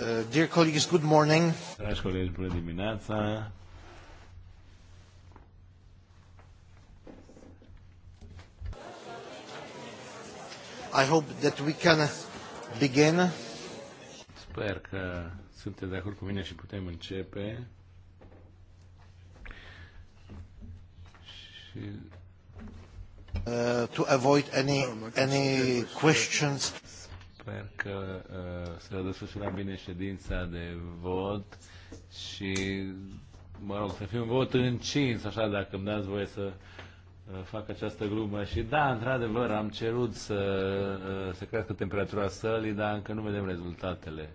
Uh, dear colleagues, good morning. Dragi colegi, bună dimineața. I hope that we can begin. Sper că sunteți de acord cu mine și putem începe. Și uh, to avoid any any questions. Sper că uh, se desfășura bine ședința de vot și, mă rog, să fie un vot încins, așa, dacă îmi dați voie să uh, fac această glumă. Și da, într-adevăr, am cerut să uh, se crească temperatura sălii, dar încă nu vedem rezultatele.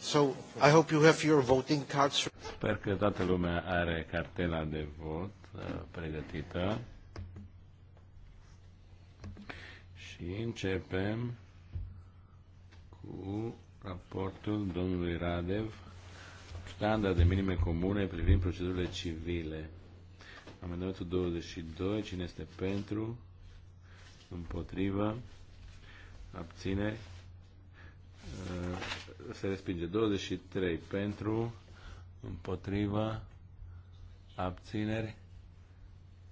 So, I hope you have your voting cards. Sper că toată lumea are cartela de vot uh, pregătită. Și începem cu raportul domnului Radev, standard de minime comune privind procedurile civile. Amendamentul 22, cine este pentru, împotrivă, abține, uh, se respinge 23 pentru, împotrivă, abțineri,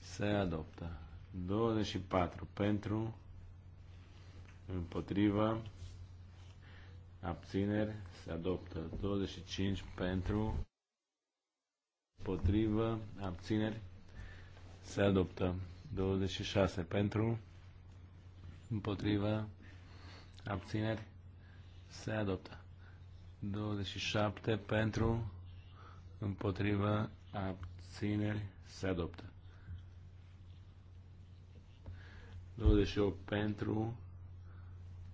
se adoptă. 24 pentru, împotriva, abțineri, se adoptă 25 pentru, împotrivă, abțineri, se adoptă 26 pentru, împotrivă, abțineri, se adoptă 27 pentru, împotrivă, abțineri, se adoptă 28 pentru,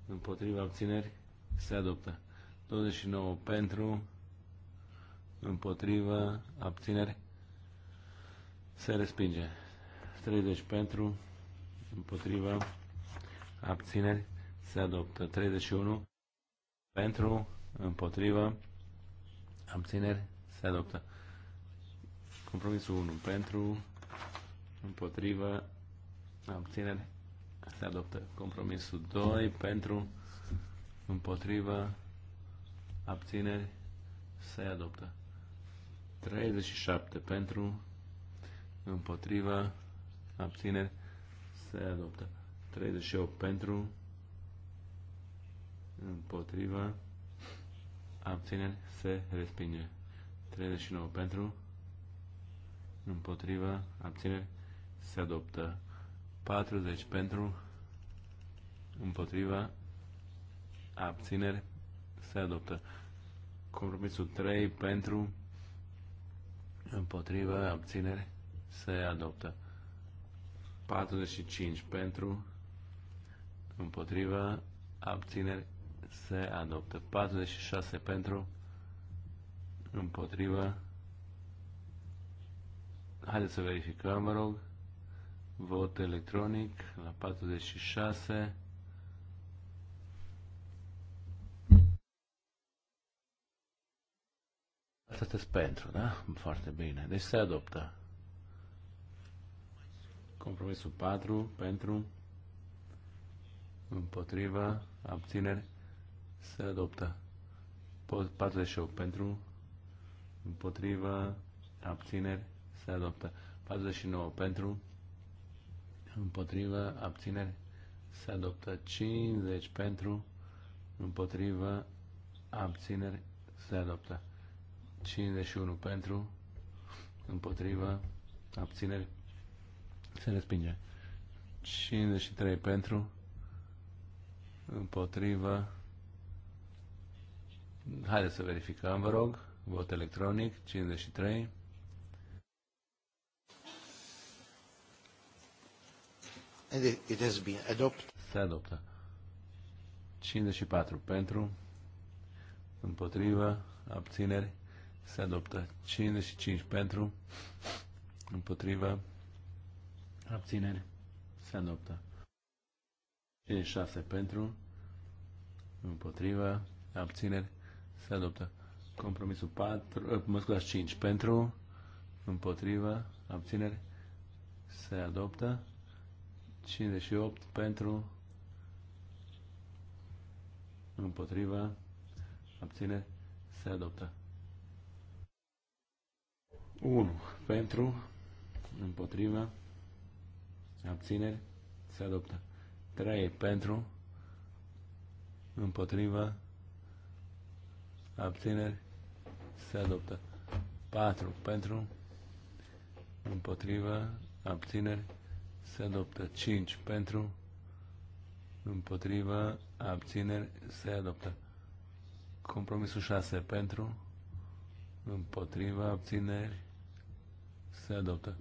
împotriva abțineri, se adoptă. 29 pentru, împotriva abțineri, se respinge. 30 pentru, împotriva abțineri, se adoptă. 31 pentru, împotriva abțineri, se adoptă. Compromisul 1 pentru, împotriva abțineri, se adoptă. Compromisul 2 pentru, împotrivă, abțineri, se adoptă. 37 pentru, împotrivă, abțineri, se adoptă. 38 pentru, împotrivă, abțineri, se respinge. 39 pentru, împotrivă, abțineri, se adoptă. 40 pentru, împotriva, abțineri, se adoptă. Compromisul 3 pentru, împotriva, abțineri, se adoptă. 45 pentru, împotriva, abțineri, se adoptă. 46 pentru, împotriva, Haideți să verificăm, vă mă rog. Vot electronic la 46. Asta pentru, da? Foarte bine. Deci se adoptă. Compromisul 4 pentru împotriva abțineri se adoptă. 48 pentru împotriva abțineri se adoptă. 49 pentru împotrivă, abțineri, se adoptă 50 pentru, împotrivă, abțineri, se adoptă 51 pentru, împotrivă, abțineri, se respinge 53 pentru, împotrivă, haideți să verificăm, vă rog, vot electronic, 53, And it has been adopted. Se adoptă. 54 pentru, împotrivă, abțineri, se adoptă. 55 pentru, împotrivă, abțineri, se adoptă. 56 pentru, împotrivă, abțineri, se adoptă. Compromisul 4, eh, mă scuzați, 5 pentru, împotrivă, abțineri, se adoptă. 58 pentru, împotriva, abține, se adoptă. 1 pentru, împotriva, abțineri, se adoptă. 3 pentru, împotriva, abțineri, se adoptă. 4 pentru, împotriva, abțineri, se adoptă. 5 pentru, împotriva, abțineri, se adoptă. Compromisul 6 pentru, împotriva, abțineri, se adoptă.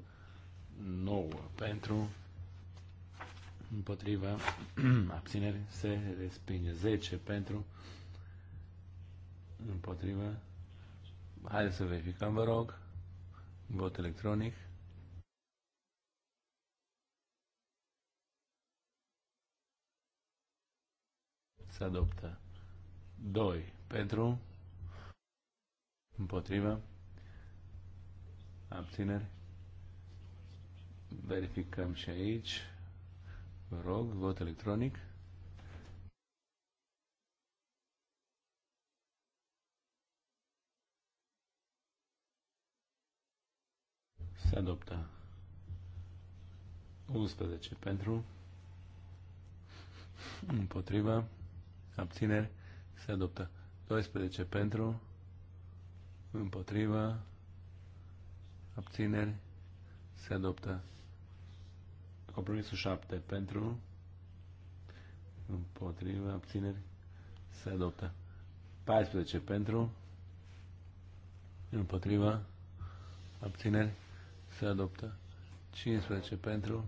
9 pentru, împotriva, abțineri, se respinge. 10 pentru, împotriva, haideți să verificăm, vă rog, vot electronic. se adoptă. 2 pentru, împotrivă, abțineri. Verificăm și aici. Vă rog, vot electronic. Se adoptă 11 pentru, împotriva, abțineri, se adoptă. 12 pentru, împotriva, abțineri, se adoptă. Compromisul 7 pentru, împotriva, abțineri, se adoptă. 14 pentru, împotriva, abțineri, se adoptă. 15 pentru,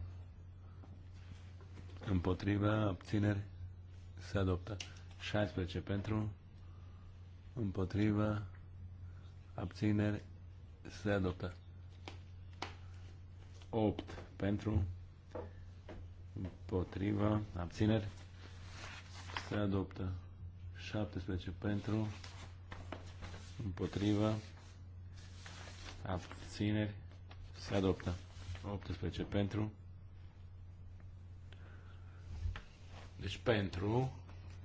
împotriva, abțineri, se adoptă se adoptă. 16 pentru, împotrivă, abțineri, se adoptă. 8 pentru, împotrivă, abțineri, se adoptă. 17 pentru, împotrivă, abțineri, se adoptă. 18 pentru, Deci pentru,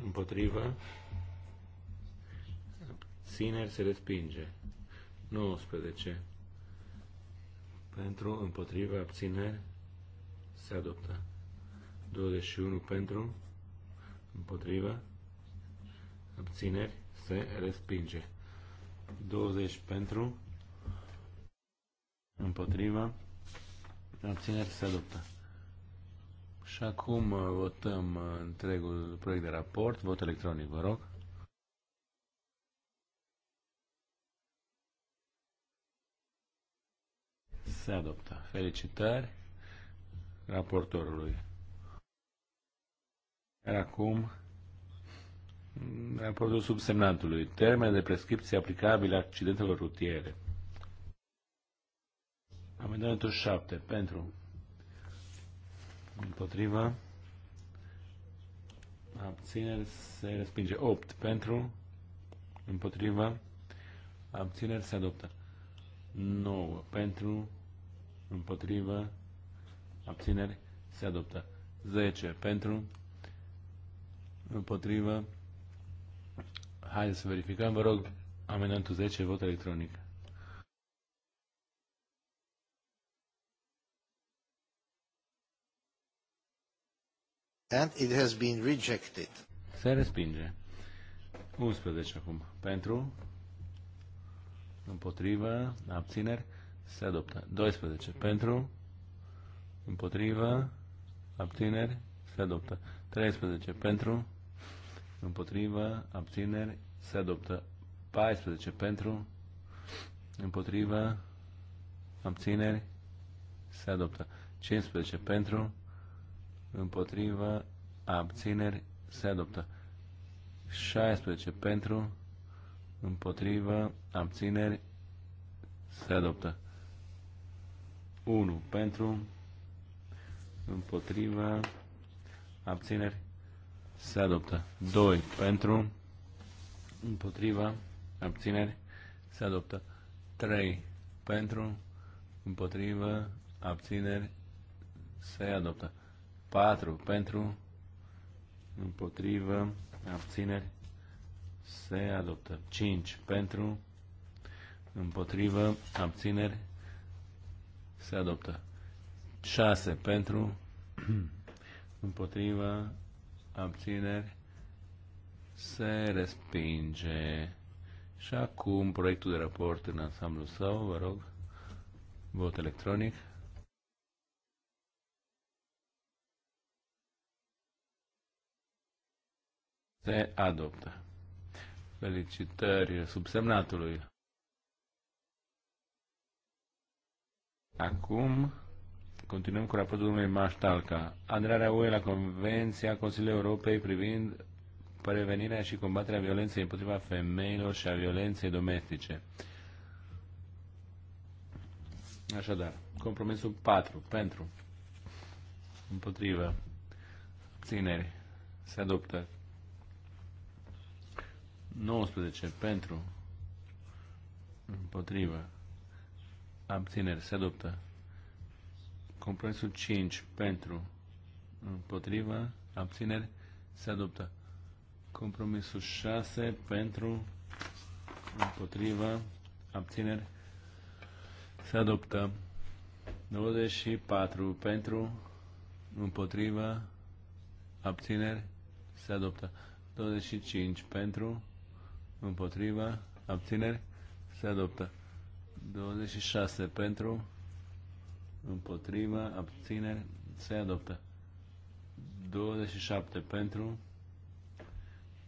împotrivă, abțineri se respinge. 19. Pentru, împotrivă, abțineri se adoptă. 21 pentru, împotrivă, abțineri se respinge. 20 pentru, împotrivă, abțineri se adoptă. Și acum uh, votăm uh, întregul proiect de raport. Vot electronic, vă rog. Se adoptă. Felicitări raportorului. Iar acum raportul subsemnatului. Termen de prescripție aplicabile accidentelor rutiere. Amendamentul 7. Pentru împotriva, abțineri se respinge. 8 pentru, împotriva, abțineri se adoptă. 9 pentru, împotriva, abțineri se adoptă. 10 pentru, împotriva, haideți să verificăm, vă rog, amendamentul 10, vot electronic. And it has been rejected. Se respinge. 11 acum. Pentru, împotrivă, abțineri, se adoptă. 12 pentru, împotrivă, abțineri, se adoptă. 13 pentru, împotrivă, abțineri, se adoptă. 14 pentru, împotrivă, abțineri, se adoptă. 15 pentru, împotriva, abțineri, se adoptă. 16 pentru, împotriva, abțineri, se adoptă. 1 pentru, împotriva, abțineri, se adoptă. 2 pentru, împotriva, abțineri, se adoptă. 3 pentru, împotriva, abțineri, se adoptă. 4 pentru, împotrivă, abțineri, se adoptă. 5 pentru, împotrivă, abțineri, se adoptă. 6 pentru, împotrivă, abțineri, se respinge. Și acum proiectul de raport în ansamblu său, vă rog, vot electronic. Se adoptă. Felicitări subsemnatului. Acum continuăm cu raportul domnului Maștalca. Aderarea UE la Convenția Consiliului Europei privind prevenirea și combaterea violenței împotriva femeilor și a violenței domestice. Așadar, compromisul 4 pentru împotriva abțineri se adoptă 19 pentru, împotrivă, abțineri, se adoptă. Compromisul 5 pentru, împotrivă, abțineri, se adoptă. Compromisul 6 pentru, împotrivă, abțineri, se adoptă. 24 pentru, împotrivă, abțineri, se adoptă. 25 pentru, împotriva, abțineri, se adoptă. 26 pentru, împotriva, abțineri, se adoptă. 27 pentru,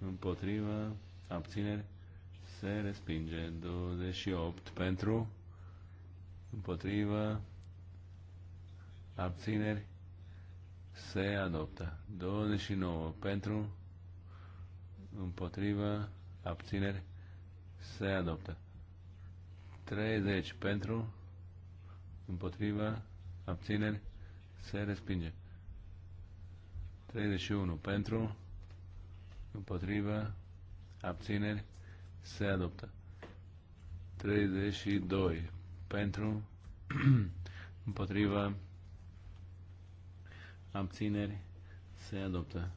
împotriva, abțineri, se respinge. 28 pentru, împotriva, abțineri, se adoptă. 29 pentru, împotriva, abțineri, se adoptă. 30 pentru, împotriva, abțineri, se respinge. 31 pentru, împotriva, abțineri, se adoptă. 32 pentru, împotriva, abțineri, se adoptă.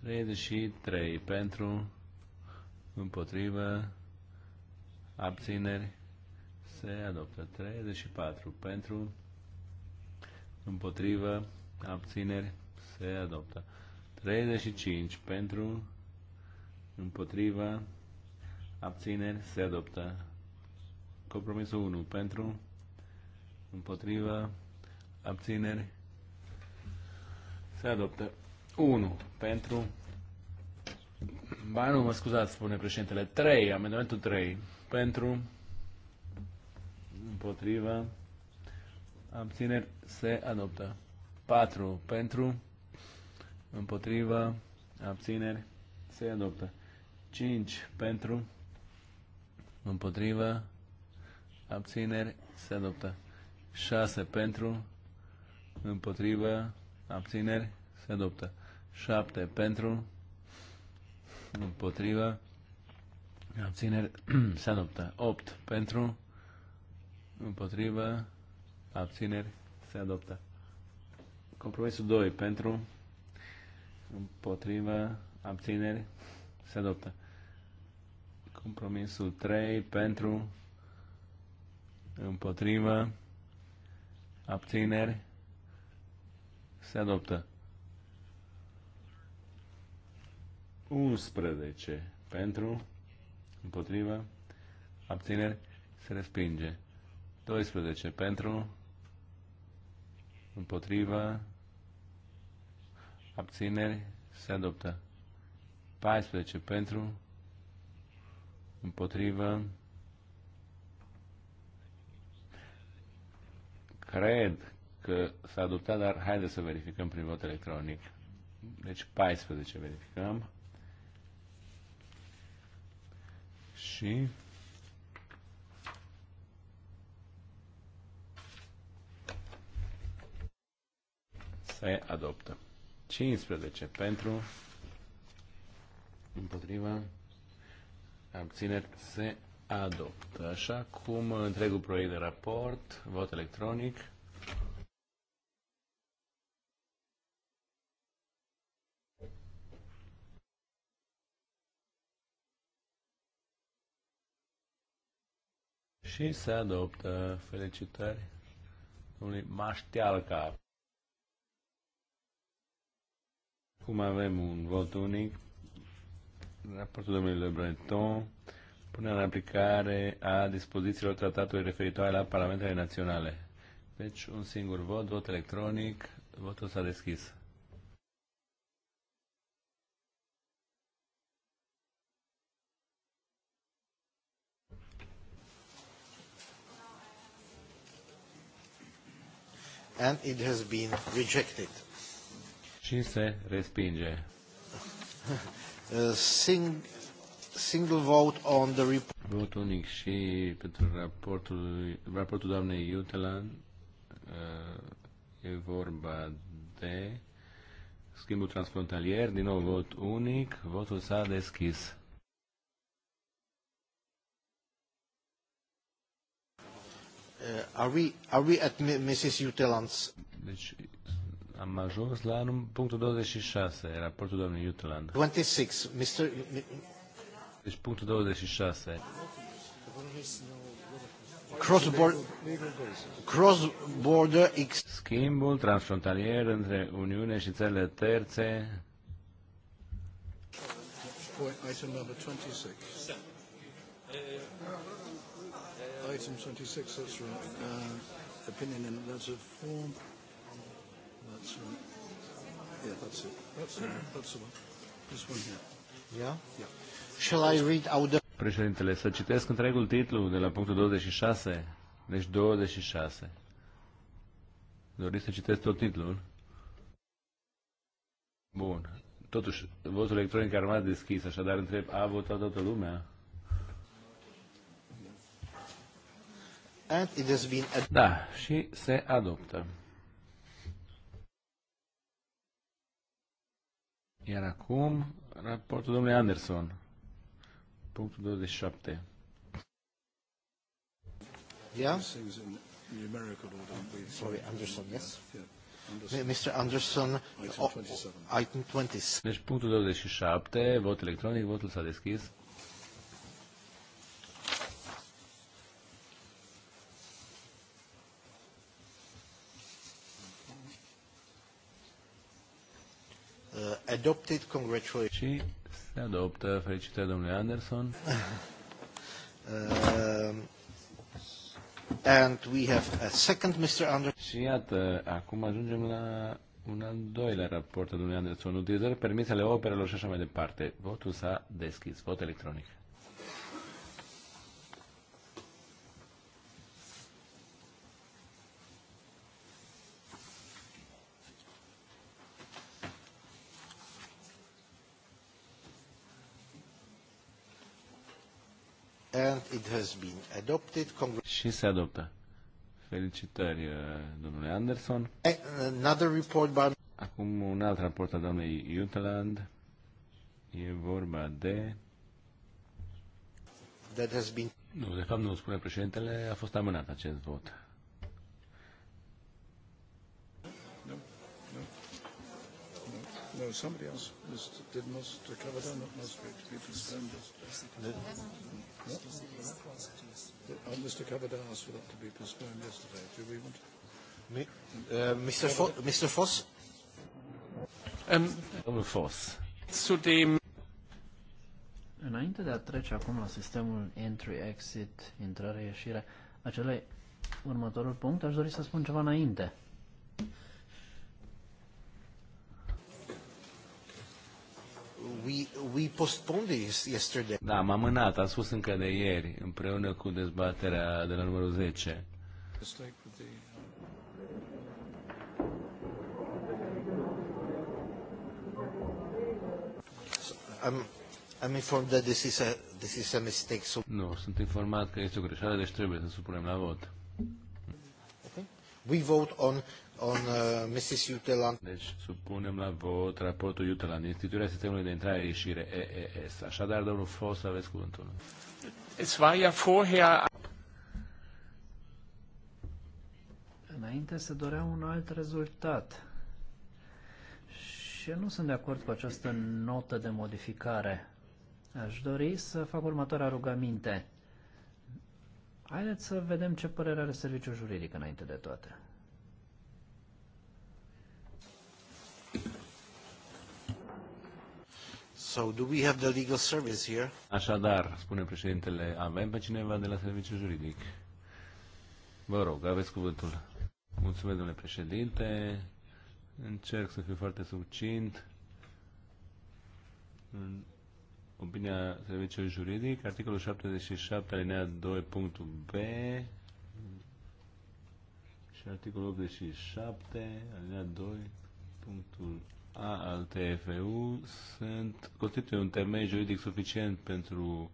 33 pentru, împotrivă, abțineri, se adoptă. 34 pentru, împotrivă, abțineri, se adoptă. 35 pentru, împotrivă, abțineri, se adoptă. Compromisul 1 pentru, împotrivă, abțineri, se adoptă. 1 pentru, Ba nu, mă scuzați, spune președintele. 3, amendamentul 3. Pentru, împotriva, abțineri, se adoptă. 4. Pentru, împotriva, abțineri, se adoptă. 5. Pentru, împotriva, abțineri, se adoptă. 6. Pentru, împotriva, abțineri, se adoptă. 7. Pentru, împotriva, abțineri, se adoptă. 8 pentru, împotriva, abțineri, se adoptă. Compromisul 2 pentru, împotriva, abțineri, se adoptă. Compromisul 3 pentru, împotriva, abțineri, se adoptă. 11 pentru, împotriva, abțineri, se respinge. 12 pentru, împotriva, abțineri, se adoptă. 14 pentru, împotriva, cred că s-a adoptat, dar haideți să verificăm prin vot electronic. Deci 14 verificăm. și se adoptă. 15 pentru, împotriva, abțineri, se adoptă. Așa cum întregul proiect de raport, vot electronic, și se adoptă. Felicitări domnului Maștealca. Acum avem un vot unic. Raportul domnului Le Breton pune în aplicare a dispozițiilor tratatului referitoare la Parlamentele Naționale. Deci un singur vot, vot electronic, votul s-a deschis. and it has been rejected. Și se respinge. Uh, sing, single vote on the report. Vot unic și pentru raportul, raportul doamnei Iutelan uh, e vorba de schimbul transfrontalier, din nou vot unic, votul s-a deschis. Eh, are we, are we at Mrs. Utelans? Deci am ajuns la punctul 26, raportul domnului Uteland. 26, Mr. Deci punctul 26. Cross-border cross border Schimbul transfrontalier între Uniune și țările terțe. Point item number 26 item 26, that's right. Uh, opinion in letter form. That's right. Yeah, that's it. That's the one. That's the one. This one here. Yeah? Yeah. Shall I read out the... Președintele, să citesc întregul titlu de la punctul 26. Deci 26. Doriți să citesc tot titlul? Bun. Totuși, votul electronic a rămas deschis, așadar întreb, a votat toată lumea? da, și se adoptă. Iar acum, raportul domnului Anderson, punctul 27. Sorry, Anderson, yes? Mr. Anderson, item 27. Deci punctul 27, vot electronic, votul s-a deschis. adopted. Congratulations. Și se adoptă. Felicitări, domnule Anderson. uh, and we have a second Mr. Anderson. Și iată, acum ajungem la un al doilea raport al domnului Anderson. Utilizări permisele operelor și așa mai departe. Votul s-a deschis. Vot electronic. And it has been adopted. Și se adoptă. Felicitări, uh, domnule Anderson. Another report by... Acum un alt raport al doamnei Jutland. E vorba de... That has been... Nu, de fapt nu spune președintele, a fost amânat acest vot. no, somebody else must, did must cover down that must be, be postponed. Oh, Mr. Cavada asked for that to be postponed yesterday. Do we want? Me, uh, Mr. Fo Mr. Foss. Um, Domnul Foss. Sudim. Înainte de a trece acum la sistemul entry-exit, intrare-ieșire, acela următorul punct, aș dori să spun ceva înainte. we, we postponed this yesterday. Da, am amânat, A spus încă de ieri, împreună cu dezbaterea de la numărul 10. Uh, I'm, I'm informed that this is a, this is a mistake. So... Nu, sunt informat că este o greșeală, deci trebuie să supunem la vot. Okay. We vote on on uh, Mrs. Deci supunem la vot raportul Jutland, instituirea sistemului de intrare-ieșire și EES. Așadar, domnul Fos, aveți cuvântul. Es war ja vorher... Înainte se dorea un alt rezultat. Și eu nu sunt de acord cu această notă de modificare. Aș dori să fac următoarea rugăminte. Haideți să vedem ce părere are serviciul juridic înainte de toate. So do we have the legal service here? Așadar, spune președintele, avem pe cineva de la serviciu juridic. Vă rog, aveți cuvântul. Mulțumesc, domnule președinte. Încerc să fiu foarte succint. În opinia serviciului juridic, articolul 77, alinea 2, punctul B și articolul 87, alinea 2, punctul a al TFU sunt, constituie un temei juridic suficient pentru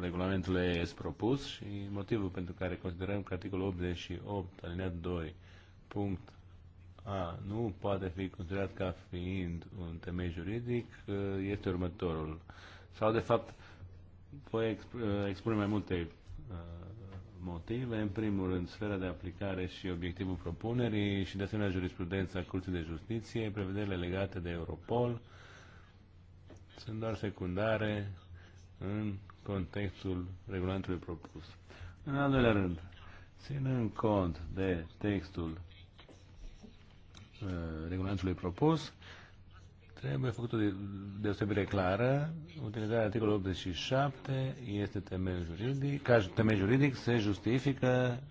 regulamentul ES propus și motivul pentru care considerăm că articolul 88, alineat 2, punct A, nu poate fi considerat ca fiind un temei juridic, este următorul. Sau, de fapt, voi expune mai multe uh, motive. În primul rând, sfera de aplicare și obiectivul propunerii și, de asemenea, jurisprudența Curții de Justiție, prevederile legate de Europol sunt doar secundare în contextul regulamentului propus. În al doilea rând, ținând cont de textul uh, regulamentului propus, Trebuie făcut o deosebire clară. Utilizarea articolului 87 este temel juridic. Ca temel juridic se justifică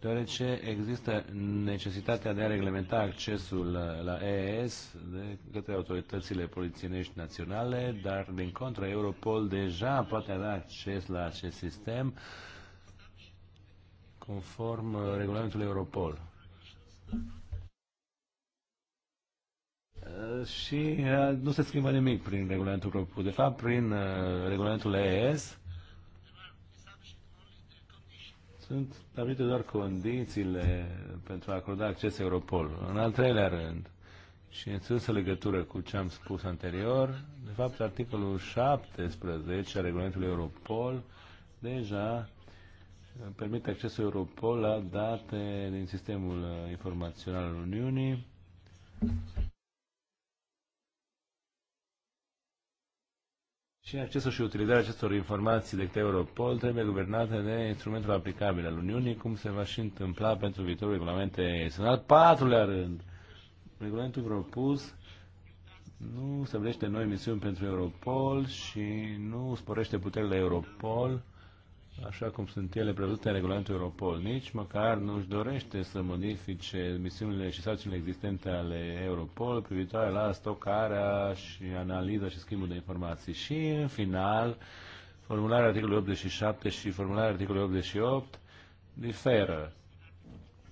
deoarece există necesitatea de a reglementa accesul la EES de către autoritățile polițienești naționale, dar din contră Europol deja poate avea acces la acest sistem conform regulamentului Europol. Uh, și uh, nu se schimbă nimic prin regulamentul propriu. De fapt, prin uh, regulamentul ES sunt stabilite doar condițiile pentru a acorda acces Europol. În al treilea rând, și în strânsă legătură cu ce am spus anterior, de fapt, articolul 17 a regulamentului Europol deja permite accesul Europol la date din sistemul informațional al Uniunii și accesul și utilizarea acestor informații de către Europol trebuie guvernate de instrumentul aplicabil al Uniunii, cum se va și întâmpla pentru viitorul regulament ES. În al patrulea rând, regulamentul propus nu stabilește noi misiuni pentru Europol și nu sporește puterile Europol așa cum sunt ele prevăzute în regulamentul Europol. Nici măcar nu își dorește să modifice misiunile și sarcinile existente ale Europol privitoare la stocarea și analiza și schimbul de informații. Și, în final, formularea articolului 87 și formularea articolului 88 diferă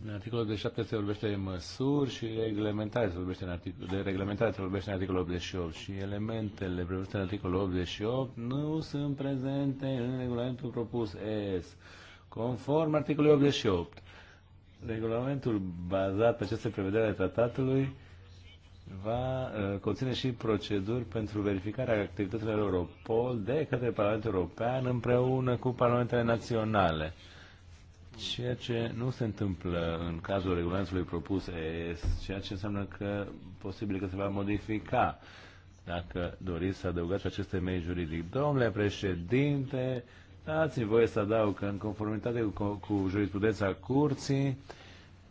în articolul 87 se vorbește de măsuri și reglementare se vorbește în articol, de reglementare se vorbește în articolul 88 și elementele prevăzute în articolul 88 nu sunt prezente în regulamentul propus ES, conform articolului 88. Regulamentul bazat pe aceste prevederi ale tratatului va uh, conține și proceduri pentru verificarea activităților Europol de către Parlamentul European împreună cu Parlamentele Naționale ceea ce nu se întâmplă în cazul regulamentului propus ES, ceea ce înseamnă că posibil că se va modifica dacă doriți să adăugați aceste mei juridic. Domnule președinte, dați-mi voie să adaug că în conformitate cu, cu jurisprudența curții,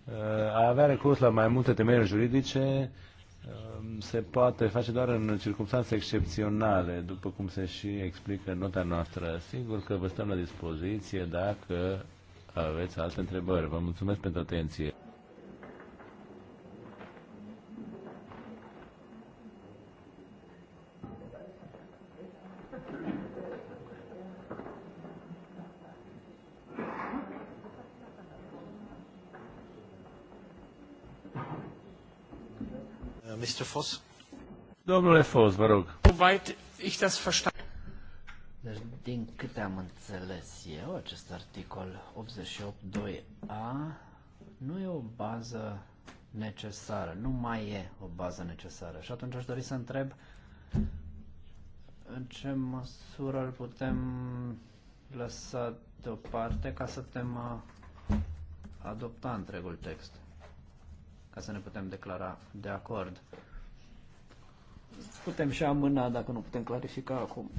uh, a avea recurs la mai multe temeri juridice um, se poate face doar în circunstanțe excepționale, după cum se și explică nota noastră. Sigur că vă stăm la dispoziție dacă aveți alte întrebări. Vă mulțumesc pentru atenție. Mr. Voss. Domnule Voss, vă rog. Soweit ich das verstanden din câte am înțeles eu, acest articol 88.2a nu e o bază necesară, nu mai e o bază necesară. Și atunci aș dori să întreb în ce măsură îl putem lăsa deoparte ca să putem adopta întregul text, ca să ne putem declara de acord. Putem și amâna dacă nu putem clarifica acum.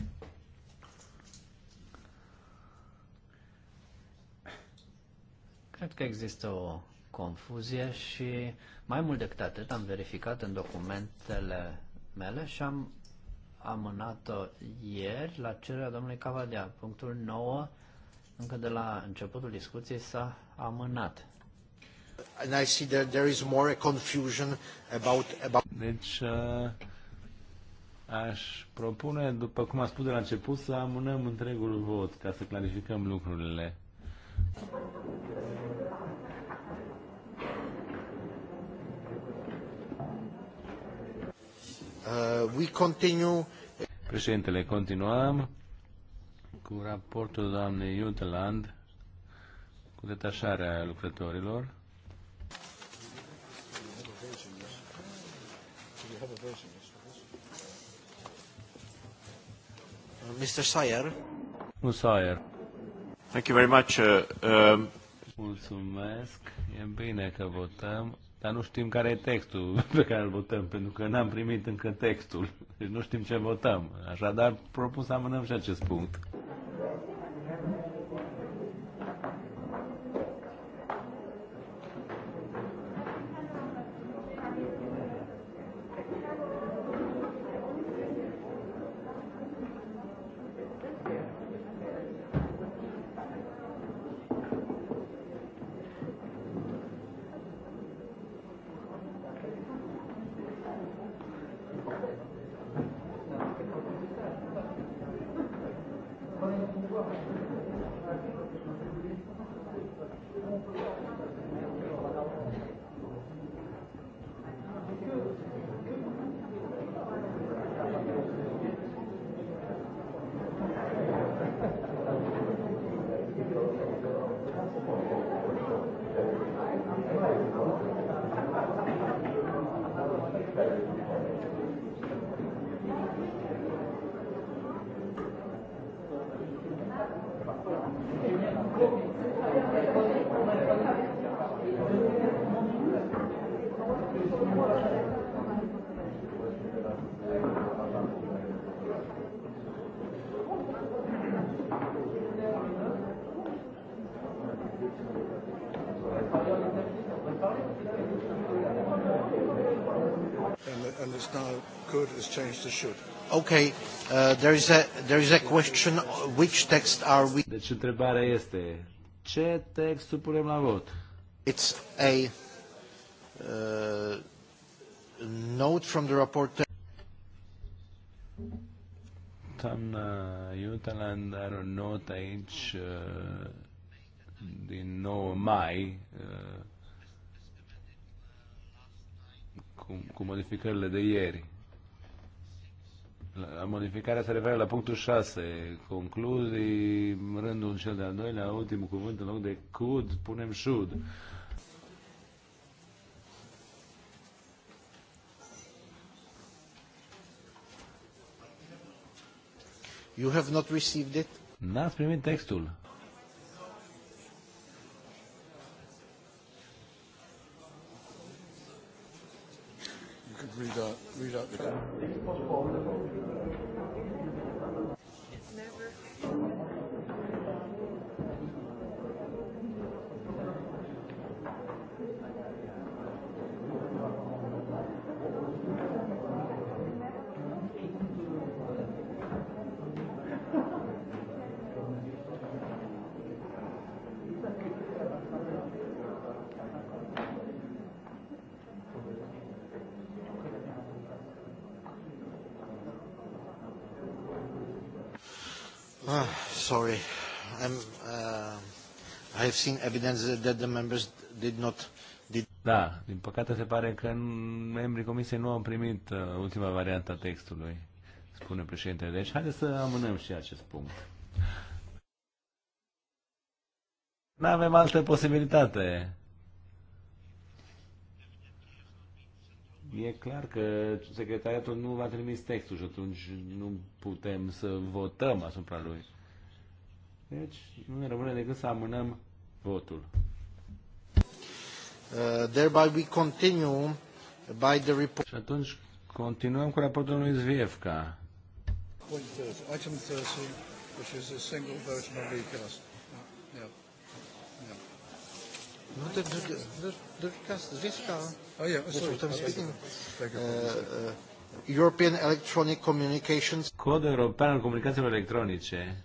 Cred că există o confuzie și mai mult decât atât am verificat în documentele mele și am amânat-o ieri la cererea domnului Cavadea. Punctul 9, încă de la începutul discuției, s-a amânat. And I see that there is more confusion about, about... Deci, uh, aș propune, după cum a spus de la început, să amânăm întregul vot ca să clarificăm lucrurile. Uh, we continue. Președintele, continuăm cu raportul doamnei Jutland cu detașarea lucrătorilor. Mr. Sayer. Mr. Sayer. Thank you very much. Uh, um... Mulțumesc. E bine că votăm, dar nu știm care e textul pe care îl votăm, pentru că n-am primit încă textul. Deci nu știm ce votăm. Așadar, propun să amânăm și acest punct. and it's now could has changed to should. Okay, Uh, there, is a, there is a question which text are we... Deci întrebarea este ce text supunem la vot? It's a uh, note from the reporter. Doamna Iutaland are o notă aici uh, din 9 mai uh, cu modificările de ieri. La modificarea se referă la punctul 6. Concluzii, rândul cel de-al doilea, ultimul cuvânt, în loc de could, punem should. You have not received it? N-ați primit textul. You could read out, read out the... seen evidence that the members did not did... Da, din păcate se pare că membrii comisiei nu au primit uh, ultima variantă a textului, spune președintele. Deci haideți să amânăm și acest punct. Nu avem altă posibilitate. E clar că secretariatul nu va trimis textul și atunci nu putem să votăm asupra lui. Deci nu ne rămâne decât să amânăm votul. Uh, thereby we continue by the report. Și atunci continuăm cu raportul lui Zviefka. Point 30, item which is a single version of recast. Yeah. recast, Oh, yeah, deci speaking. Uh, uh, European Electronic Communications. Cod European al Comunicațiilor Electronice.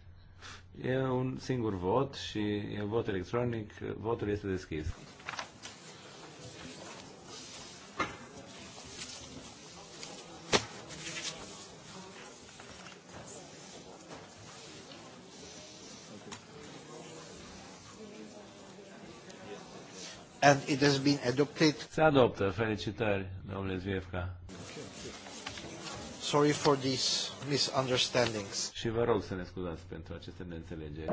E un singur vot și e vot electronic. Votul este deschis. And it has been adopted. Se adoptă. Felicitări, domnule Zviefka sorry for these misunderstandings. Și vă rog să ne scuzați pentru aceste neînțelegeri.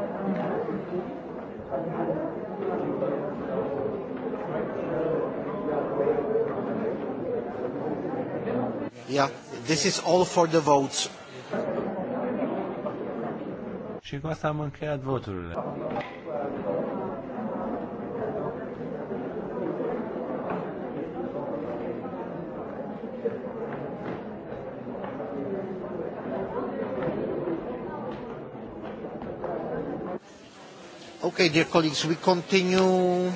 Yeah, this is all for the votes. Și cu asta am încheiat voturile. Okay, dear colleagues, we continue.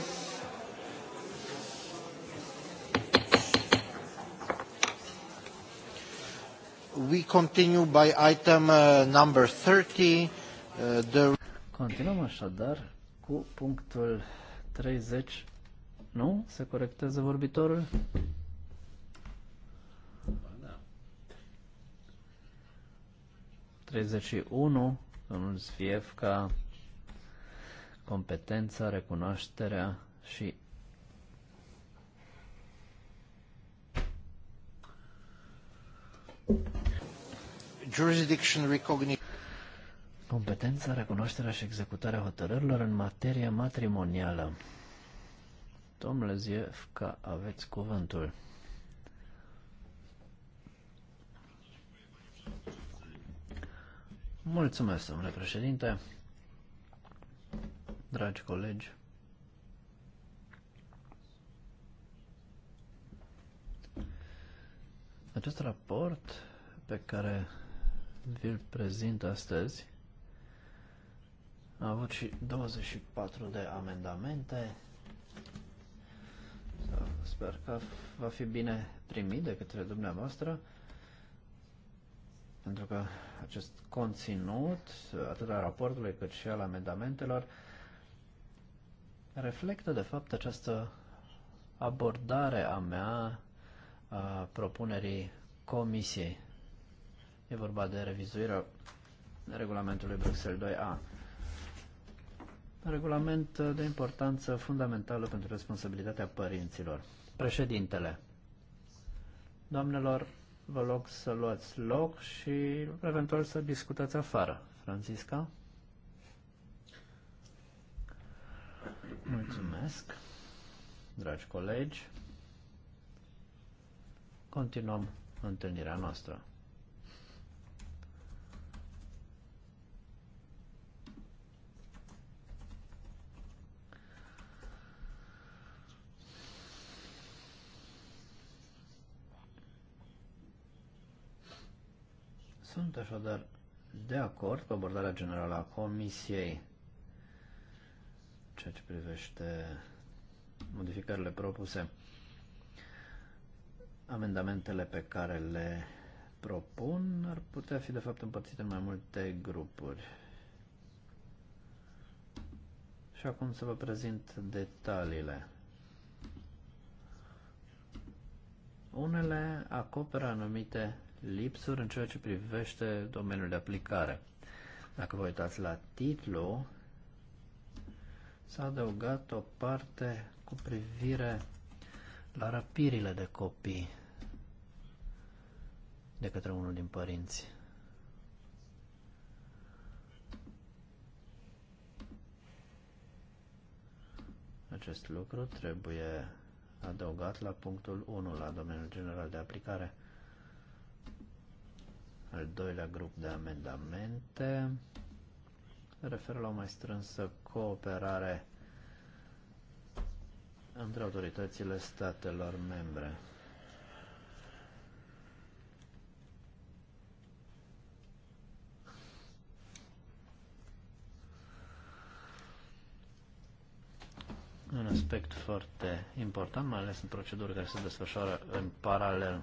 We continue by item uh, number 30. Uh, the... Continuăm așadar cu punctul 30. Nu? Se corectează vorbitorul? Da. 31, domnul Zviefca, competența, recunoașterea și Jurisdiction recognition. Competența, recunoașterea și executarea hotărârilor în materie matrimonială. Domnule Ziefca, aveți cuvântul. Mulțumesc, domnule președinte dragi colegi. Acest raport pe care vi-l prezint astăzi a avut și 24 de amendamente. Sper că va fi bine primit de către dumneavoastră pentru că acest conținut, atât al raportului cât și al amendamentelor, reflectă de fapt această abordare a mea a propunerii comisiei. E vorba de revizuirea regulamentului Bruxelles 2A. Regulament de importanță fundamentală pentru responsabilitatea părinților. Președintele. Doamnelor, vă rog să luați loc și eventual să discutați afară. Francisca? Mulțumesc, dragi colegi. Continuăm întâlnirea noastră. Sunt așadar de acord cu abordarea generală a Comisiei ceea ce privește modificările propuse, amendamentele pe care le propun ar putea fi de fapt împărțite în mai multe grupuri. Și acum să vă prezint detaliile. Unele acoperă anumite lipsuri în ceea ce privește domeniul de aplicare. Dacă vă uitați la titlu, s-a adăugat o parte cu privire la răpirile de copii de către unul din părinți. Acest lucru trebuie adăugat la punctul 1, la domeniul general de aplicare. Al doilea grup de amendamente referă la o mai strânsă cooperare între autoritățile statelor membre. Un aspect foarte important, mai ales în proceduri care se desfășoară în paralel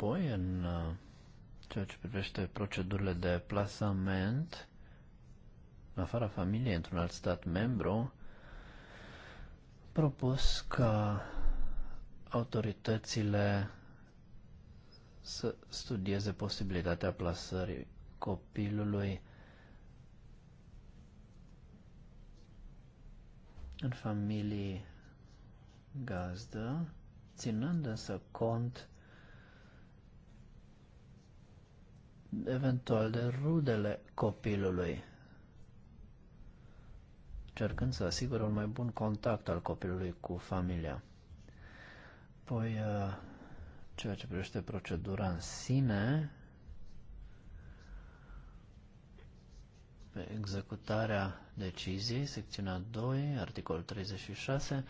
înapoi în uh, ceea ce privește procedurile de plasament, în afara familiei, într-un alt stat membru, propus ca autoritățile să studieze posibilitatea plasării copilului în familii gazdă, ținând însă cont eventual de rudele copilului, cercând să asigure un mai bun contact al copilului cu familia. Apoi, uh, ceea ce privește procedura în sine, pe executarea deciziei, secțiunea 2, articol 36,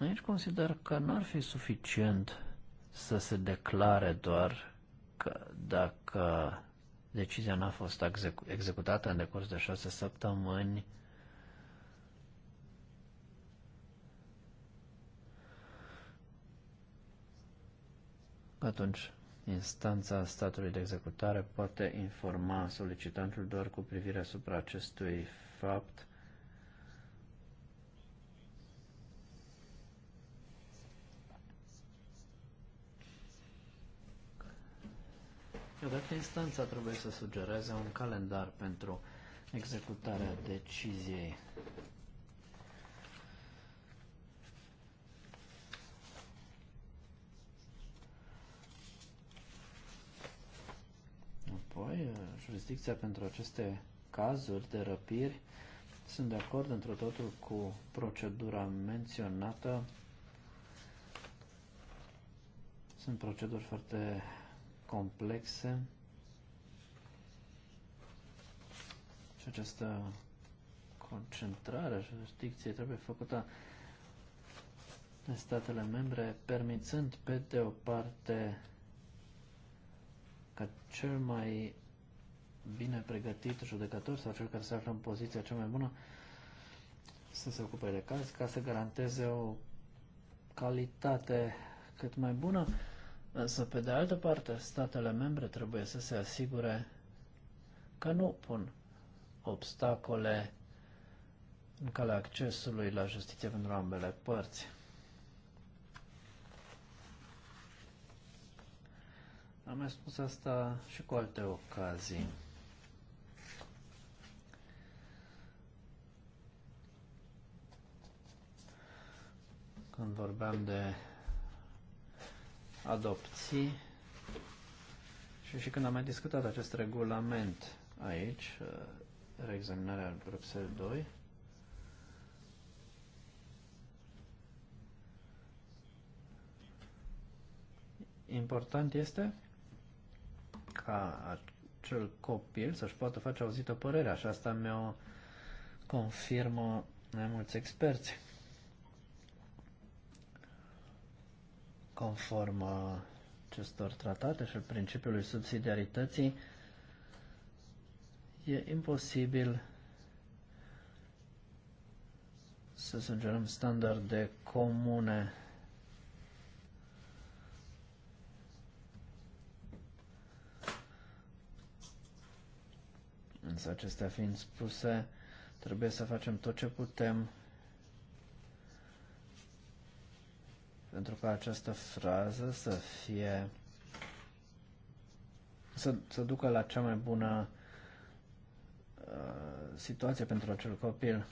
aici consider că n-ar fi suficient să se declare doar dacă decizia n-a fost execu- executată în decurs de șase săptămâni, atunci instanța statului de executare poate informa solicitantul doar cu privire asupra acestui fapt că instanța trebuie să sugereze un calendar pentru executarea deciziei. Apoi, eh, jurisdicția pentru aceste cazuri de răpiri sunt de acord într totul cu procedura menționată. Sunt proceduri foarte complexe și această concentrare a jurisdicției trebuie făcută de statele membre, permițând pe de o parte ca cel mai bine pregătit judecător sau cel care se află în poziția cea mai bună să se ocupe de caz ca să garanteze o calitate cât mai bună Însă, pe de altă parte, statele membre trebuie să se asigure că nu pun obstacole în calea accesului la justiție pentru ambele părți. Am mai spus asta și cu alte ocazii. Când vorbeam de adopții și și când am mai discutat acest regulament aici, uh, reexaminarea Bruxelles 2, important este ca acel copil să-și poată face auzită părerea și asta mi-o confirmă mai mulți experți. conform uh, acestor tratate și principiului subsidiarității, e imposibil să sugerăm standarde comune Însă acestea fiind spuse, trebuie să facem tot ce putem pentru ca această frază să fie să, să ducă la cea mai bună uh, situație pentru acel copil.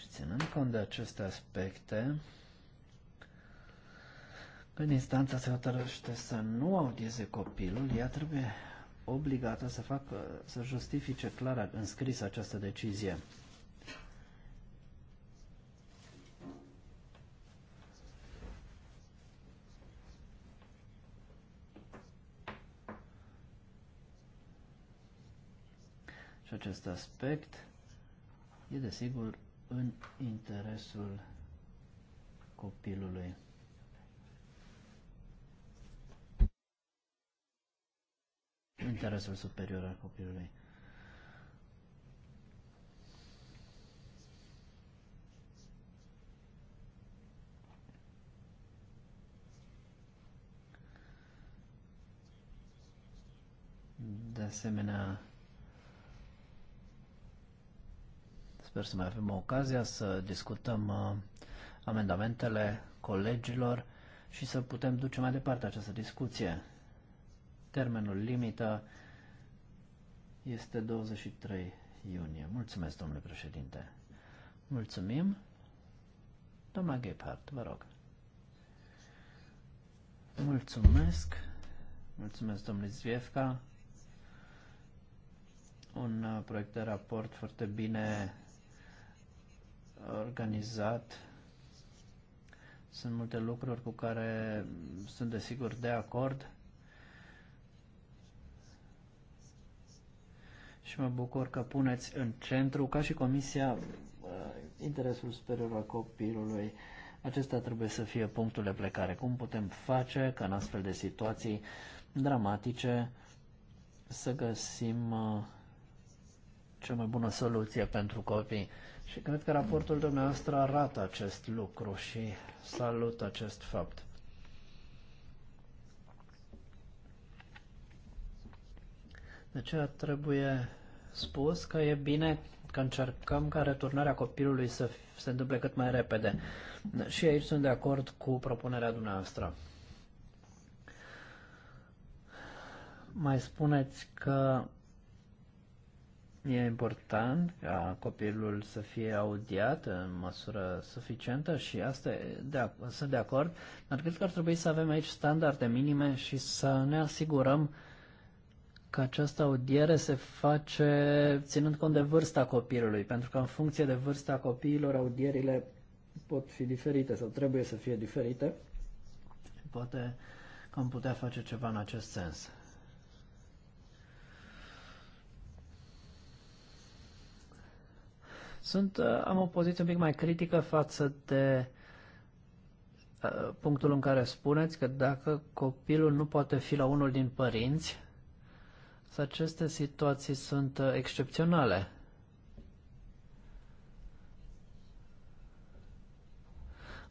Și ținând cont de aceste aspecte, când instanța se hotărăște să nu audieze copilul, ea trebuie obligată să facă, să justifice clar înscris această decizie. acest aspect e desigur în interesul copilului. Interesul superior al copilului. De asemenea, Sper să mai avem ocazia să discutăm uh, amendamentele colegilor și să putem duce mai departe această discuție. Termenul limită este 23 iunie. Mulțumesc, domnule președinte. Mulțumim. Doamna Gephardt, vă rog. Mulțumesc. Mulțumesc, domnule Zviefka. Un uh, proiect de raport foarte bine organizat. Sunt multe lucruri cu care sunt desigur de acord. Și mă bucur că puneți în centru, ca și Comisia, uh, interesul superior al copilului. Acesta trebuie să fie punctul de plecare. Cum putem face ca în astfel de situații dramatice să găsim uh, cea mai bună soluție pentru copii? Și cred că raportul dumneavoastră arată acest lucru și salut acest fapt. De aceea trebuie spus că e bine că încercăm ca returnarea copilului să se întâmple cât mai repede. Și aici sunt de acord cu propunerea dumneavoastră. Mai spuneți că E important ca copilul să fie audiat în măsură suficientă și asta de, sunt de acord, dar cred că ar trebui să avem aici standarde minime și să ne asigurăm că această audiere se face ținând cont de vârsta copilului, pentru că în funcție de vârsta copiilor audierile pot fi diferite sau trebuie să fie diferite. Poate că am putea face ceva în acest sens. Sunt, uh, am o poziție un pic mai critică față de uh, punctul în care spuneți că dacă copilul nu poate fi la unul din părinți, aceste situații sunt uh, excepționale.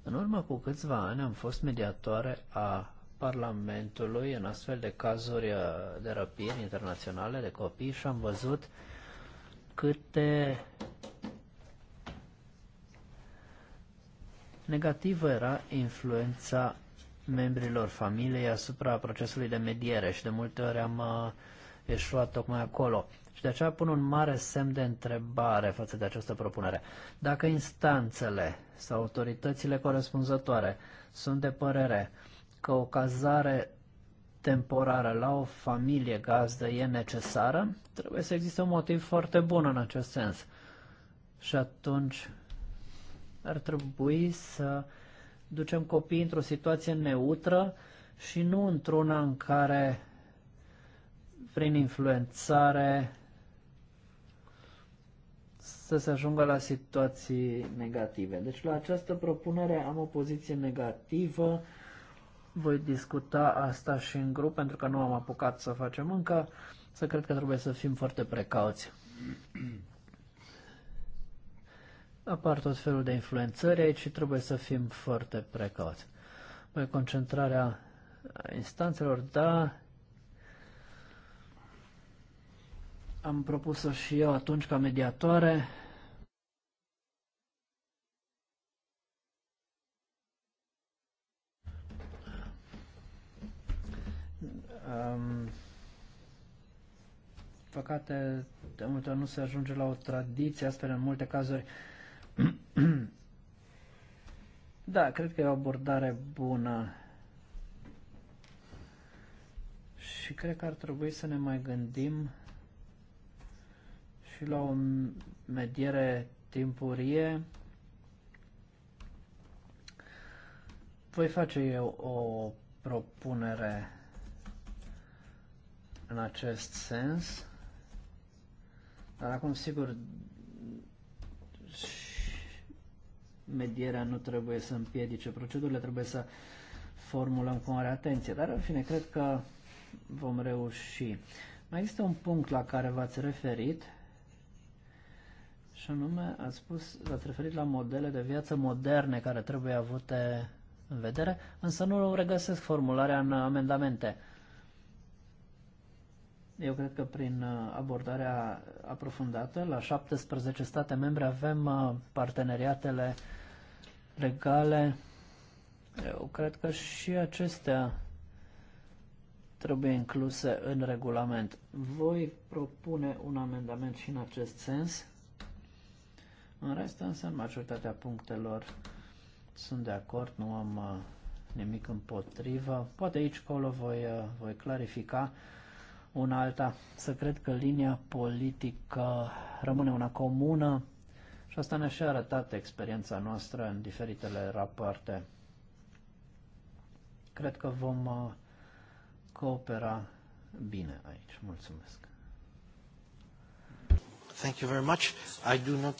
În urmă cu câțiva ani am fost mediatoare a Parlamentului în astfel de cazuri de răpiri internaționale de copii și am văzut câte Negativă era influența membrilor familiei asupra procesului de mediere și de multe ori am uh, eșuat tocmai acolo. Și de aceea pun un mare semn de întrebare față de această propunere. Dacă instanțele sau autoritățile corespunzătoare sunt de părere că o cazare temporară la o familie gazdă e necesară, trebuie să existe un motiv foarte bun în acest sens. Și atunci ar trebui să ducem copiii într-o situație neutră și nu într-una în care prin influențare să se ajungă la situații negative. Deci la această propunere am o poziție negativă. Voi discuta asta și în grup pentru că nu am apucat să facem încă. Să cred că trebuie să fim foarte precauți apar tot felul de influențări aici și trebuie să fim foarte precauți. Mai păi, concentrarea instanțelor, da, am propus-o și eu atunci ca mediatoare. Um, păcate, de multe ori nu se ajunge la o tradiție, astfel în multe cazuri Da, cred că e o abordare bună. Și cred că ar trebui să ne mai gândim și la o mediere timpurie. Voi face eu o propunere în acest sens, dar acum sigur și medierea nu trebuie să împiedice procedurile, trebuie să formulăm cu mare atenție. Dar, în fine, cred că vom reuși. Mai există un punct la care v-ați referit și anume ați spus, v-ați referit la modele de viață moderne care trebuie avute în vedere, însă nu regăsesc formularea în amendamente. Eu cred că prin uh, abordarea aprofundată, la 17 state membre avem uh, parteneriatele legale. Eu cred că și acestea trebuie incluse în regulament. Voi propune un amendament și în acest sens. În rest, însă, în majoritatea punctelor sunt de acord, nu am uh, nimic împotrivă. Poate aici, colo, voi, voi clarifica una alta. Să cred că linia politică rămâne una comună și asta ne-a și arătat experiența noastră în diferitele rapoarte. Cred că vom uh, coopera bine aici. Mulțumesc. Thank you very much. I do not...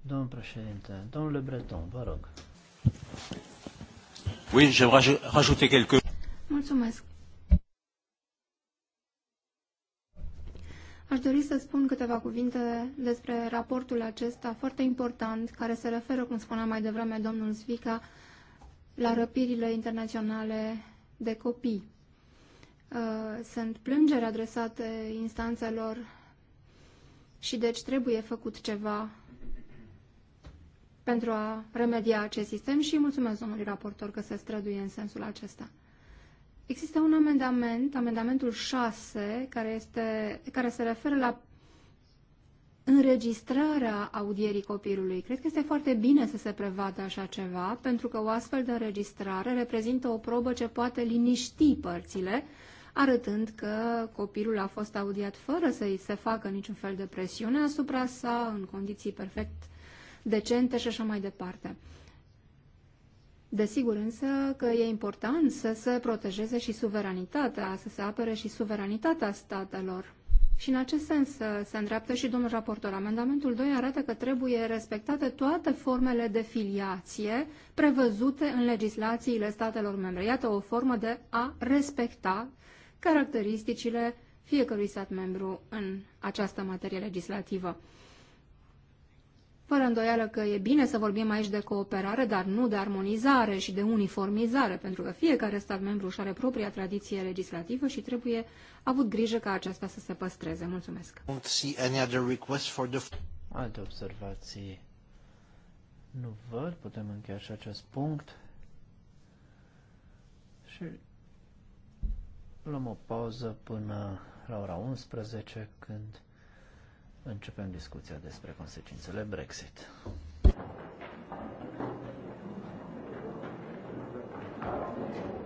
Domnul președinte, domnule Breton, vă rog. Oui, j'aimerais rajouter quelques... Mulțumesc. Aș dori să spun câteva cuvinte despre raportul acesta foarte important, care se referă, cum spunea mai devreme domnul Svica, la răpirile internaționale de copii. Uh, sunt plângeri adresate instanțelor și deci trebuie făcut ceva pentru a remedia acest sistem și mulțumesc domnului raportor că se străduie în sensul acesta. Există un amendament, amendamentul 6, care, este, care se referă la înregistrarea audierii copilului. Cred că este foarte bine să se prevadă așa ceva, pentru că o astfel de înregistrare reprezintă o probă ce poate liniști părțile, arătând că copilul a fost audiat fără să îi se facă niciun fel de presiune asupra sa, în condiții perfect decente și așa mai departe. Desigur însă că e important să se protejeze și suveranitatea, să se apere și suveranitatea statelor. Și în acest sens uh, se îndreaptă și domnul raportor. Amendamentul 2 arată că trebuie respectate toate formele de filiație prevăzute în legislațiile statelor membre. Iată o formă de a respecta caracteristicile fiecărui stat membru în această materie legislativă. Fără îndoială că e bine să vorbim aici de cooperare, dar nu de armonizare și de uniformizare, pentru că fiecare stat membru își are propria tradiție legislativă și trebuie avut grijă ca aceasta să se păstreze. Mulțumesc. Alte observații nu văd, putem încheia și acest punct și luăm o pauză până la ora 11 când Începem discuția despre consecințele Brexit. Thank you.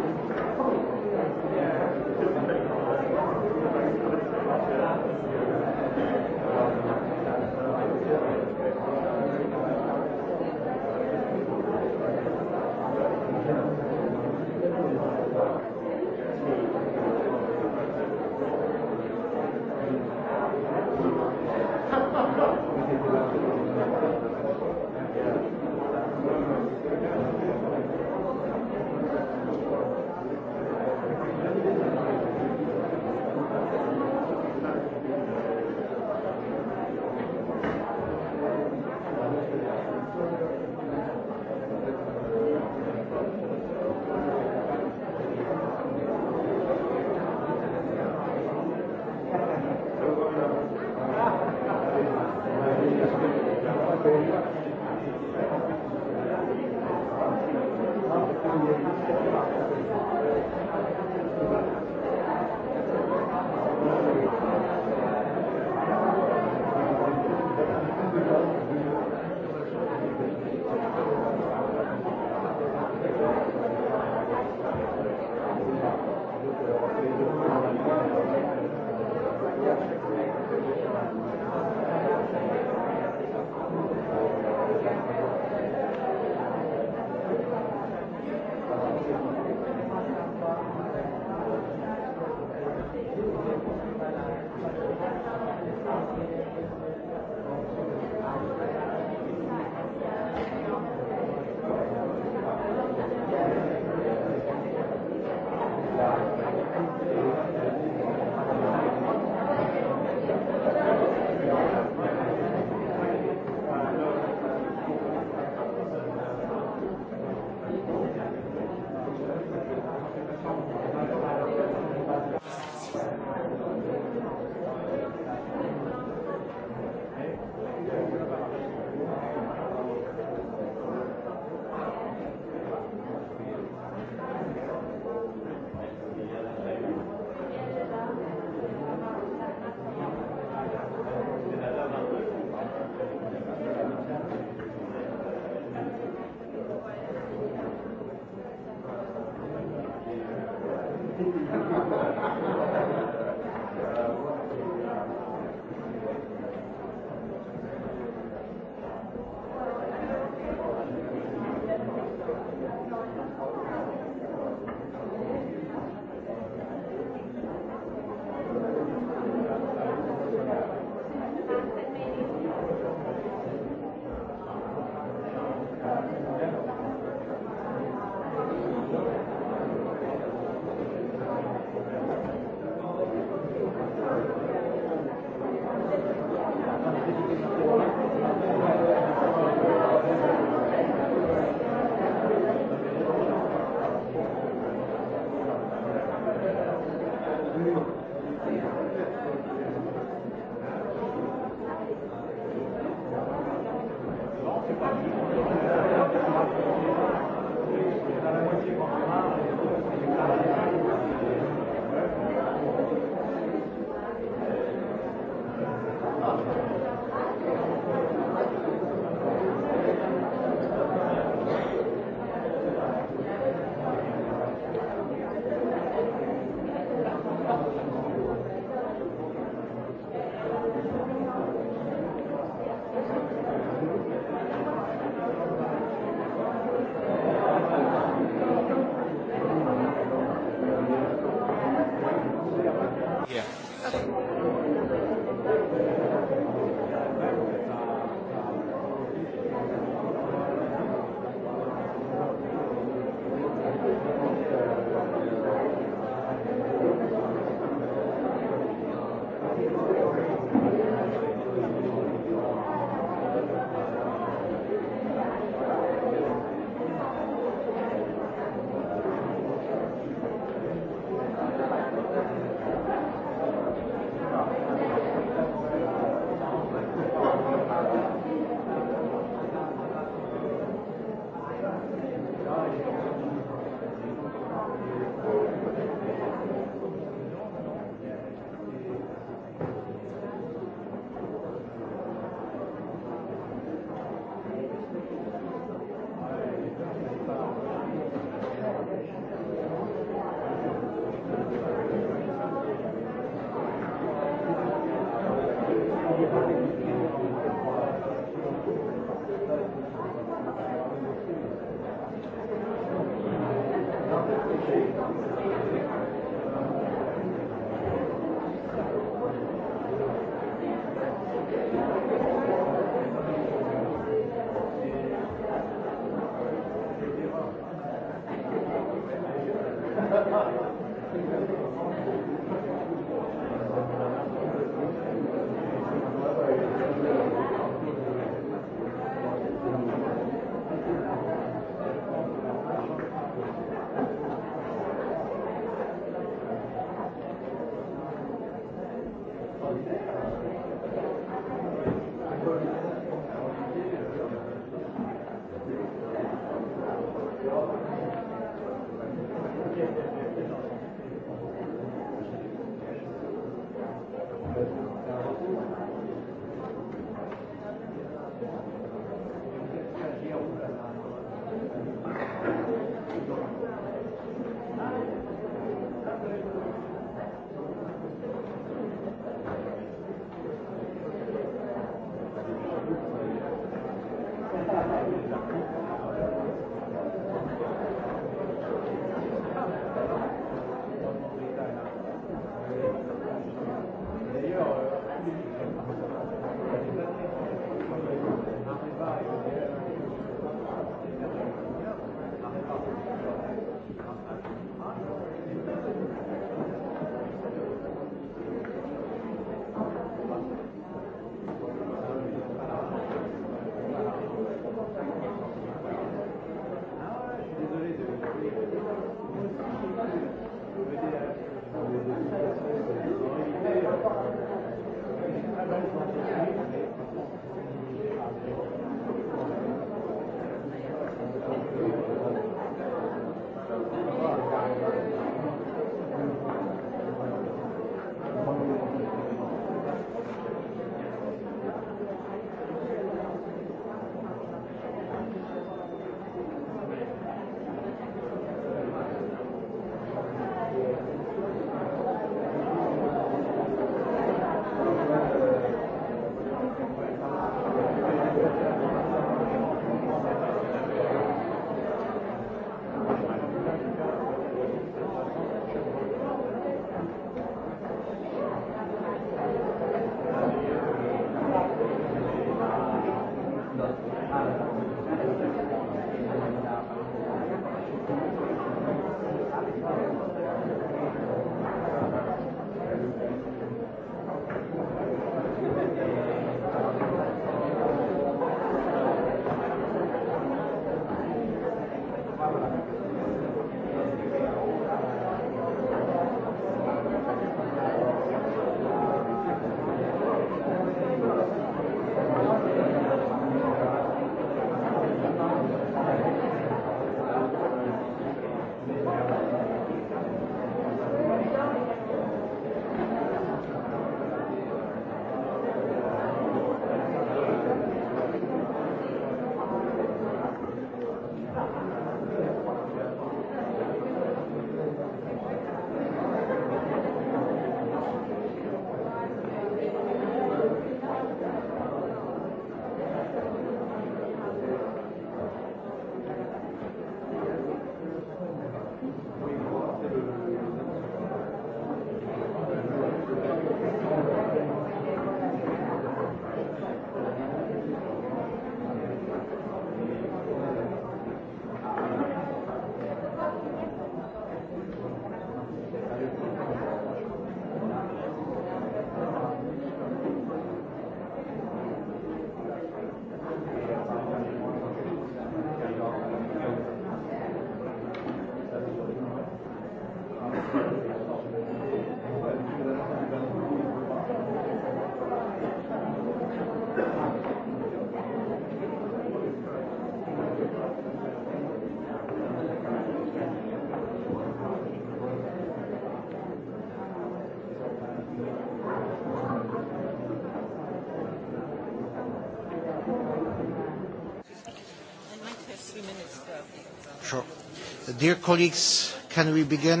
Dear colleagues, can we begin?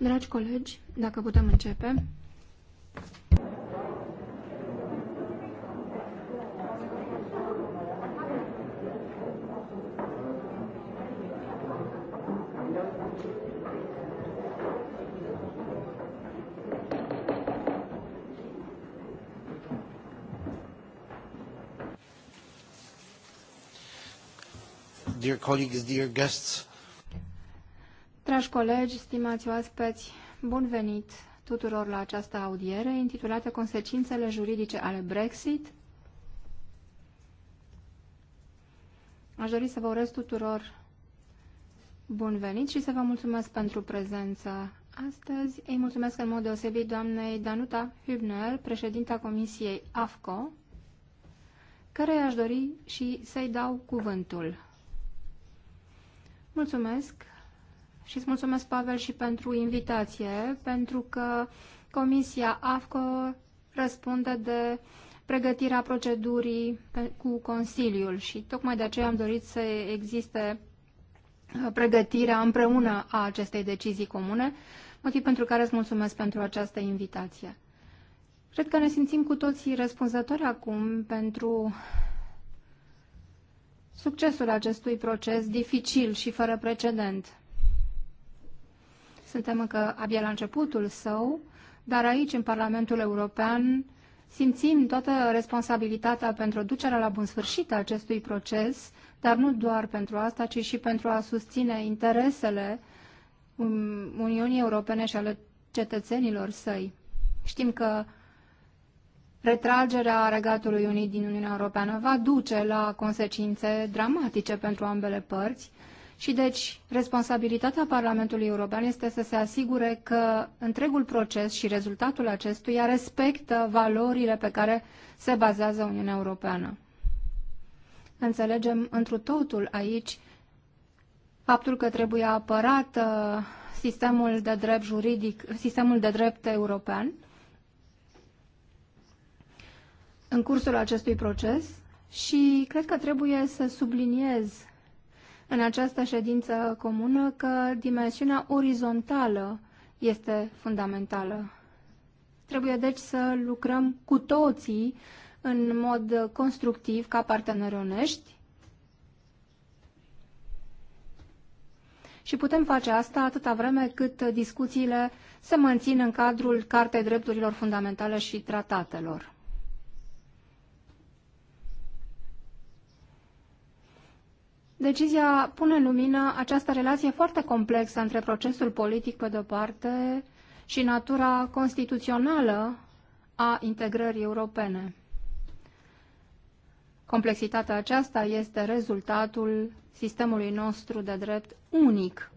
Dragi colegi, dacă putem începe. dear colleagues, dear guests. Dragi colegi, stimați oaspeți, bun venit tuturor la această audiere intitulată Consecințele juridice ale Brexit. Aș dori să vă urez tuturor bun venit și să vă mulțumesc pentru prezența astăzi. Îi mulțumesc în mod deosebit doamnei Danuta Hübner, președinta Comisiei AFCO, care aș dori și să-i dau cuvântul. Mulțumesc și îți mulțumesc, Pavel, și pentru invitație, pentru că Comisia AFCO răspunde de pregătirea procedurii cu Consiliul și tocmai de aceea am dorit să existe uh, pregătirea împreună a acestei decizii comune, motiv pentru care îți mulțumesc pentru această invitație. Cred că ne simțim cu toții răspunzători acum pentru succesul acestui proces dificil și fără precedent. Suntem încă abia la începutul său, dar aici, în Parlamentul European, simțim toată responsabilitatea pentru ducerea la bun sfârșit a acestui proces, dar nu doar pentru asta, ci și pentru a susține interesele um, Uniunii Europene și ale cetățenilor săi. Știm că retragerea Regatului Unit din Uniunea Europeană va duce la consecințe dramatice pentru ambele părți și deci responsabilitatea Parlamentului European este să se asigure că întregul proces și rezultatul acestuia respectă valorile pe care se bazează Uniunea Europeană. Înțelegem întru totul aici faptul că trebuie apărat uh, sistemul de drept juridic, sistemul de drept european în cursul acestui proces și cred că trebuie să subliniez în această ședință comună că dimensiunea orizontală este fundamentală. Trebuie deci să lucrăm cu toții în mod constructiv ca parteneri onești și putem face asta atâta vreme cât discuțiile se mențin în cadrul Cartei Drepturilor Fundamentale și Tratatelor. Decizia pune în lumină această relație foarte complexă între procesul politic pe de-o parte și natura constituțională a integrării europene. Complexitatea aceasta este rezultatul sistemului nostru de drept unic.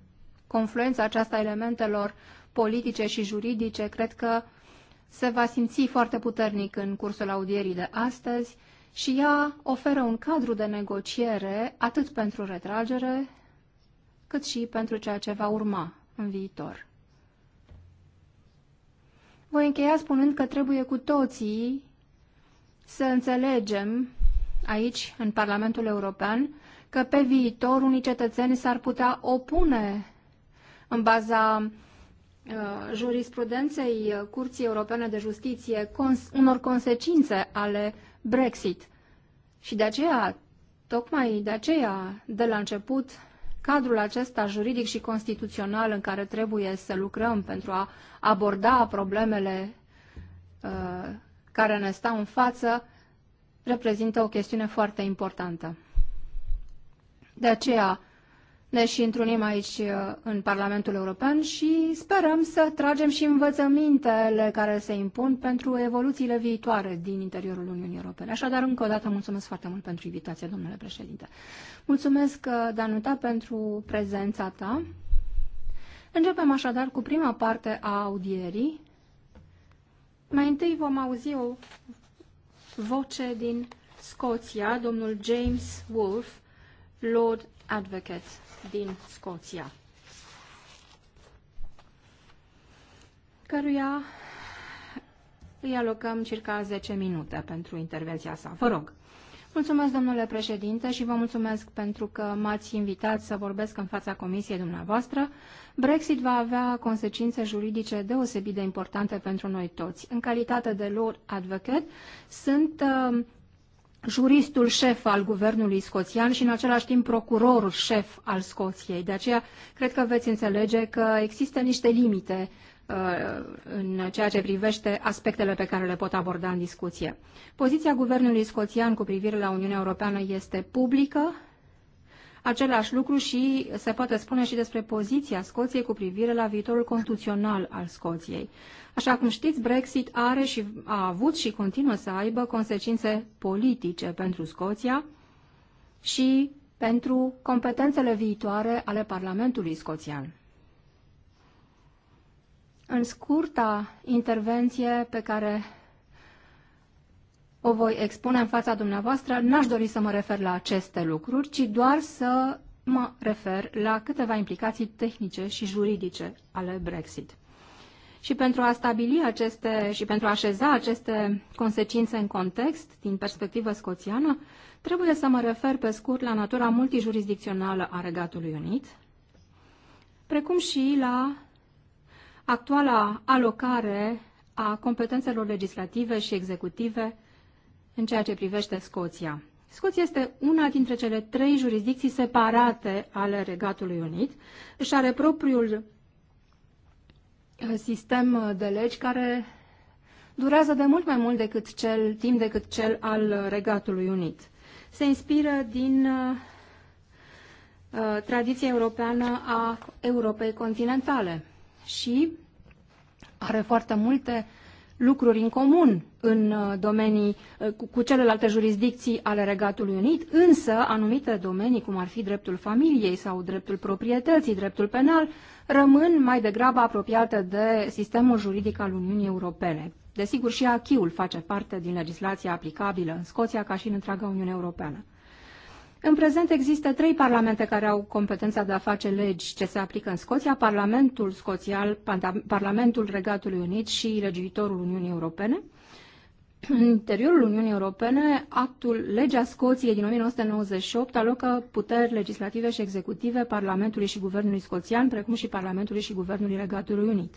Confluența aceasta elementelor politice și juridice cred că se va simți foarte puternic în cursul audierii de astăzi și ea oferă un cadru de negociere atât pentru retragere, cât și pentru ceea ce va urma în viitor. Voi încheia spunând că trebuie cu toții să înțelegem aici, în Parlamentul European, că pe viitor unii cetățeni s-ar putea opune în baza uh, jurisprudenței Curții Europene de Justiție cons- unor consecințe ale uh, Brexit. Și de aceea, tocmai de aceea, de la început, cadrul acesta juridic și constituțional în care trebuie să lucrăm pentru a aborda problemele uh, care ne stau în față, reprezintă o chestiune foarte importantă. De aceea, ne și întrunim aici uh, în Parlamentul European și sperăm să tragem și învățămintele care se impun pentru evoluțiile viitoare din interiorul Uniunii Europene. Așadar, încă o dată, mulțumesc foarte mult pentru invitație, domnule președinte. Mulțumesc, uh, Danuta, pentru prezența ta. Începem așadar cu prima parte a audierii. Mai întâi vom auzi o voce din Scoția, domnul James Wolfe, Lord Advocates din Scoția, căruia îi alocăm circa 10 minute pentru intervenția sa. Vă rog! Mulțumesc, domnule președinte, și vă mulțumesc pentru că m-ați invitat să vorbesc în fața comisiei dumneavoastră. Brexit va avea consecințe juridice deosebit de importante pentru noi toți. În calitate de lor, advocate, sunt uh, juristul șef al guvernului scoțian și în același timp procurorul șef al Scoției. De aceea cred că veți înțelege că există niște limite uh, în ceea ce privește aspectele pe care le pot aborda în discuție. Poziția guvernului scoțian cu privire la Uniunea Europeană este publică, Același lucru și se poate spune și despre poziția Scoției cu privire la viitorul constituțional al Scoției. Așa cum știți, Brexit are și a avut și continuă să aibă consecințe politice pentru Scoția și pentru competențele viitoare ale Parlamentului Scoțian. În scurta intervenție pe care o voi expune în fața dumneavoastră. N-aș dori să mă refer la aceste lucruri, ci doar să mă refer la câteva implicații tehnice și juridice ale Brexit. Și pentru a stabili aceste și pentru a așeza aceste consecințe în context, din perspectivă scoțiană, trebuie să mă refer pe scurt la natura multijurisdicțională a Regatului Unit, precum și la actuala alocare a competențelor legislative și executive în ceea ce privește Scoția. Scoția este una dintre cele trei jurisdicții separate ale Regatului Unit și are propriul uh, sistem de legi care durează de mult mai mult decât cel, timp decât cel al Regatului Unit. Se inspiră din uh, uh tradiția europeană a Europei continentale și are foarte multe lucruri în comun în uh, domenii uh, cu, celelalte jurisdicții ale Regatului Unit, însă anumite domenii, cum ar fi dreptul familiei sau dreptul proprietății, dreptul penal, rămân mai degrabă apropiate de sistemul juridic al Uniunii Europene. Desigur, și achiul face parte din legislația aplicabilă în Scoția ca și în întreaga Uniune Europeană. În prezent există trei parlamente care au competența de a face legi ce se aplică în Scoția, Parlamentul Scoțial, Parlamentul Regatului Unit și legiuitorul Uniunii Europene. În interiorul Uniunii Europene, actul Legea Scoției din 1998 alocă puteri legislative și executive Parlamentului și Guvernului Scoțian, precum și Parlamentului și Guvernului Regatului Unit.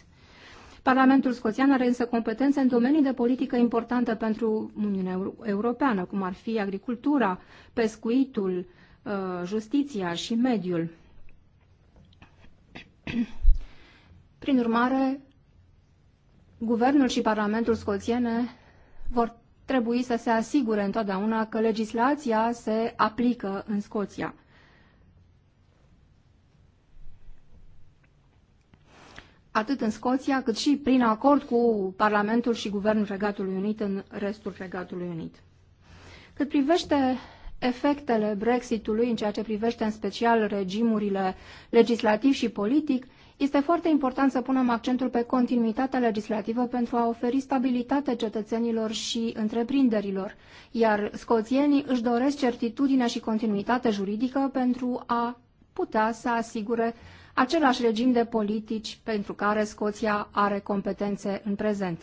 Parlamentul scoțian are însă competențe în domenii de politică importantă pentru Uniunea Europeană, cum ar fi agricultura, pescuitul, uh, justiția și mediul. Prin urmare, guvernul și Parlamentul scoțiene vor trebui să se asigure întotdeauna că legislația se aplică în Scoția. atât în Scoția, cât și prin acord cu Parlamentul și Guvernul Regatului Unit în restul Regatului Unit. Cât privește efectele Brexitului în ceea ce privește în special regimurile legislativ și politic, este foarte important să punem accentul pe continuitatea legislativă pentru a oferi stabilitate cetățenilor și întreprinderilor, iar scoțienii își doresc certitudinea și continuitate juridică pentru a putea să asigure același regim de politici pentru care Scoția are competențe în prezent.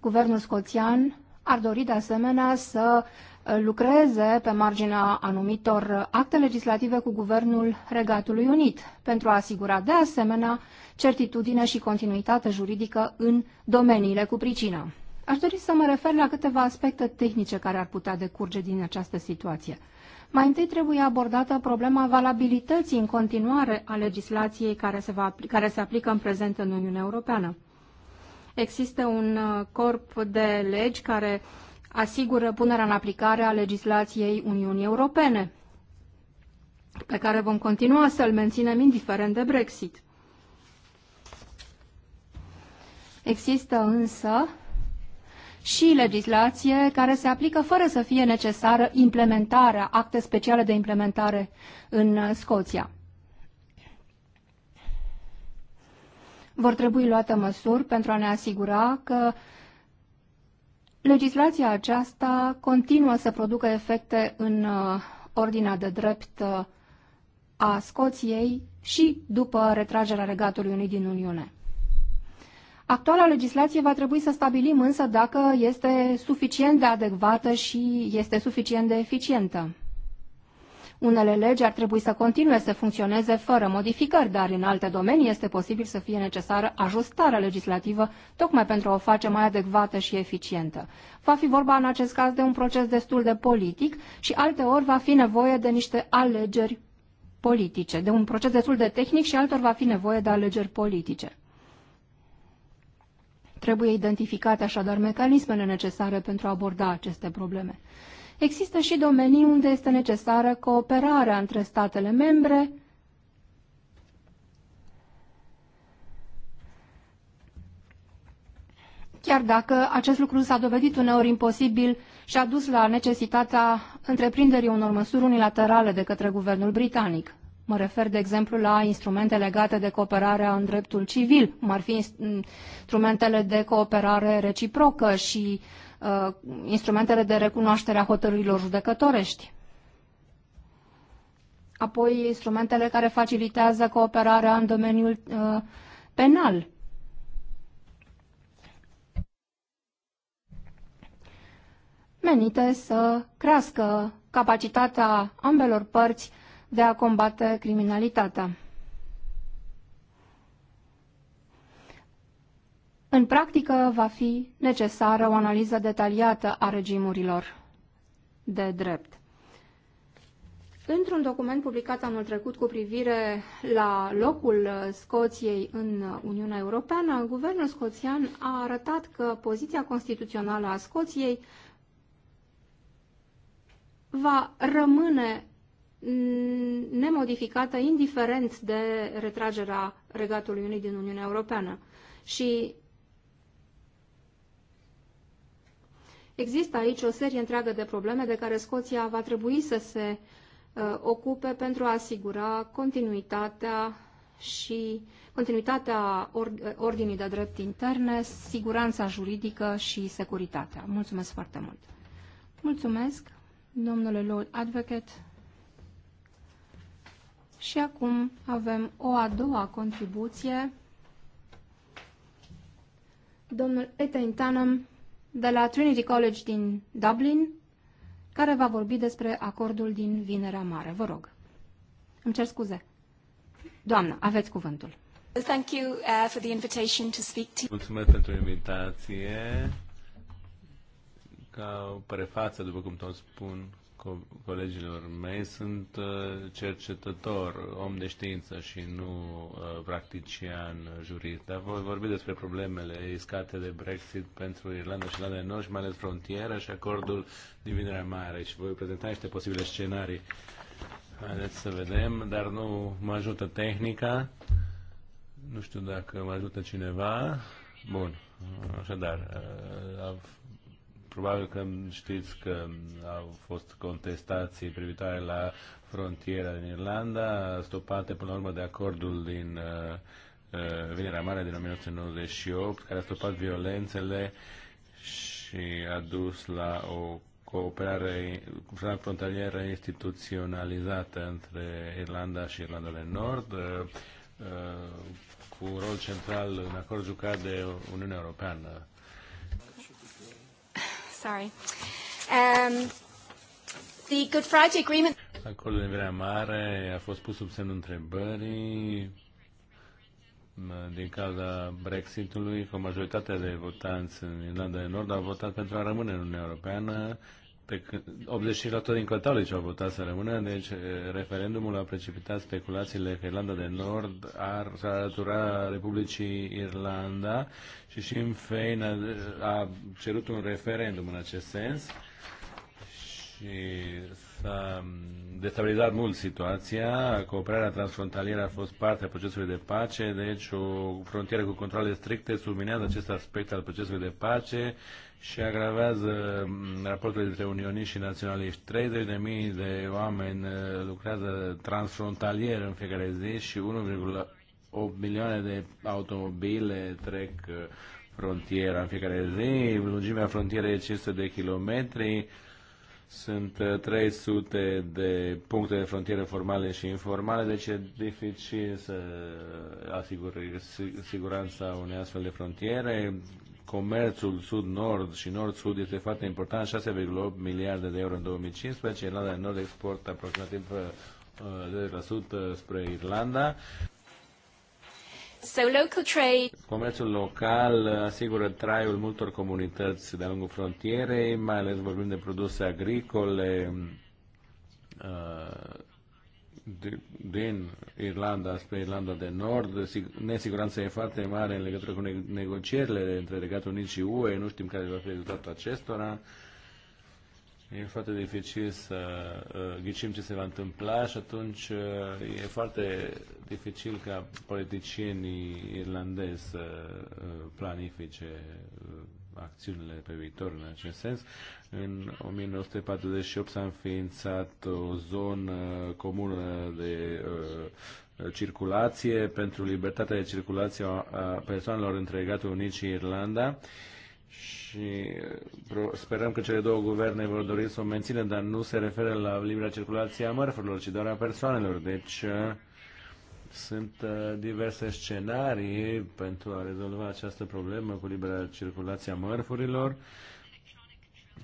Guvernul scoțian ar dori de asemenea să uh, lucreze pe marginea anumitor acte legislative cu Guvernul Regatului Unit pentru a asigura de asemenea certitudine și continuitate juridică în domeniile cu pricină. Aș dori să mă refer la câteva aspecte tehnice care ar putea decurge din această situație. Mai întâi trebuie abordată problema valabilității în continuare a legislației care se, va, care se aplică în prezent în Uniunea Europeană. Există un uh, corp de legi care asigură punerea în aplicare a legislației Uniunii Europene, pe care vom continua să-l menținem indiferent de Brexit. Există însă și legislație care se aplică fără să fie necesară implementarea, acte speciale de implementare în uh, Scoția. Vor trebui luate măsuri pentru a ne asigura că legislația aceasta continuă să producă efecte în uh, ordinea de drept uh, a Scoției și după retragerea Regatului Unit din Uniune. Actuala legislație va trebui să stabilim însă dacă este suficient de adecvată și este suficient de eficientă. Unele legi ar trebui să continue să funcționeze fără modificări, dar în alte domenii este posibil să fie necesară ajustarea legislativă tocmai pentru a o face mai adecvată și eficientă. Va fi vorba în acest caz de un proces destul de politic și ori va fi nevoie de niște alegeri politice, de un proces destul de tehnic și altor va fi nevoie de alegeri politice. Trebuie identificate așadar mecanismele necesare pentru a aborda aceste probleme. Există și domenii unde este necesară cooperarea între statele membre, chiar dacă acest lucru s-a dovedit uneori imposibil și a dus la necesitatea întreprinderii unor măsuri unilaterale de către guvernul britanic. Mă refer, de exemplu, la instrumente legate de cooperarea în dreptul civil, cum ar fi instrumentele de cooperare reciprocă și uh, instrumentele de recunoaștere a hotărârilor judecătorești. Apoi, instrumentele care facilitează cooperarea în domeniul uh, penal. menite să crească capacitatea ambelor părți de a combate criminalitatea. În practică va fi necesară o analiză detaliată a regimurilor de drept. Într-un document publicat anul trecut cu privire la locul Scoției în Uniunea Europeană, guvernul scoțian a arătat că poziția constituțională a Scoției va rămâne nemodificată, indiferent de retragerea Regatului Unit din Uniunea Europeană. Și există aici o serie întreagă de probleme de care Scoția va trebui să se uh, ocupe pentru a asigura continuitatea și continuitatea or, ordinii de drept interne, siguranța juridică și securitatea. Mulțumesc foarte mult! Mulțumesc, domnule Lord Advocate! Și acum avem o a doua contribuție. Domnul Ethan Tanham de la Trinity College din Dublin, care va vorbi despre acordul din Vinerea Mare. Vă rog. Îmi cer scuze. Doamnă, aveți cuvântul. Thank you uh, for the invitation to speak to Mulțumesc pentru invitație. Ca o prefață, după cum tot spun co- colegilor mei, sunt uh, cercetător, om de știință și nu uh, practician jurist, dar voi vorbi despre problemele iscate de Brexit pentru Irlanda și Irlanda de Nord, și mai ales frontiera și acordul din Vinerea Mare și voi prezenta niște posibile scenarii. Haideți să vedem, dar nu mă ajută tehnica. Nu știu dacă mă ajută cineva. Bun. Așadar, uh, Probabil că știți că au fost contestații privitoare la frontiera din Irlanda, stopate până la urmă de acordul din uh, uh Vinerea Mare din 1998, care a stopat violențele și a dus la o cooperare frontalieră instituționalizată între Irlanda și Irlanda de Nord, uh, uh cu rol central în acord jucat de Uniunea Europeană Sorry. Um, the Good Friday Agreement... Acolo de Vrea Mare a fost pus sub semnul întrebării din cauza Brexitului, că majoritatea de votanți în Irlanda de Nord au votat pentru a rămâne în Uniunea Europeană pe când 80% din catolici au votat să rămână, deci referendumul a precipitat speculațiile că Irlanda de Nord ar s alătura Republicii Irlanda și Sinn Féin a, a cerut un referendum în acest sens și s-a destabilizat mult situația, cooperarea transfrontalieră a fost parte a procesului de pace, deci o frontieră cu controle stricte subminează acest aspect al procesului de pace și agravează mm, raportul dintre unioniști și naționaliști. 30.000 de oameni eh, lucrează transfrontalier în fiecare zi și 1,8 milioane de automobile trec eh, frontiera în fiecare zi. Lungimea frontierei e 500 de kilometri. Sunt 300 eh, de puncte de frontieră formale și informale, deci e dificil să asiguri siguranța unei astfel de frontiere comerțul sud-nord și nord-sud este foarte important, 6,8 miliarde de euro în 2015, Irlanda de Nord exportă aproximativ 10% uh, spre Irlanda. So local trade. Comerțul local asigură traiul multor comunități de-a lungul frontierei, mai ales vorbim de produse agricole, uh, din Irlanda spre Irlanda de Nord. Nesiguranța e foarte mare în legătură cu negocierile între Regatul Unit și UE. Nu știm care va fi rezultatul acestora. E foarte dificil să uh, ghicim ce se va întâmpla și atunci uh, e foarte dificil ca politicieni irlandezi să uh, planifice acțiunile pe viitor în acest sens. În 1948 s-a înființat o zonă comună de uh, circulație pentru libertatea de circulație a persoanelor între Regatul Unit și Irlanda și uh, sperăm că cele două guverne vor dori să o mențină, dar nu se referă la libera circulație a mărfurilor, ci doar a persoanelor. Deci uh, sunt uh, diverse scenarii pentru a rezolva această problemă cu libera circulație a mărfurilor,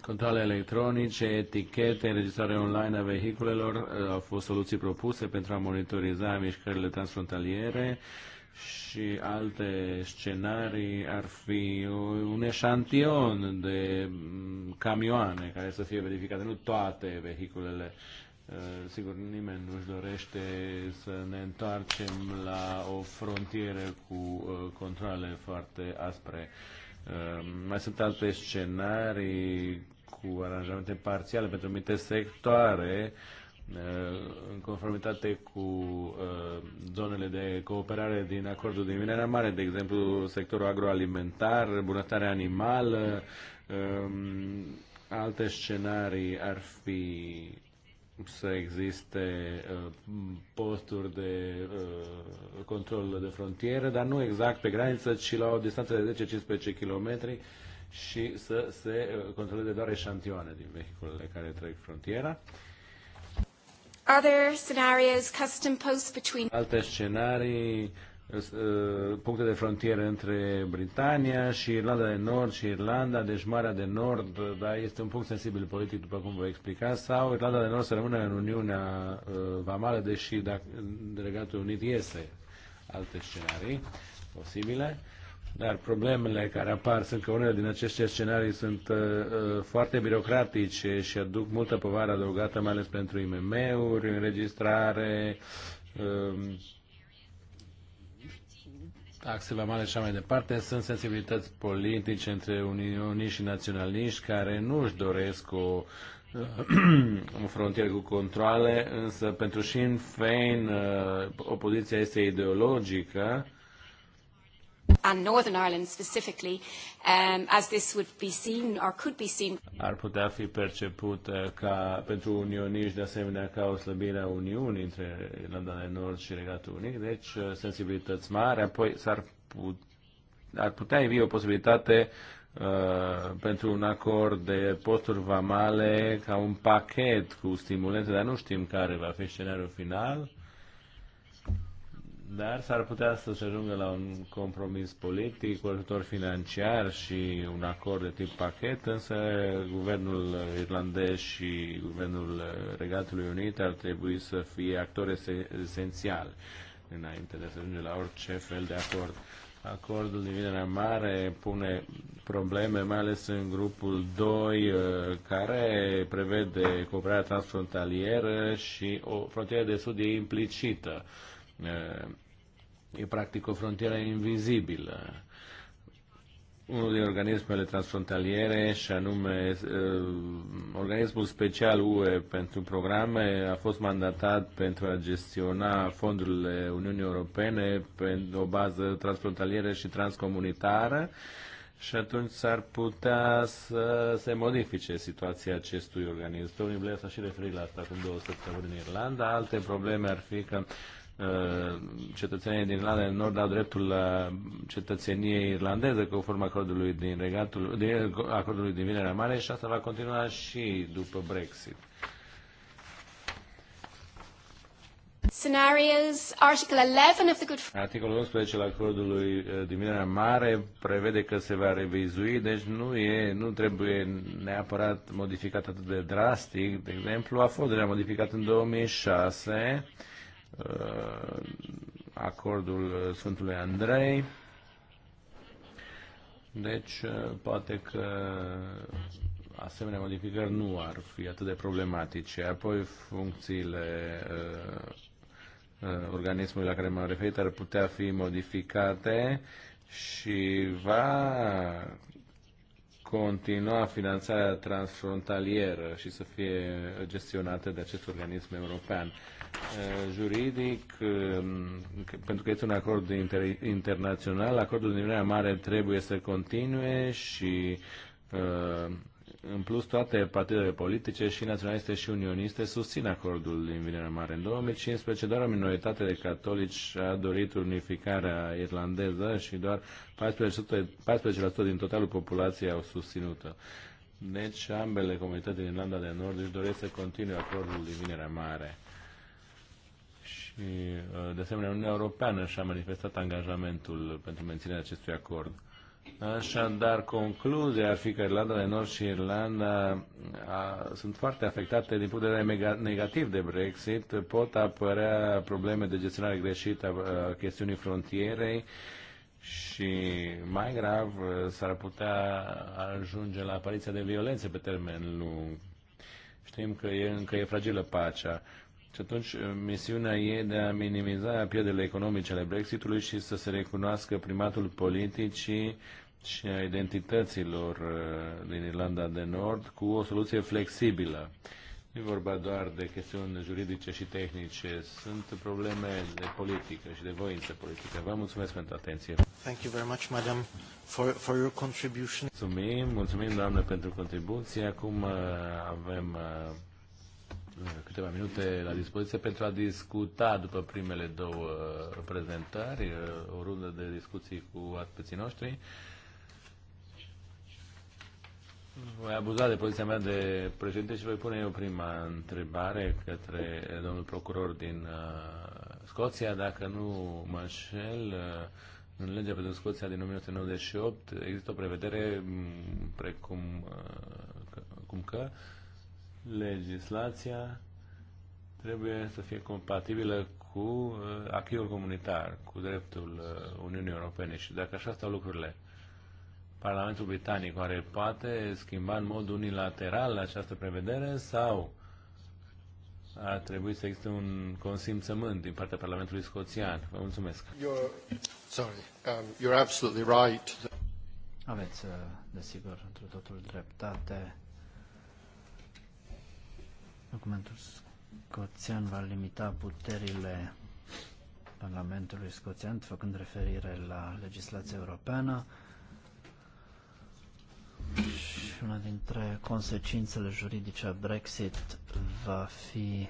controle electronice, etichete, înregistrare online a vehiculelor uh, au fost soluții propuse pentru a monitoriza mișcările transfrontaliere și alte scenarii ar fi un eșantion de mm, camioane care să fie verificate, nu toate vehiculele Eh, sigur, nimeni nu-și dorește să ne întoarcem la o frontieră cu eh, controle foarte aspre. Eh, mai sunt alte scenarii cu aranjamente parțiale pentru anumite sectoare în conformitate cu zonele de cooperare din acordul din Minerea Mare, de exemplu sectorul agroalimentar, bunătare animală, alte scenarii ar fi să existe uh, posturi de uh, control de frontieră, dar nu exact pe graniță, ci la o distanță de 10-15 km și să se uh, controleze doar eșantioane din vehiculele care trec frontiera. Other scenarios, custom posts between... Alte scenarii, Ă, puncte de frontieră între Britania și Irlanda de Nord și Irlanda, deci Marea de Nord, dar este un punct sensibil politic, după cum vă explica, sau Irlanda de Nord să rămână în Uniunea ă, Vamală, deși dacă Regatul Unit iese alte scenarii posibile. Dar problemele care apar sunt că unele din aceste scenarii sunt uh, foarte birocratice și aduc multă povară adăugată, mai ales pentru IMM-uri, înregistrare, uh, taxe vamale și așa mai departe, sunt sensibilități politice între uniuni și naționaliști care nu își doresc o o frontieră cu controle, însă pentru Sinn Fein uh, opoziția este ideologică and Northern Ireland specifically, um, as this would be seen or could be seen. Ar putea fi perceput ca pentru unioniști de asemenea ca o slăbire a Uniunii între Irlanda de Nord și Regatul Unit, deci uh, sensibilități mari, apoi s-ar put, ar putea fi o posibilitate Uh, pentru un acord de posturi vamale ca un pachet cu stimulente, dar nu știm care va fi scenariul final dar s-ar putea să se ajungă la un compromis politic, cu ajutor financiar și un acord de tip pachet, însă guvernul irlandez și guvernul Regatului Unit ar trebui să fie actori esențiali înainte de a se ajunge la orice fel de acord. Acordul din Vinerea Mare pune probleme, mai ales în grupul 2, uh, care prevede cooperarea transfrontalieră și o frontieră de sud e implicită. E practic o frontieră invizibilă. Unul din organismele transfrontaliere, și anume organismul special UE pentru programe, a fost mandatat pentru a gestiona fondurile Uniunii Europene pe o bază transfrontalieră și transcomunitară și atunci s-ar putea să se modifice situația acestui organism. Domnul Blea s-a și referit la asta acum două săptămâni în Irlanda. Alte probleme ar fi că Uh, cetățenii din Irlanda de Nord au dreptul la cetățenie irlandeză conform acordului din, regatul, din acordului din Vinerea Mare și asta va continua și după Brexit. Scenarios, Article 11 of the Good Articolul 11 al acordului uh, din Vinerea Mare prevede că se va revizui, deci nu, e, nu trebuie neapărat modificat atât de drastic. De exemplu, a fost deja modificat în 2006 Uh, acordul uh, Sfântului Andrei. Deci, uh, poate că asemenea modificări nu ar fi atât de problematice. Apoi, funcțiile organismului la care m-am referit ar putea fi modificate și va continua finanțarea transfrontalieră și să fie gestionată de acest organism european. Eh, juridic, eh, pentru că este un acord inter- internațional, acordul din Uniunea Mare trebuie să continue și eh, în plus, toate partidele politice, și naționaliste și unioniste, susțin acordul din Vinerea Mare. În 2015, doar o minoritate de catolici a dorit unificarea irlandeză și doar 14%, 14% din totalul populației au susținut-o. Deci, ambele comunități din Irlanda de Nord își doresc să continue acordul din Vinerea Mare și, uh, de asemenea, Uniunea Europeană și-a manifestat angajamentul pentru menținerea acestui acord. Așadar, concluzia ar fi că Irlanda de Nord și Irlanda uh, a, sunt foarte afectate din punct de vedere negativ de Brexit. Pot apărea probleme de gestionare greșită a chestiunii frontierei și, mai grav, uh, s-ar putea ajunge la apariția de violențe pe termen lung. Știm că e, încă e fragilă pacea. Și atunci uh, misiunea e de a minimiza pierderile economice ale Brexitului și să se recunoască primatul politicii și a identităților uh, din Irlanda de Nord cu o soluție flexibilă. Nu e vorba doar de chestiuni juridice și tehnice, sunt probleme de politică și de voință politică. Vă mulțumesc pentru atenție. Thank you very much, madam, for, for your contribution. Mulțumim, mulțumim, doamnă, pentru contribuție. Acum uh, avem câteva minute la dispoziție pentru a discuta după primele două uh, prezentări, uh, o rundă de discuții cu atpeții noștri. Voi abuza de poziția mea de președinte și voi pune eu prima întrebare către domnul procuror din uh, Scoția. Dacă nu mă înșel, în legea pentru Scoția din 1998 există o prevedere mm, precum cum că legislația trebuie să fie compatibilă cu uh, acquis comunitar, cu dreptul uh, Uniunii Europene și dacă așa stau lucrurile, Parlamentul Britanic oare poate schimba în mod unilateral această prevedere sau ar trebui să existe un consimțământ din partea Parlamentului Scoțian? Vă mulțumesc. You're, sorry, um, you're absolutely right. Aveți, uh, desigur, într totul dreptate Documentul scoțian va limita puterile Parlamentului scoțian, făcând referire la legislația europeană. Și una dintre consecințele juridice a Brexit va fi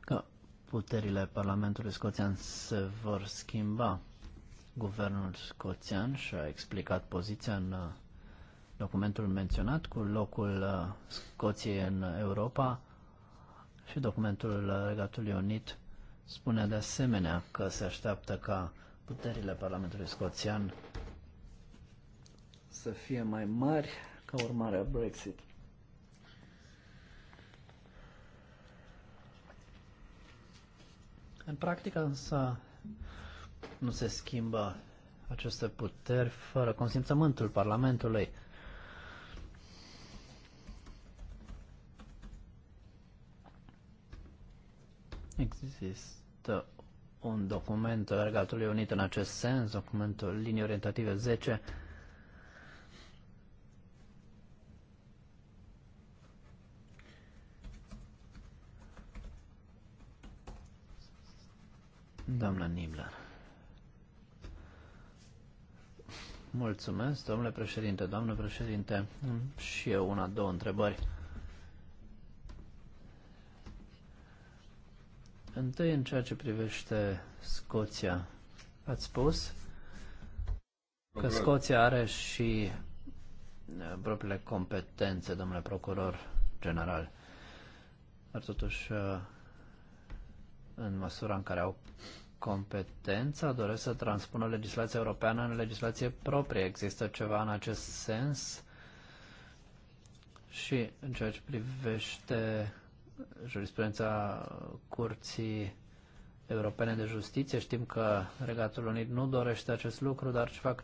că puterile Parlamentului scoțian se vor schimba. Guvernul scoțian și-a explicat poziția în documentul menționat cu locul uh, Scoției în Europa și documentul uh, Regatului Unit spune de asemenea că se așteaptă ca puterile Parlamentului Scoțian să fie mai mari ca urmare a Brexit. În practică însă nu se schimbă aceste puteri fără consimțământul Parlamentului. Există un document al Regatului Unit în acest sens, documentul linii orientative 10, Doamna Nibler. Mulțumesc, domnule președinte. Doamnă președinte, și eu una, două întrebări. Întâi, în ceea ce privește Scoția, ați spus că Scoția are și uh, propriile competențe, domnule procuror general. Dar totuși, uh, în măsura în care au competența, doresc să transpună legislația europeană în legislație proprie. Există ceva în acest sens? Și în ceea ce privește jurisprudența Curții Europene de Justiție. Știm că Regatul Unit nu dorește acest lucru, dar ce fac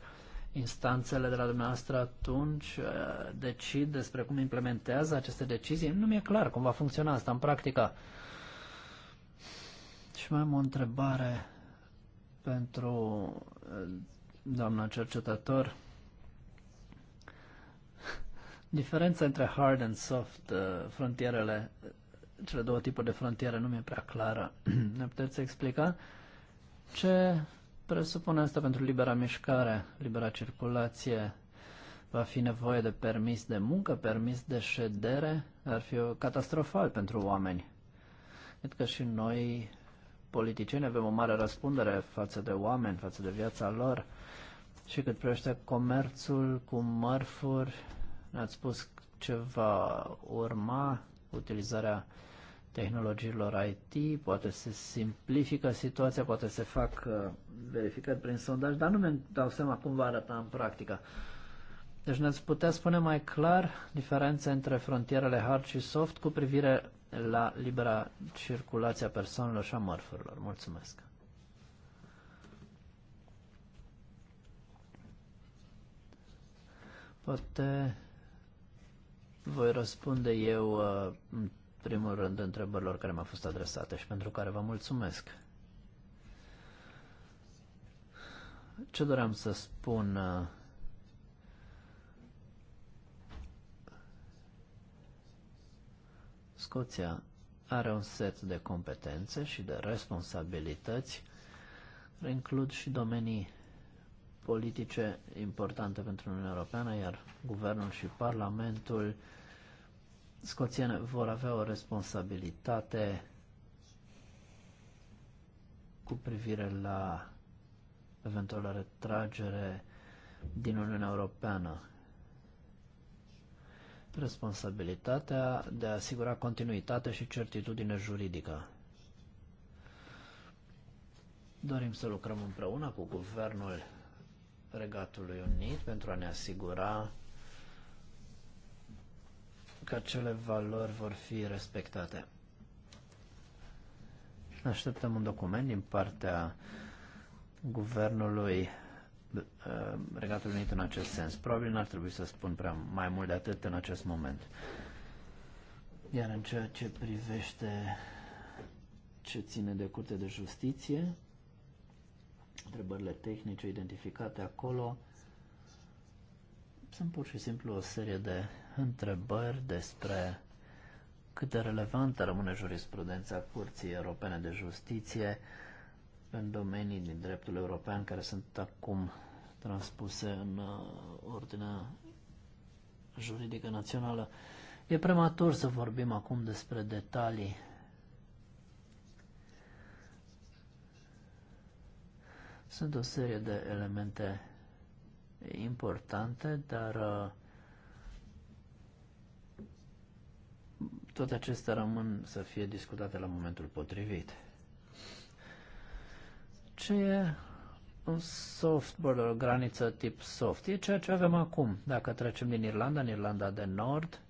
instanțele de la dumneavoastră atunci uh, decid despre cum implementează aceste decizii? Nu mi-e clar cum va funcționa asta în practică. Și mai am o întrebare pentru uh, doamna cercetător. Diferența între hard and soft, uh, frontierele cele două tipuri de frontiere nu mi-e prea clară. ne puteți explica ce presupune asta pentru libera mișcare, libera circulație? Va fi nevoie de permis de muncă, permis de ședere? Ar fi o catastrofal pentru oameni. Cred că și noi, politicieni, avem o mare răspundere față de oameni, față de viața lor. Și cât privește comerțul cu mărfuri, ne-ați spus ce va urma utilizarea tehnologiilor IT, poate se simplifică situația, poate se fac uh, verificări prin sondaj, dar nu mi dau seama cum va arăta în practică. Deci ne-ați putea spune mai clar diferența între frontierele hard și soft cu privire la libera circulație a persoanelor și a mărfurilor. Mulțumesc! Poate voi răspunde eu uh, primul rând întrebărilor care mi-au fost adresate și pentru care vă mulțumesc. Ce doream să spun uh, Scoția are un set de competențe și de responsabilități care includ și domenii politice importante pentru Uniunea Europeană, iar guvernul și parlamentul uh, scoțiene vor avea o responsabilitate cu privire la eventuală retragere din Uniunea Europeană. Responsabilitatea de a asigura continuitate și certitudine juridică. Dorim să lucrăm împreună cu Guvernul Regatului Unit pentru a ne asigura că acele valori vor fi respectate. Așteptăm un document din partea guvernului uh, Regatul Unit în acest sens. Probabil n-ar trebui să spun prea mai mult de atât în acest moment. Iar în ceea ce privește ce ține de Curte de Justiție, întrebările tehnice identificate acolo, sunt pur și simplu o serie de întrebări despre cât de relevantă rămâne jurisprudența Curții Europene de Justiție în domenii din dreptul european care sunt acum transpuse în uh, ordinea juridică națională. E prematur să vorbim acum despre detalii. Sunt o serie de elemente importante, dar uh, toate acestea rămân să fie discutate la momentul potrivit. Ce e un soft border, o graniță tip soft? E ceea ce avem acum. Dacă trecem din Irlanda în Irlanda de Nord,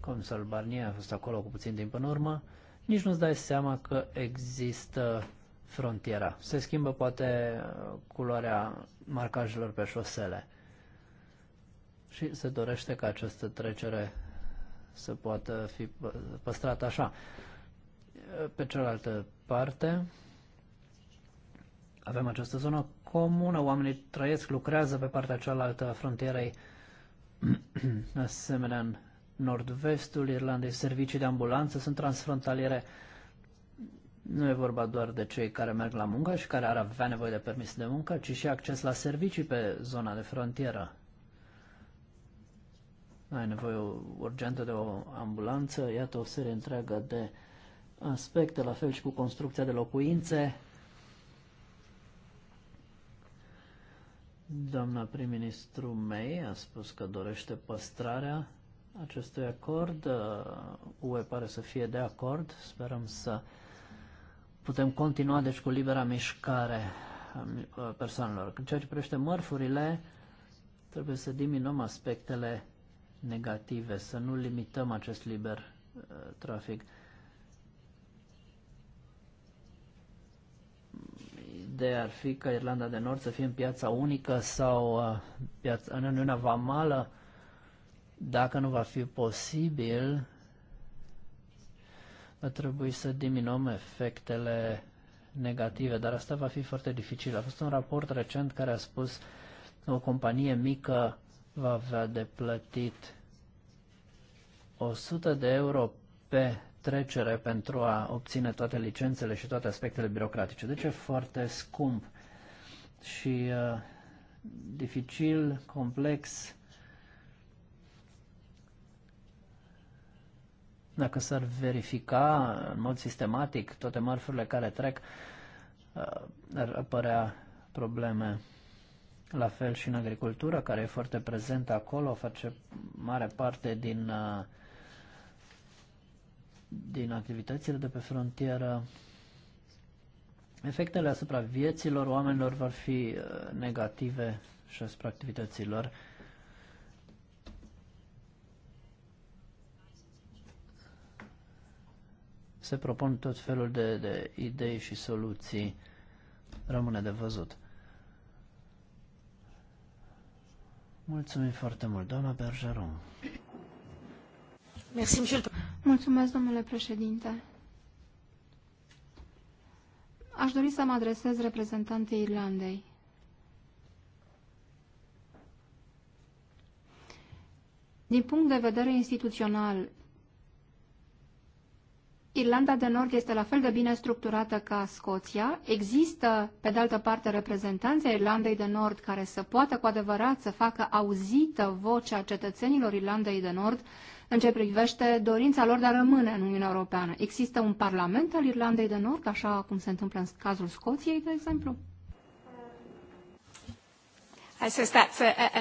consul Barnier a fost acolo cu puțin timp în urmă, nici nu-ți dai seama că există frontiera. Se schimbă poate culoarea marcajelor pe șosele. Și se dorește ca această trecere să poată fi păstrat așa. Pe cealaltă parte, avem această zonă comună, oamenii trăiesc, lucrează pe partea cealaltă a frontierei, asemenea în nord-vestul Irlandei, servicii de ambulanță sunt transfrontaliere. Nu e vorba doar de cei care merg la muncă și care ar avea nevoie de permis de muncă, ci și acces la servicii pe zona de frontieră ai nevoie urgentă de o ambulanță, iată o serie întreagă de aspecte, la fel și cu construcția de locuințe. Doamna prim-ministru May a spus că dorește păstrarea acestui acord. UE pare să fie de acord. Sperăm să putem continua deci cu libera mișcare a persoanelor. În ceea ce privește mărfurile, trebuie să diminuăm aspectele negative, să nu limităm acest liber uh, trafic. Ideea ar fi ca Irlanda de Nord să fie în piața unică sau uh, piața, în Uniunea Vamală, dacă nu va fi posibil, va trebui să diminuăm efectele negative, dar asta va fi foarte dificil. A fost un raport recent care a spus o companie mică va avea de plătit 100 de euro pe trecere pentru a obține toate licențele și toate aspectele birocratice. Deci e foarte scump și uh, dificil, complex. Dacă s-ar verifica în mod sistematic toate mărfurile care trec, uh, ar apărea probleme la fel și în agricultură, care e foarte prezentă acolo, face mare parte din, uh, din activitățile de pe frontieră. Efectele asupra vieților oamenilor vor fi uh, negative și asupra activităților. Se propun tot felul de, de idei și soluții. Rămâne de văzut. Mulțumim foarte mult, doamna Bergeron. Mulțumesc, domnule președinte. Aș dori să mă adresez reprezentantei Irlandei. Din punct de vedere instituțional, Irlanda de Nord este la fel de bine structurată ca Scoția. Există, pe de altă parte, reprezentanții Irlandei de Nord care să poată cu adevărat să facă auzită vocea cetățenilor Irlandei de Nord în ce privește dorința lor de a rămâne în Uniunea Europeană. Există un parlament al Irlandei de Nord, așa cum se întâmplă în cazul Scoției, de exemplu? Uh, uh, uh,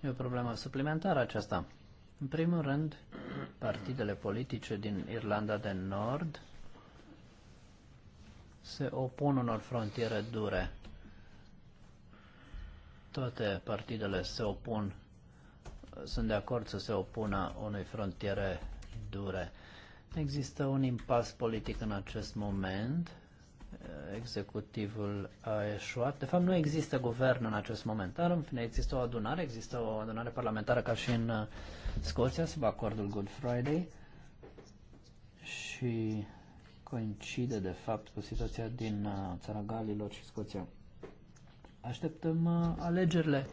e o problemă suplimentară aceasta. În primul rând, partidele politice din Irlanda de Nord se opun unor frontiere dure. Toate partidele se opun, sunt de acord să se opună unei frontiere dure. Există un impas politic în acest moment. Executivul a eșuat. De fapt, nu există guvern în acest moment, dar în fine există o adunare, există o adunare parlamentară ca și în Scoția sub acordul Good Friday și coincide de fapt cu situația din uh, țara Galilor și Scoția. Așteptăm uh, alegerile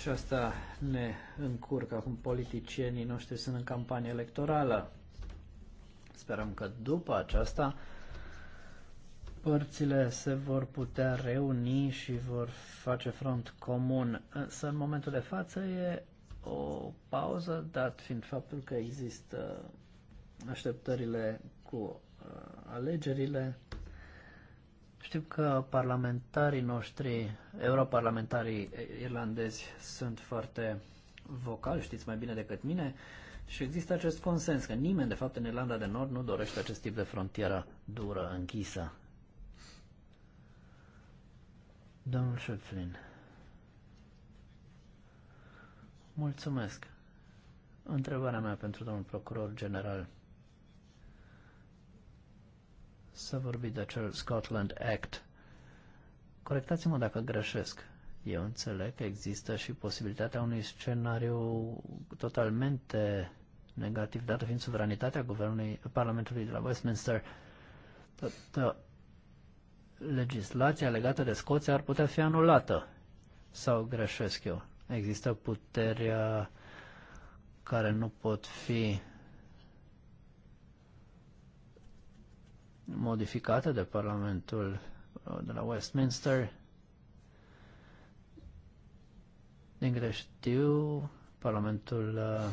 și asta ne încurcă acum politicienii noștri sunt în campanie electorală. Sperăm că după aceasta părțile se vor putea reuni și vor face front comun. Însă în momentul de față e o pauză, dat fiind faptul că există așteptările cu uh, alegerile. Știu că parlamentarii noștri, europarlamentarii irlandezi, sunt foarte vocali, știți mai bine decât mine, și există acest consens că nimeni, de fapt, în Irlanda de Nord nu dorește acest tip de frontieră dură, închisă. Domnul Schöpflin. Mulțumesc. Întrebarea mea pentru domnul procuror general. Să vorbi de acel Scotland Act. Corectați-mă dacă greșesc. Eu înțeleg că există și posibilitatea unui scenariu totalmente negativ, dată fiind suveranitatea guvernului Parlamentului de la Westminster. Toată legislația legată de Scoția ar putea fi anulată. Sau greșesc eu? Există puteri uh, care nu pot fi modificate de Parlamentul uh, de la Westminster. Din câte știu, Parlamentul uh,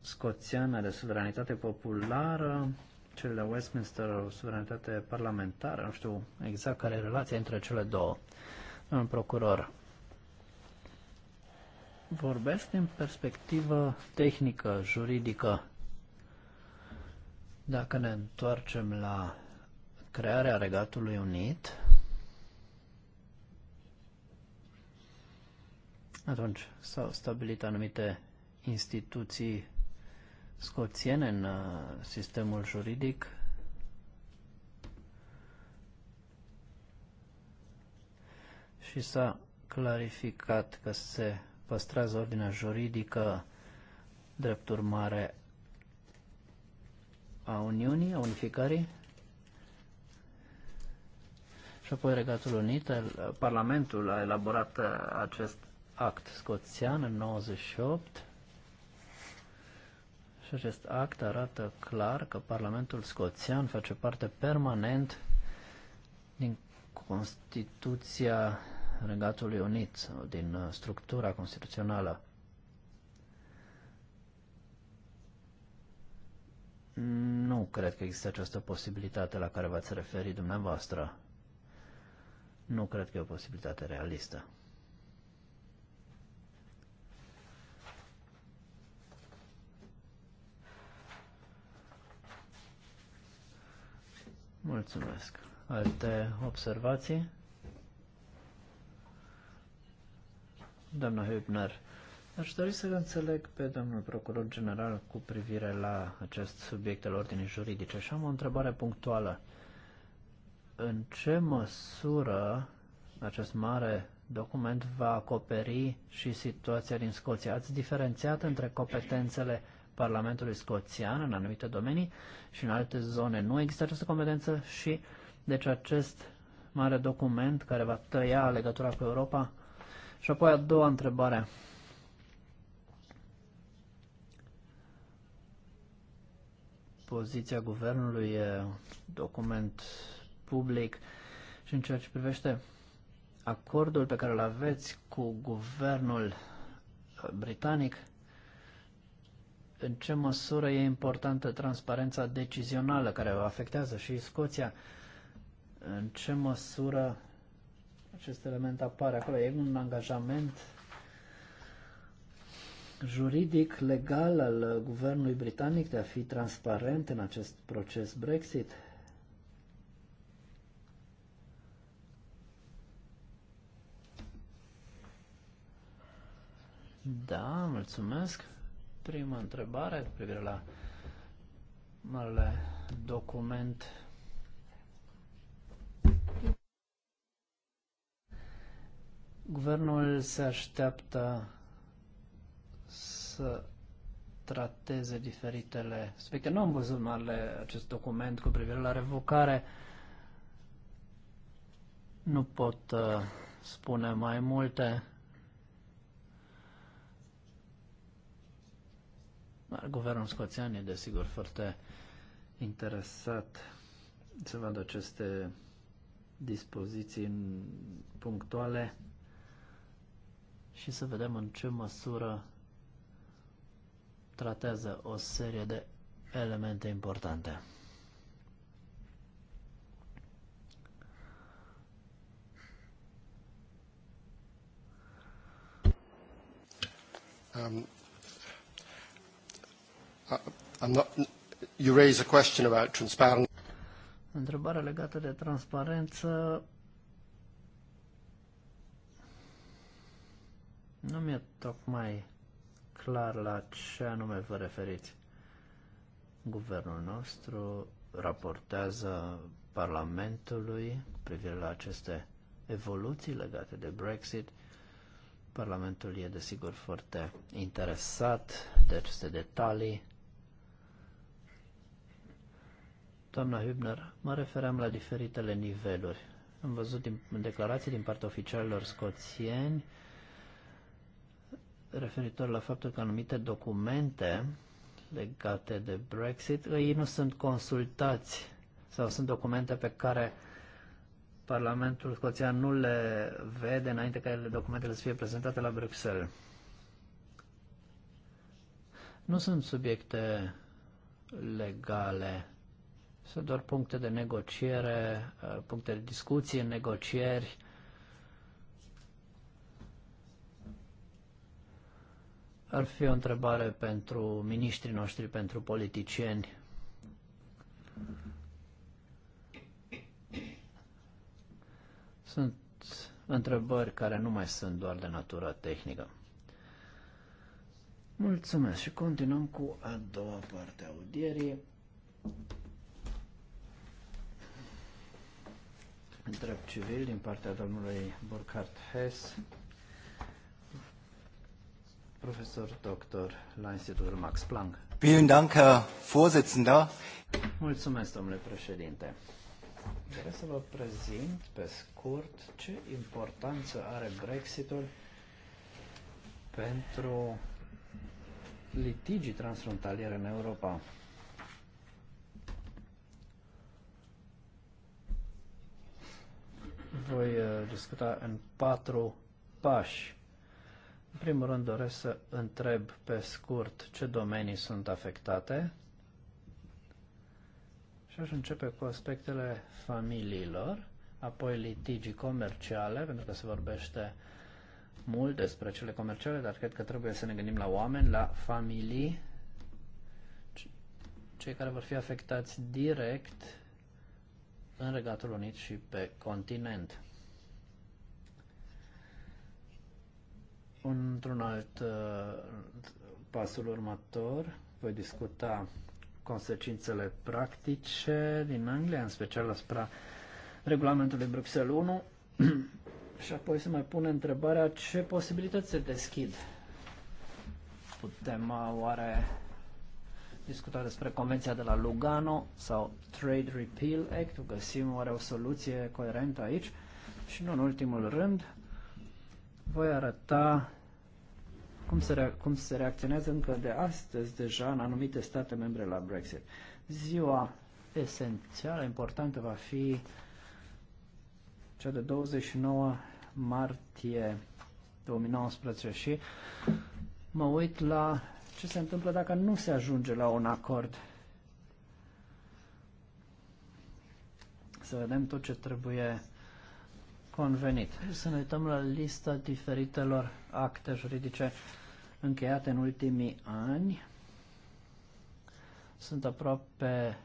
scoțian are suveranitate populară, cel de Westminster o suveranitate parlamentară, nu știu exact care e relația între cele două. Domnul procuror, vorbesc din perspectivă tehnică, juridică. Dacă ne întoarcem la crearea Regatului Unit, atunci s-au stabilit anumite instituții scoțiene în uh, sistemul juridic. Și s-a clarificat că se păstrează ordinea juridică drept urmare a Uniunii, a Unificării. Și apoi Regatul Unit, Parlamentul a elaborat uh, acest act scoțian în 98 și acest act arată clar că Parlamentul scoțian face parte permanent din Constituția Regatului Unit, din uh, structura constituțională. Nu cred că există această posibilitate la care v-ați referit dumneavoastră. Nu cred că e o posibilitate realistă. Mulțumesc. Alte observații? doamna Hübner. Aș dori să înțeleg pe domnul procuror general cu privire la acest subiect al ordinii juridice și am o întrebare punctuală. În ce măsură acest mare document va acoperi și situația din Scoția? Ați diferențiat între competențele Parlamentului Scoțian în anumite domenii și în alte zone nu există această competență și deci acest mare document care va tăia legătura cu Europa și apoi a doua întrebare. Poziția guvernului e document public și în ceea ce privește acordul pe care îl aveți cu guvernul uh, britanic, în ce măsură e importantă transparența decizională care o afectează și Scoția, în ce măsură acest element apare acolo. E un angajament juridic, legal al guvernului britanic de a fi transparent în acest proces Brexit? Da, mulțumesc. Prima întrebare cu privire la marele document Guvernul se așteaptă să trateze diferitele subiecte. Nu am văzut mai acest document cu privire la revocare. Nu pot uh, spune mai multe. Dar guvernul scoțian e desigur foarte interesat să vadă aceste dispoziții punctuale și să vedem în ce măsură tratează o serie de elemente importante. Um, uh, I'm not, you raise a question about transparency. Întrebarea legată de transparență Nu mi-e tocmai clar la ce anume vă referiți. Guvernul nostru raportează Parlamentului cu privire la aceste evoluții legate de Brexit. Parlamentul e desigur foarte interesat de aceste detalii. Doamna Hübner, mă refeream la diferitele niveluri. Am văzut din, în declarații din partea oficialilor scoțieni referitor la faptul că anumite documente legate de Brexit, ei nu sunt consultați sau sunt documente pe care Parlamentul Scoțian nu le vede înainte ca ele, documentele să fie prezentate la Bruxelles. Nu sunt subiecte legale, sunt doar puncte de negociere, puncte de discuție, negocieri, Ar fi o întrebare pentru miniștrii noștri, pentru politicieni. Sunt întrebări care nu mai sunt doar de natură tehnică. Mulțumesc și continuăm cu a doua parte a audierii. Întreb civil din partea domnului Burkhard Hess profesor Dr. la Institutul Max Planck. Vielen Dank, Herr Vorsitzender. Mulțumesc, domnule președinte. Vreau să vă prezint pe scurt ce importanță are Brexitul pentru litigii transfrontaliere în Europa. Voi uh, discuta în patru pași în primul rând doresc să întreb pe scurt ce domenii sunt afectate și aș începe cu aspectele familiilor, apoi litigii comerciale, pentru că se vorbește mult despre cele comerciale, dar cred că trebuie să ne gândim la oameni, la familii, cei care vor fi afectați direct în Regatul Unit și pe continent. Într-un alt uh, pasul următor voi discuta consecințele practice din Anglia, în special asupra regulamentului Bruxelles 1 și apoi se mai pune întrebarea ce posibilități se deschid. Putem uh, oare discuta despre Convenția de la Lugano sau Trade Repeal Act, găsim oare o soluție coerentă aici și nu în ultimul rând voi arăta cum se, cum se reacționează încă de astăzi deja în anumite state membre la Brexit. Ziua esențială, importantă, va fi cea de 29 martie 2019 și mă uit la ce se întâmplă dacă nu se ajunge la un acord. Să vedem tot ce trebuie convenit. Să ne uităm la lista diferitelor acte juridice încheiate în ultimii ani sunt aproape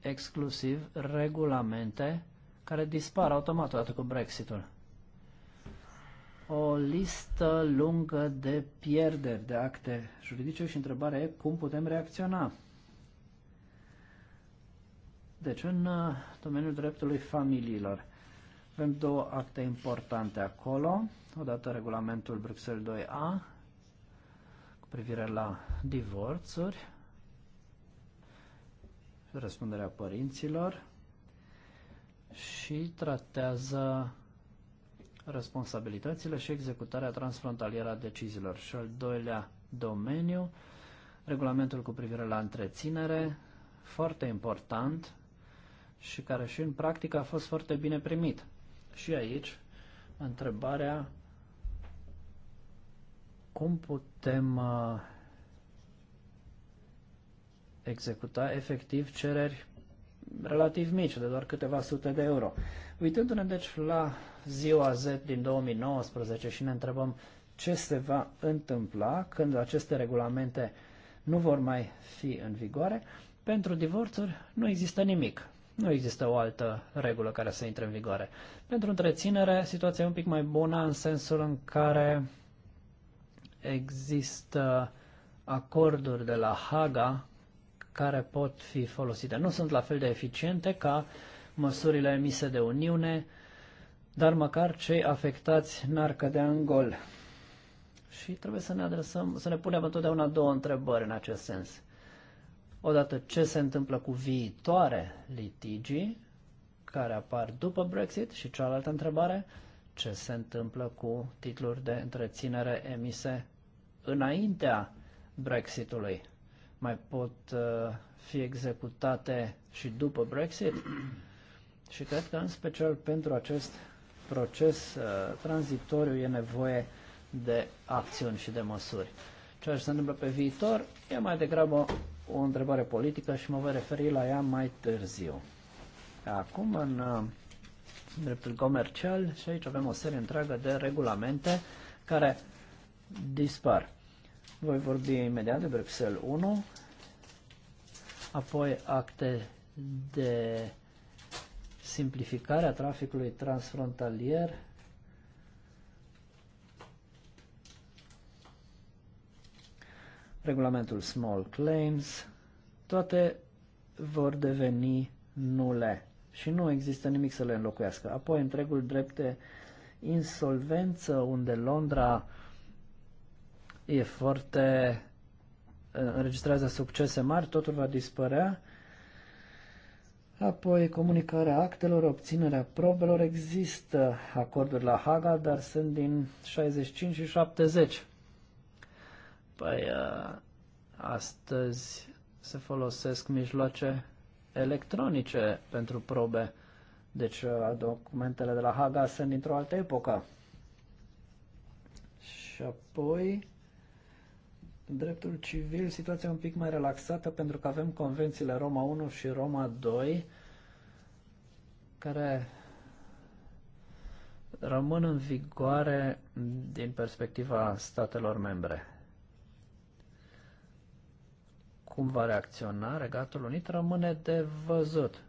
exclusiv regulamente care dispar automat odată cu Brexitul. O listă lungă de pierderi de acte juridice și întrebarea e cum putem reacționa. Deci, în uh, domeniul dreptului familiilor, avem două acte importante acolo. Odată regulamentul Bruxelles 2A, privire la divorțuri, răspunderea părinților și tratează responsabilitățile și executarea transfrontalieră a deciziilor. Și al doilea domeniu, regulamentul cu privire la întreținere, foarte important și care și în practică a fost foarte bine primit. Și aici, întrebarea cum putem uh, executa efectiv cereri relativ mici, de doar câteva sute de euro. Uitându-ne deci la ziua Z din 2019 și ne întrebăm ce se va întâmpla când aceste regulamente nu vor mai fi în vigoare, pentru divorțuri nu există nimic. Nu există o altă regulă care să intre în vigoare. Pentru întreținere, situația e un pic mai bună în sensul în care există acorduri de la Haga care pot fi folosite. Nu sunt la fel de eficiente ca măsurile emise de Uniune, dar măcar cei afectați n-ar cădea în gol. Și trebuie să ne adresăm, să ne punem întotdeauna două întrebări în acest sens. Odată ce se întâmplă cu viitoare litigii care apar după Brexit și cealaltă întrebare, ce se întâmplă cu titluri de întreținere emise înaintea Brexitului. Mai pot uh, fi executate și după Brexit? Și cred că în special pentru acest proces uh, tranzitoriu e nevoie de acțiuni și de măsuri. Ceea ce se întâmplă pe viitor e mai degrabă o întrebare politică și mă voi referi la ea mai târziu. Acum, în uh, dreptul comercial, și aici avem o serie întreagă de regulamente care dispar. Voi vorbi imediat de Brexel 1, apoi acte de simplificare a traficului transfrontalier, regulamentul Small Claims, toate vor deveni nule și nu există nimic să le înlocuiască. Apoi întregul drept de insolvență unde Londra e foarte uh, înregistrează succese mari, totul va dispărea. Apoi, comunicarea actelor, obținerea probelor, există acorduri la Haga, dar sunt din 65 și 70. Păi, uh, astăzi se folosesc mijloace electronice pentru probe, deci uh, documentele de la Haga sunt dintr-o altă epocă. Și apoi, dreptul civil situația un pic mai relaxată pentru că avem convențiile Roma 1 și Roma 2 care rămân în vigoare din perspectiva statelor membre. Cum va reacționa Regatul Unit rămâne de văzut.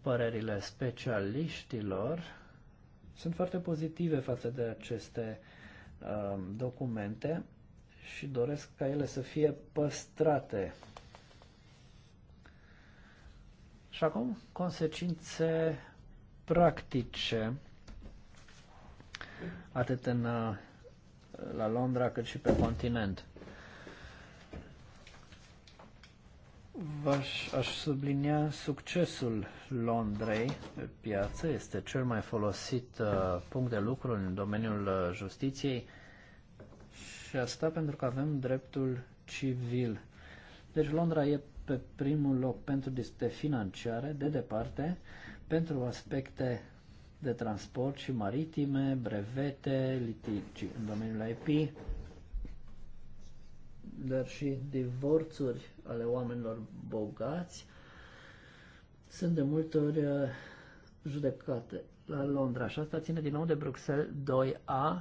Părerile specialiștilor sunt foarte pozitive față de aceste Uh, documente și doresc ca ele să fie păstrate. Și acum, consecințe practice, atât în, uh, la Londra cât și pe continent. V-aș, aș sublinia succesul Londrei pe piață. Este cel mai folosit uh, punct de lucru în domeniul uh, justiției și asta pentru că avem dreptul civil. Deci Londra e pe primul loc pentru dispute financiare, de departe, pentru aspecte de transport și maritime, brevete, litigi în domeniul IP, dar și divorțuri ale oamenilor bogați sunt de multe ori uh, judecate la Londra și asta ține din nou de Bruxelles 2A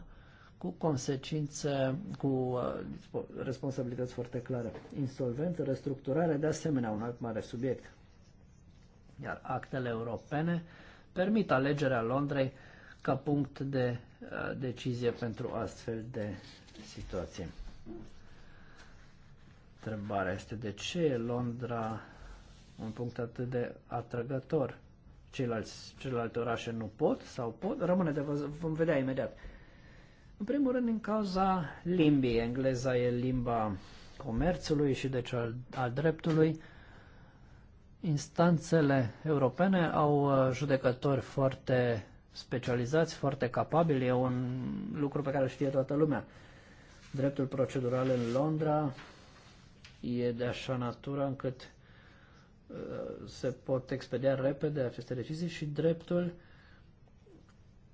cu consecințe, cu uh, responsabilități foarte clare. Insolvență, restructurare, de asemenea un alt mare subiect. Iar actele europene permit alegerea Londrei ca punct de uh, decizie pentru astfel de situații. Întrebarea este de ce e Londra un punct atât de atrăgător? Ceilalți, celelalte orașe nu pot sau pot? Rămâne de văzut, vom vedea imediat. În primul rând, din cauza limbii. Engleza e limba comerțului și deci al, al dreptului. Instanțele europene au uh, judecători foarte specializați, foarte capabili. E un lucru pe care știe toată lumea. Dreptul procedural în Londra e de așa natură încât uh, se pot expedia repede aceste decizii și dreptul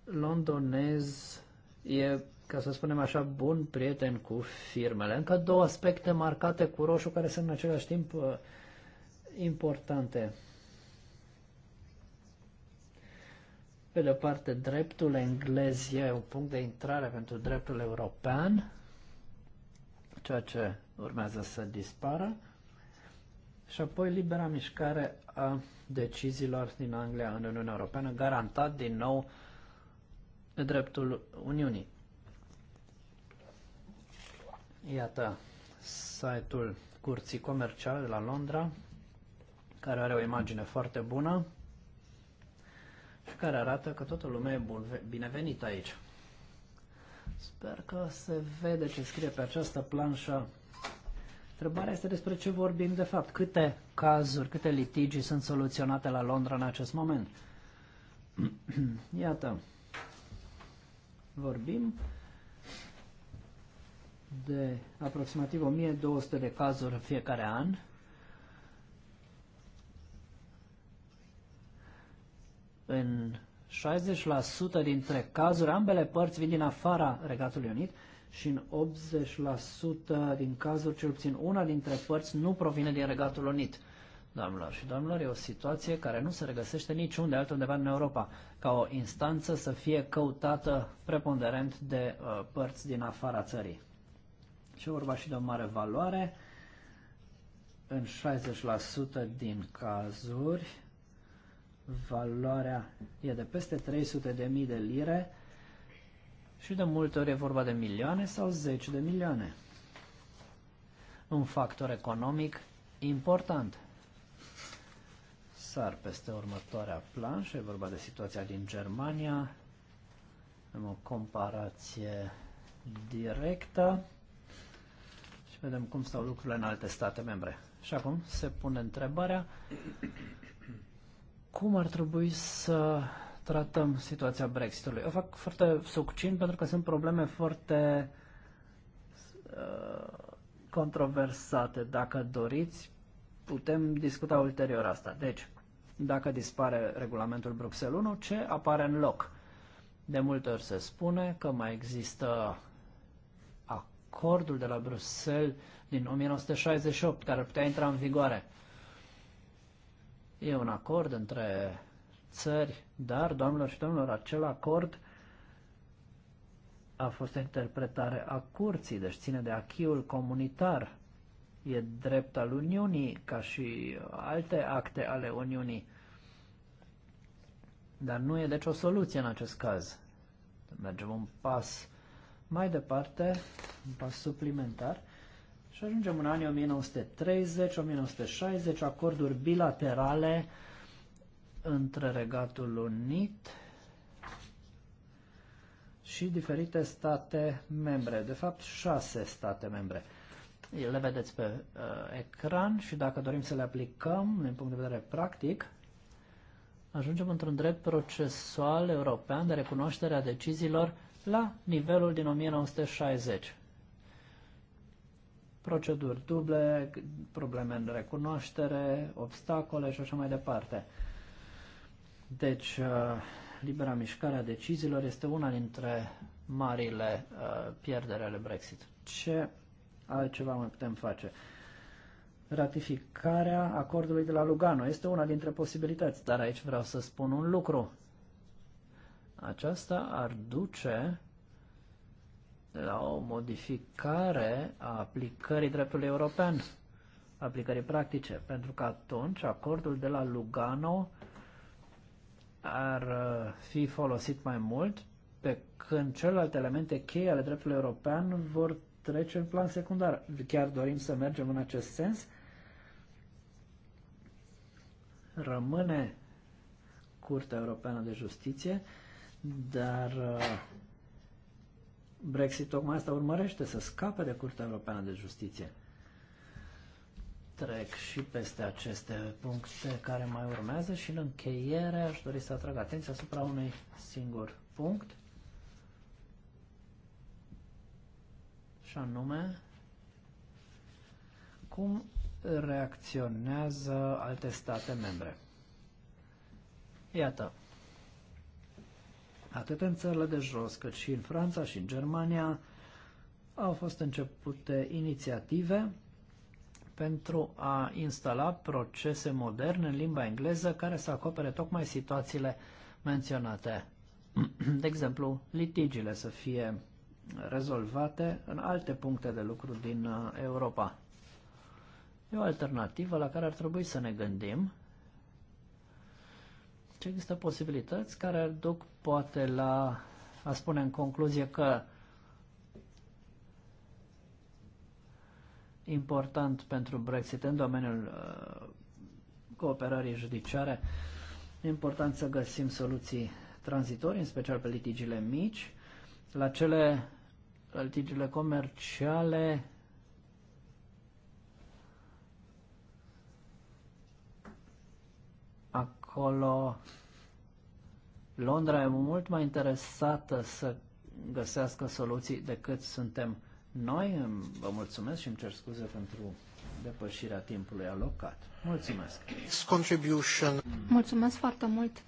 londonez e, ca să spunem așa, bun prieten cu firmele. Încă două aspecte marcate cu roșu care sunt în același timp uh, importante. Pe de-o parte, dreptul englez e un punct de intrare pentru dreptul european, ceea ce urmează să dispară și apoi libera mișcare a deciziilor din Anglia în Uniunea Europeană, garantat din nou dreptul Uniunii. Iată site-ul Curții Comerciale de la Londra, care are o imagine foarte bună și care arată că toată lumea e binevenită aici. Sper că se vede ce scrie pe această planșă Întrebarea este despre ce vorbim de fapt. Câte cazuri, câte litigii sunt soluționate la Londra în acest moment? Iată, vorbim de aproximativ 1200 de cazuri în fiecare an. În 60% dintre cazuri, ambele părți vin din afara Regatului Unit, și în 80% din cazuri, cel puțin una dintre părți, nu provine din Regatul Unit. Doamnelor și domnilor, e o situație care nu se regăsește niciunde altundeva în Europa, ca o instanță să fie căutată preponderent de uh, părți din afara țării. Și vorba și de o mare valoare, în 60% din cazuri, valoarea e de peste 300.000 de lire, și de multe ori e vorba de milioane sau zeci de milioane. Un factor economic important. Sar peste următoarea planșă, e vorba de situația din Germania. Am o comparație directă și vedem cum stau lucrurile în alte state membre. Și acum se pune întrebarea cum ar trebui să tratăm situația Brexitului. O fac foarte succint pentru că sunt probleme foarte uh, controversate. Dacă doriți, putem discuta ulterior asta. Deci, dacă dispare regulamentul Bruxelles 1, ce apare în loc? De multe ori se spune că mai există acordul de la Bruxelles din 1968 care putea intra în vigoare. E un acord între țări, dar, doamnelor și domnilor, acel acord a fost o interpretare a curții, deci ține de achiul comunitar. E drept al Uniunii, ca și alte acte ale Uniunii. Dar nu e deci o soluție în acest caz. Mergem un pas mai departe, un pas suplimentar, și ajungem în anii 1930-1960, acorduri bilaterale între Regatul Unit și diferite state membre, de fapt șase state membre. Le vedeți pe uh, ecran și dacă dorim să le aplicăm din punct de vedere practic, ajungem într-un drept procesual european de recunoaștere a deciziilor la nivelul din 1960. Proceduri duble, probleme în recunoaștere, obstacole și așa mai departe. Deci, uh, libera mișcare a deciziilor este una dintre marile uh, pierdere ale Brexit. Ce altceva mai putem face? Ratificarea acordului de la Lugano este una dintre posibilități, dar aici vreau să spun un lucru. Aceasta ar duce la o modificare a aplicării dreptului european, aplicării practice, pentru că atunci acordul de la Lugano ar uh, fi folosit mai mult, pe când celelalte elemente cheie ale dreptului european vor trece în plan secundar. Chiar dorim să mergem în acest sens? Rămâne Curtea Europeană de Justiție, dar uh, Brexit tocmai asta urmărește, să scape de Curtea Europeană de Justiție trec și peste aceste puncte care mai urmează și în încheiere aș dori să atrag atenția asupra unui singur punct și anume cum reacționează alte state membre. Iată, atât în țările de jos cât și în Franța și în Germania au fost începute inițiative pentru a instala procese moderne în limba engleză care să acopere tocmai situațiile menționate. De exemplu, litigiile să fie rezolvate în alte puncte de lucru din uh, Europa. E o alternativă la care ar trebui să ne gândim Ce există posibilități care duc poate la a spune în concluzie că important pentru Brexit în domeniul uh, cooperării judiciare. E important să găsim soluții tranzitorii, în special pe litigiile mici. La cele litigiile comerciale acolo Londra e mult mai interesată să găsească soluții decât suntem noi vă mulțumesc și îmi cer scuze pentru depășirea timpului alocat. Mulțumesc. Contribution. Mulțumesc foarte mult.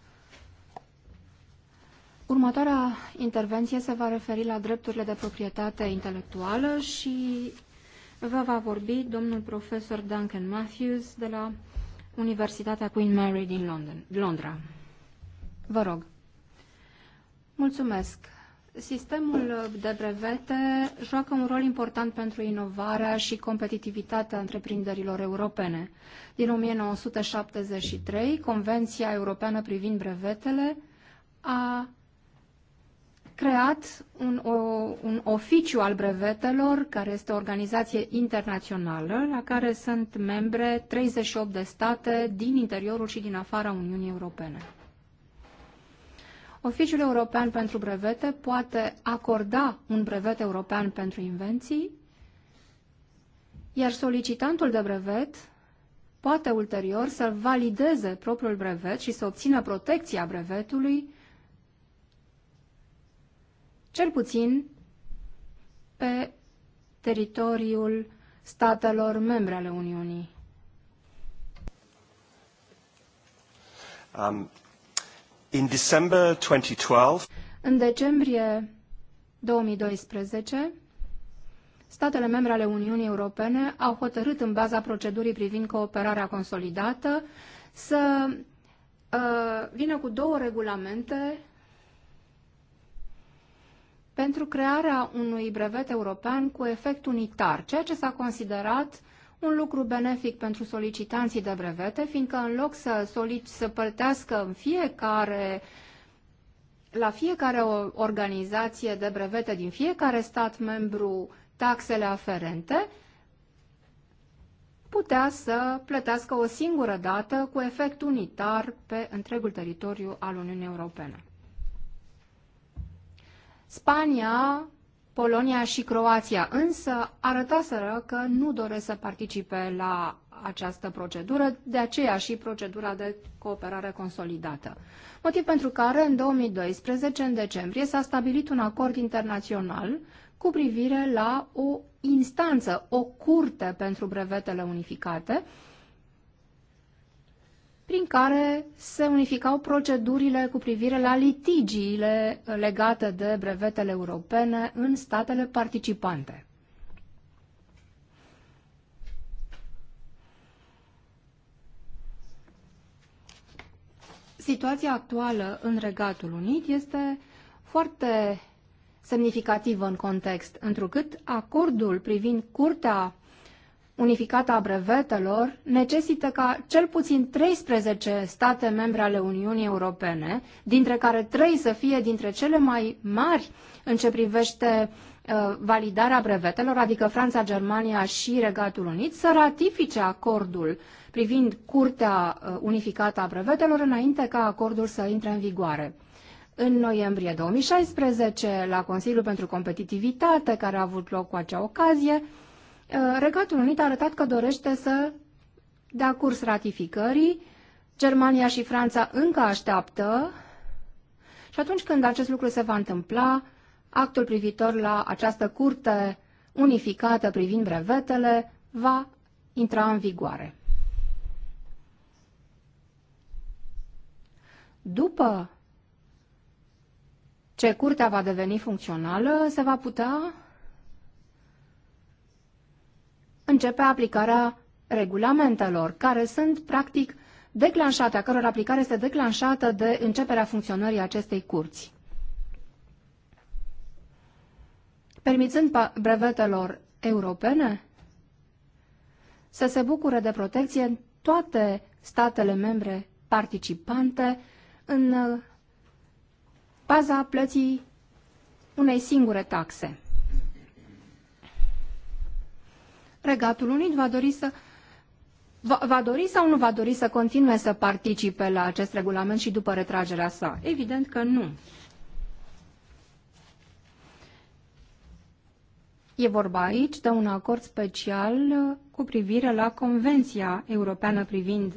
Următoarea intervenție se va referi la drepturile de proprietate intelectuală și vă va vorbi domnul profesor Duncan Matthews de la Universitatea Queen Mary din London, Londra. Vă rog. Mulțumesc. Sistemul de brevete joacă un rol important pentru inovarea și competitivitatea întreprinderilor europene. Din 1973, Convenția Europeană privind brevetele a creat un, o, un oficiu al brevetelor, care este o organizație internațională, la care sunt membre 38 de state din interiorul și din afara Uniunii Europene. Oficiul European pentru Brevete poate acorda un brevet european pentru invenții, iar solicitantul de brevet poate ulterior să valideze propriul brevet și să obțină protecția brevetului, cel puțin pe teritoriul statelor membre ale Uniunii. Um, In December 2012, în decembrie 2012, statele membre ale Uniunii Europene au hotărât în baza procedurii privind cooperarea consolidată să uh, vină cu două regulamente pentru crearea unui brevet european cu efect unitar, ceea ce s-a considerat un lucru benefic pentru solicitanții de brevete, fiindcă în loc să, solic- să părtească în fiecare la fiecare organizație de brevete din fiecare stat membru taxele aferente, putea să plătească o singură dată cu efect unitar pe întregul teritoriu al Uniunii Europene. Spania Polonia și Croația, însă arătaseră că nu doresc să participe la această procedură, de aceea și procedura de cooperare consolidată. Motiv pentru care, în 2012, în decembrie, s-a stabilit un acord internațional cu privire la o instanță, o curte pentru brevetele unificate, prin care se unificau procedurile cu privire la litigiile legate de brevetele europene în statele participante. Situația actuală în Regatul Unit este foarte semnificativă în context, întrucât acordul privind Curtea unificată a brevetelor necesită ca cel puțin 13 state membre ale Uniunii Europene, dintre care 3 să fie dintre cele mai mari în ce privește uh, validarea brevetelor, adică Franța, Germania și Regatul Unit, să ratifice acordul privind Curtea uh, Unificată a Brevetelor înainte ca acordul să intre în vigoare. În noiembrie 2016, la Consiliul pentru Competitivitate, care a avut loc cu acea ocazie, Uh, Regatul Unit a arătat că dorește să dea curs ratificării, Germania și Franța încă așteaptă și atunci când acest lucru se va întâmpla, actul privitor la această curte unificată privind brevetele va intra în vigoare. După ce curtea va deveni funcțională, se va putea începe aplicarea regulamentelor, care sunt, practic, declanșate, a căror aplicare este declanșată de începerea funcționării acestei curți. Permițând brevetelor europene să se bucure de protecție în toate statele membre participante în uh, baza plății unei singure taxe. Regatul Unit va dori să va, va dori sau nu va dori să continue să participe la acest regulament și după retragerea sa? Evident că nu. E vorba aici de un acord special uh, cu privire la Convenția Europeană privind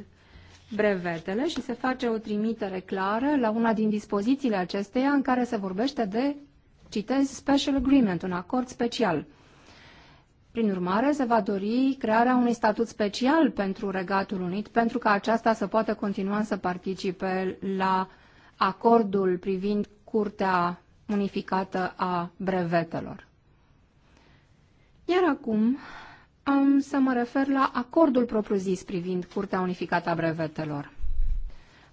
brevetele și se face o trimitere clară la una din dispozițiile acesteia în care se vorbește de, citez, Special Agreement, un acord special. Prin urmare, se va dori crearea unui statut special pentru Regatul Unit, pentru ca aceasta să poată continua să participe la acordul privind Curtea Unificată a Brevetelor. Iar acum am să mă refer la acordul propriu-zis privind Curtea Unificată a Brevetelor.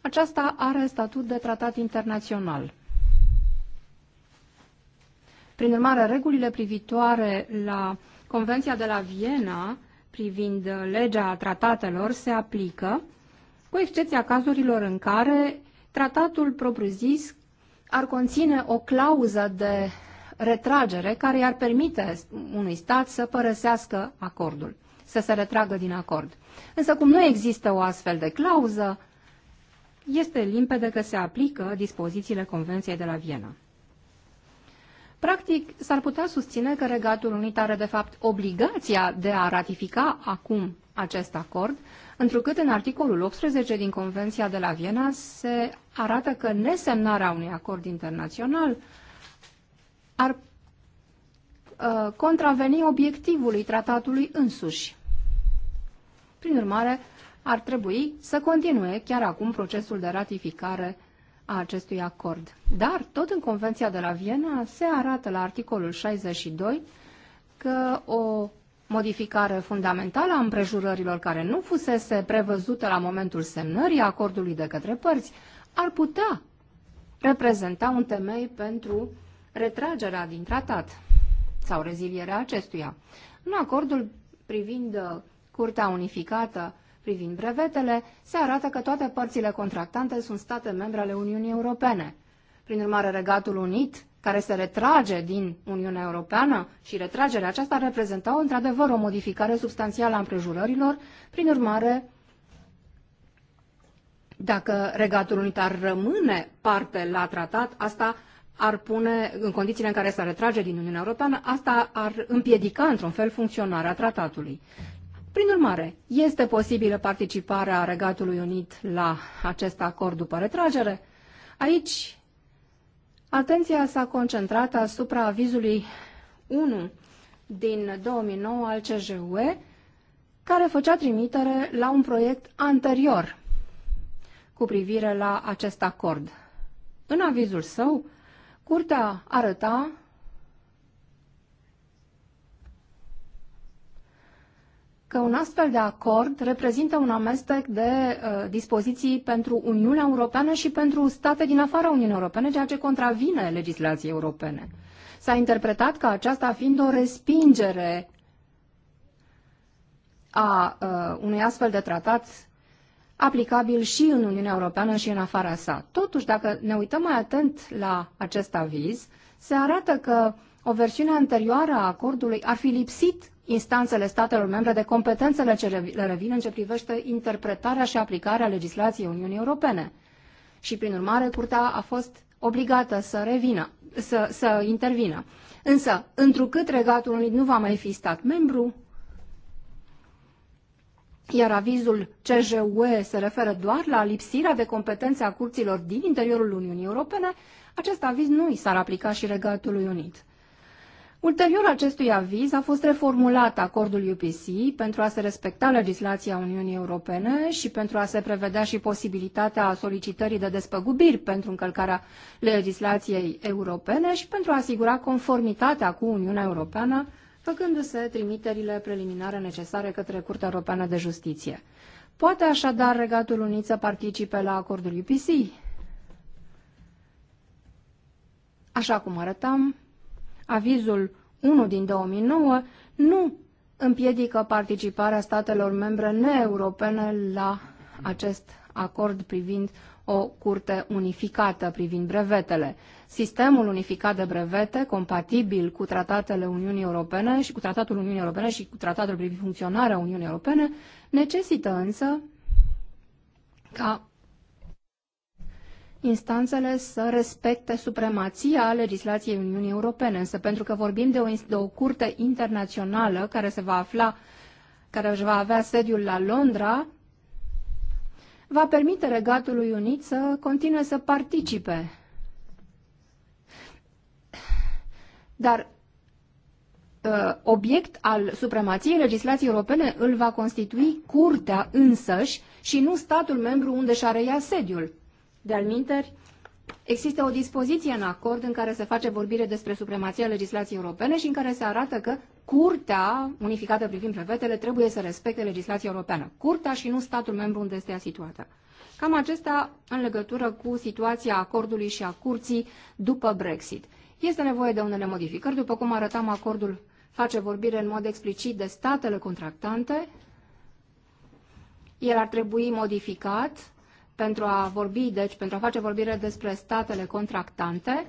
Aceasta are statut de tratat internațional. Prin urmare, regulile privitoare la Convenția de la Viena privind uh, legea tratatelor se aplică, cu excepția cazurilor în care tratatul propriu-zis ar conține o clauză de retragere care i-ar permite unui stat să părăsească acordul, să se retragă din acord. Însă cum nu există o astfel de clauză, este limpede că se aplică dispozițiile Convenției de la Viena. Practic, s-ar putea susține că Regatul Unit are, de fapt, obligația de a ratifica acum acest acord, întrucât în articolul 18 din Convenția de la Viena se arată că nesemnarea unui acord internațional ar uh, contraveni obiectivului tratatului însuși. Prin urmare, ar trebui să continue chiar acum procesul de ratificare a acestui acord. Dar, tot în Convenția de la Viena, se arată la articolul 62 că o modificare fundamentală a împrejurărilor care nu fusese prevăzută la momentul semnării acordului de către părți ar putea reprezenta un temei pentru retragerea din tratat sau rezilierea acestuia. În acordul privind Curtea Unificată privind brevetele, se arată că toate părțile contractante sunt state membre ale Uniunii Europene. Prin urmare, Regatul Unit, care se retrage din Uniunea Europeană și retragerea aceasta reprezenta într-adevăr o modificare substanțială a împrejurărilor, prin urmare, dacă Regatul Unit ar rămâne parte la tratat, asta ar pune, în condițiile în care s-ar retrage din Uniunea Europeană, asta ar împiedica, într-un fel, funcționarea tratatului. Prin urmare, este posibilă participarea Regatului Unit la acest acord după retragere? Aici, atenția s-a concentrat asupra avizului 1 din 2009 al CJUE, care făcea trimitere la un proiect anterior cu privire la acest acord. În avizul său, Curtea arăta că un astfel de acord reprezintă un amestec de uh, dispoziții pentru Uniunea Europeană și pentru state din afara Uniunii Europene, ceea ce contravine legislației europene. S-a interpretat ca aceasta fiind o respingere a uh, unui astfel de tratat aplicabil și în Uniunea Europeană și în afara sa. Totuși, dacă ne uităm mai atent la acest aviz, se arată că o versiune anterioară a acordului ar fi lipsit instanțele statelor membre de competențele ce le revin în ce privește interpretarea și aplicarea legislației Uniunii Europene. Și, prin urmare, Curtea a fost obligată să, revină, să, să intervină. Însă, întrucât Regatul Unit nu va mai fi stat membru, iar avizul CJUE se referă doar la lipsirea de competențe a curților din interiorul Uniunii Europene, acest aviz nu i s-ar aplica și Regatului Unit. Ulterior acestui aviz a fost reformulat acordul UPC pentru a se respecta legislația Uniunii Europene și pentru a se prevedea și posibilitatea solicitării de despăgubiri pentru încălcarea legislației europene și pentru a asigura conformitatea cu Uniunea Europeană, făcându-se trimiterile preliminare necesare către Curtea Europeană de Justiție. Poate așadar Regatul Unit să participe la acordul UPC? Așa cum arătam, avizul 1 din 2009 nu împiedică participarea statelor membre neeuropene la acest acord privind o curte unificată privind brevetele. Sistemul unificat de brevete, compatibil cu tratatele Uniunii Europene și cu tratatul Uniunii Europene și cu tratatul privind funcționarea Uniunii Europene, necesită însă ca instanțele să respecte supremația legislației Uniunii Europene. Însă pentru că vorbim de o, de o curte internațională care se va afla, care își va avea sediul la Londra, va permite Regatului Unit să continue să participe. Dar ă, obiect al supremației legislației europene îl va constitui curtea însăși și nu statul membru unde și-a reia sediul. De-al minteri, există o dispoziție în acord în care se face vorbire despre supremația legislației europene și în care se arată că Curtea unificată privind brevetele trebuie să respecte legislația europeană. Curtea și nu statul membru unde este ea situată. Cam acesta în legătură cu situația acordului și a curții după Brexit. Este nevoie de unele modificări, după cum arătam acordul face vorbire în mod explicit de statele contractante. El ar trebui modificat pentru a vorbi, deci pentru a face vorbire despre statele contractante,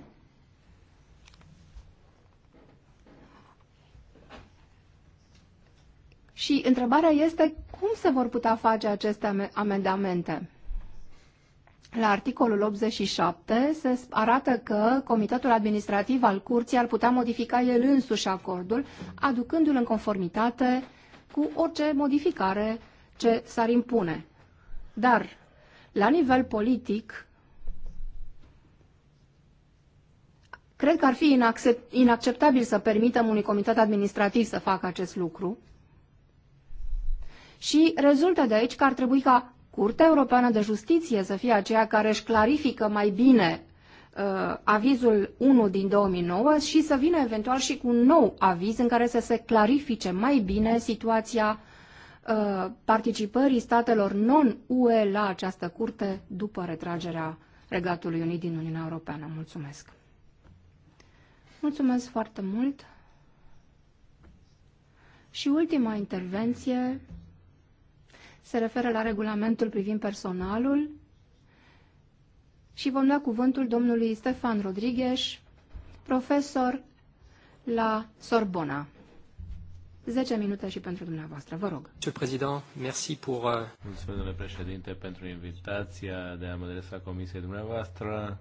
Și întrebarea este cum se vor putea face aceste amendamente. La articolul 87 se arată că Comitetul Administrativ al Curții ar putea modifica el însuși acordul, aducându-l în conformitate cu orice modificare ce s-ar impune. Dar la nivel politic, cred că ar fi inacceptabil să permitem unui comitet administrativ să facă acest lucru. Și rezultă de aici că ar trebui ca Curtea Europeană de Justiție să fie aceea care își clarifică mai bine uh, avizul 1 din 2009 și să vină eventual și cu un nou aviz în care să se clarifice mai bine situația uh, Uh, participării statelor non-UE la această curte după retragerea Regatului Unit din Uniunea Europeană. Mulțumesc! Mulțumesc foarte mult! Și ultima intervenție se referă la regulamentul privind personalul și vom da cuvântul domnului Stefan Rodriguez, profesor la Sorbona. 10 minute și pentru dumneavoastră, vă rog. Uh, Mulțumesc, domnule președinte, pentru invitația de a mă adresa comisiei dumneavoastră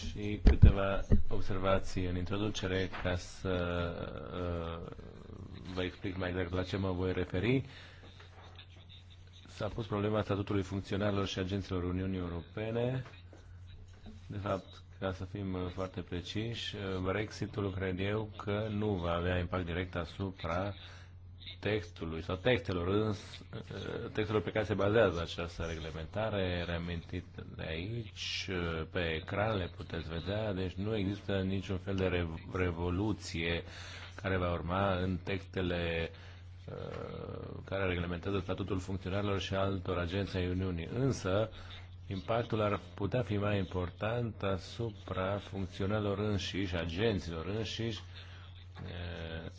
și câteva observații în introducere ca să uh, vă explic mai exact la ce mă voi referi. S-a pus problema statutului funcționarilor și agenților Uniunii Europene. De fapt, ca să fim uh, foarte preciși, uh, Brexitul cred eu că nu va avea impact direct asupra textului sau textelor, îns, uh, textelor pe care se bazează această reglementare, reamintit de aici, pe ecran le puteți vedea, deci nu există niciun fel de revoluție care va urma în textele care reglementează statutul funcționarilor și altor agenții ai Uniunii. Însă, impactul ar putea fi mai important asupra funcționarilor înșiși, agenților înșiși, eh,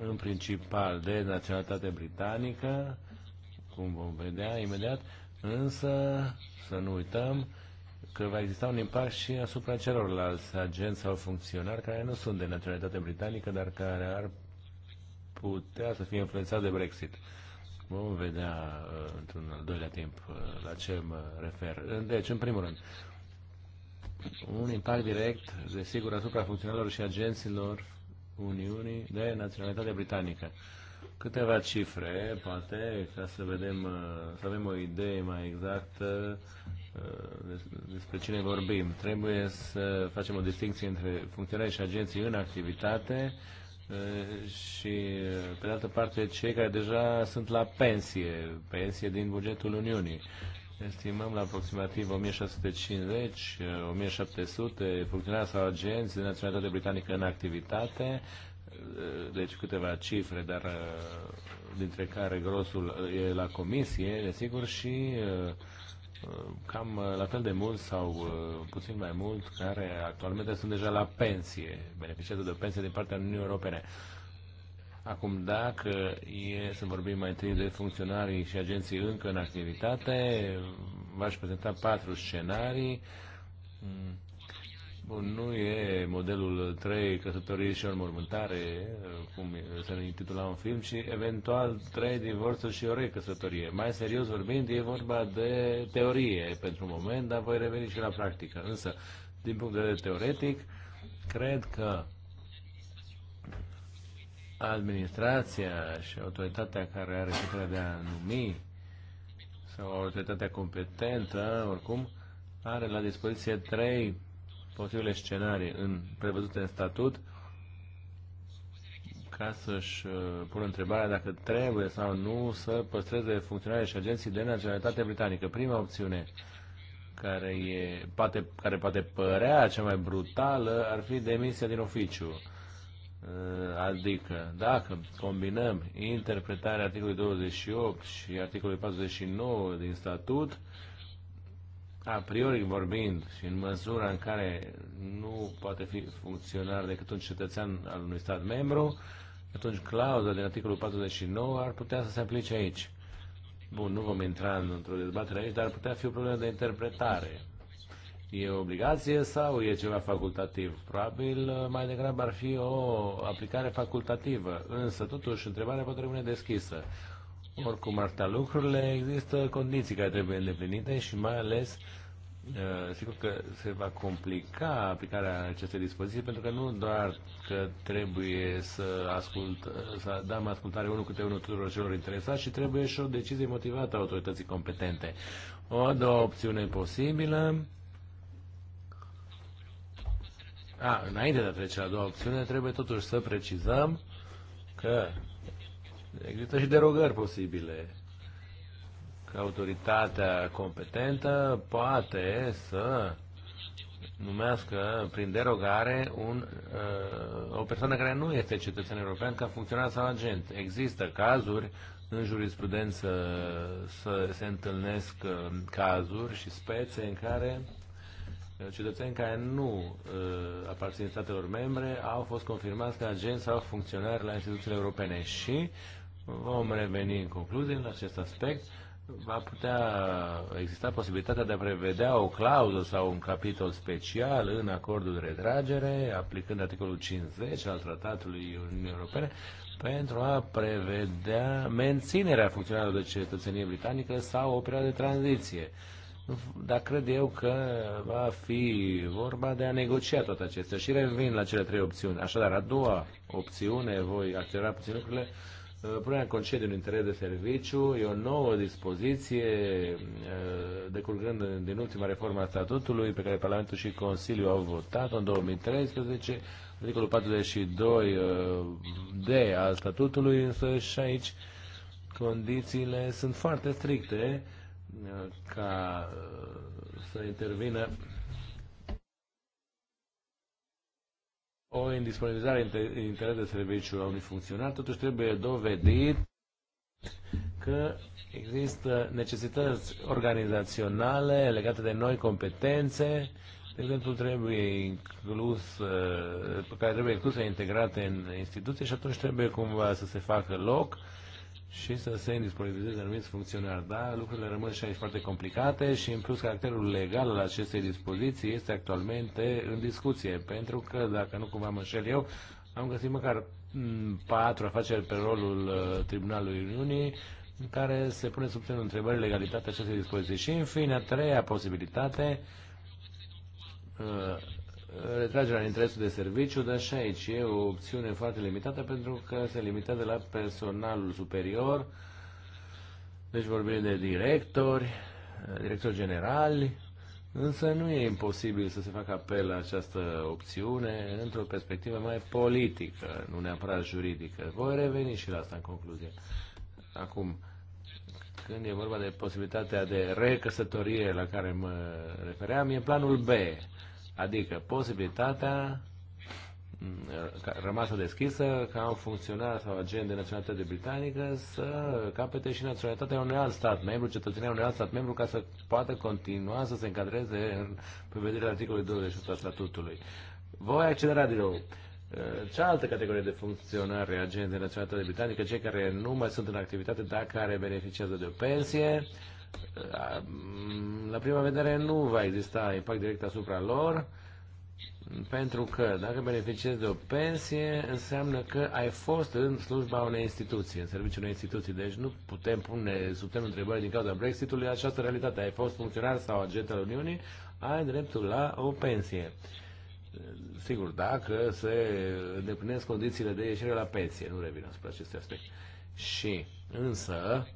în principal de naționalitate britanică, cum vom vedea imediat, însă să nu uităm că va exista un impact și asupra celorlalți agenți sau funcționari care nu sunt de naționalitate britanică, dar care ar putea să fie influențați de Brexit. Vom vedea uh, într-un al doilea timp uh, la ce mă refer. Uh, deci, în primul rând, un impact direct, desigur, asupra funcționarilor și agenților Uniunii de naționalitate britanică. Câteva cifre, poate, ca să vedem, să avem o idee mai exactă despre cine vorbim. Trebuie să facem o distinție între funcționari și agenții în activitate și, pe de altă parte, cei care deja sunt la pensie, pensie din bugetul Uniunii. Estimăm la aproximativ 1650-1700 funcționari sau agenți de naționalitate britanică în activitate, deci câteva cifre, dar dintre care grosul e la comisie, desigur, și uh, cam uh, la fel de mult sau uh, puțin mai mult care actualmente sunt deja la pensie, beneficiază de o pensie din partea Uniunii Europene. Acum, dacă e să vorbim mai întâi de funcționarii și agenții încă în activitate, v-aș prezenta patru scenarii mm. Bun, nu e modelul 3 căsătorie și înmormântare, cum se intitula un film, ci eventual 3 divorțuri și o recăsătorie. Mai serios vorbind, e vorba de teorie pentru moment, dar voi reveni și la practică. Însă, din punct de vedere teoretic, cred că administrația și autoritatea care are puterea de a numi sau autoritatea competentă, oricum, are la dispoziție trei posibile scenarii în, prevăzute în statut ca să-și uh, pună întrebarea dacă trebuie sau nu să păstreze funcționarii și agenții de naționalitate britanică. Prima opțiune care, e, poate, care poate părea cea mai brutală ar fi demisia din oficiu. Uh, adică, dacă combinăm interpretarea articolului 28 și articolului 49 din statut, a priori vorbind și în măsura în care nu poate fi funcționar decât un cetățean al unui stat membru, atunci clauza din articolul 49 ar putea să se aplice aici. Bun, nu vom intra într-o dezbatere aici, dar ar putea fi o problemă de interpretare. E o obligație sau e ceva facultativ? Probabil mai degrabă ar fi o aplicare facultativă, însă totuși întrebarea poate rămâne deschisă oricum ar lucrurile, există condiții care trebuie îndeplinite și mai ales uh, sigur că se va complica aplicarea acestei dispoziții pentru că nu doar că trebuie să, ascult, să dăm ascultare unul câte unul tuturor celor interesați, ci trebuie și o decizie motivată a autorității competente. O a doua opțiune posibilă a, înainte de a trece la a doua opțiune, trebuie totuși să precizăm că Există și derogări posibile. Că autoritatea competentă poate să numească prin derogare un, uh, o persoană care nu este cetățean european ca funcționar sau agent. Există cazuri în jurisprudență să se întâlnesc uh, cazuri și spețe în care uh, cetățeni care nu uh, aparțin statelor membre au fost confirmați ca agenți sau funcționari la instituțiile europene și vom reveni în concluzie în acest aspect. Va putea exista posibilitatea de a prevedea o clauză sau un capitol special în acordul de retragere, aplicând articolul 50 al Tratatului Uniunii Europene, pentru a prevedea menținerea funcționarului de cetățenie britanică sau o perioadă de tranziție. Dar cred eu că va fi vorba de a negocia toate acestea și revin la cele trei opțiuni. Așadar, a doua opțiune, voi accelera puțin lucrurile, Uh, punerea în concediu în interes de serviciu e o nouă dispoziție uh, decurgând din ultima reformă a statutului pe care Parlamentul și Consiliul au votat-o în 2013, articolul 42 de uh, al statutului, însă și aici condițiile sunt foarte stricte ca să intervină o indisponibilizare interes de serviciu a unui funcționar, totuși trebuie dovedit că există necesități organizaționale legate de noi competențe, de exemplu, trebuie inclus, pe uh, care trebuie incluse, integrate în instituție și atunci trebuie cumva să se facă loc și să se indisponibilizeze anumiți funcționari. Da, lucrurile rămân și aici foarte complicate și în plus caracterul legal al acestei dispoziții este actualmente în discuție, pentru că, dacă nu cumva mă înșel eu, am găsit măcar patru afaceri pe rolul uh, Tribunalului Uniunii în care se pune sub semnul întrebării legalitatea acestei dispoziții. Și, în fine, a treia posibilitate uh, retragerea în interesul de serviciu, dar și aici e o opțiune foarte limitată pentru că se limitează la personalul superior, deci vorbim de directori, directori generali, însă nu e imposibil să se facă apel la această opțiune într-o perspectivă mai politică, nu neapărat juridică. Voi reveni și la asta în concluzie. Acum, când e vorba de posibilitatea de recăsătorie la care mă refeream, e planul B Adică posibilitatea mm, rămasă deschisă ca un funcționar sau agent de naționalitate britanică să capete și naționalitatea unui alt stat membru, cetățenia unui alt stat membru, ca să poată continua să se încadreze în prevederile articolului 28 al statutului. Voi accelera din nou. Cealaltă categorie de funcționari agenți de naționalitate britanică, cei care nu mai sunt în activitate, dar care beneficiază de o pensie, uh, la prima vedere nu va exista impact direct asupra lor, pentru că dacă beneficiezi de o pensie, înseamnă că ai fost în slujba unei instituții, în serviciul unei instituții. Deci nu putem pune sub temul întrebări din cauza Brexitului această realitate. Ai fost funcționar sau agent al Uniunii, ai dreptul la o pensie. Sigur, dacă se îndeplinesc condițiile de ieșire la pensie, nu revin asupra acestui aspect. Și, însă,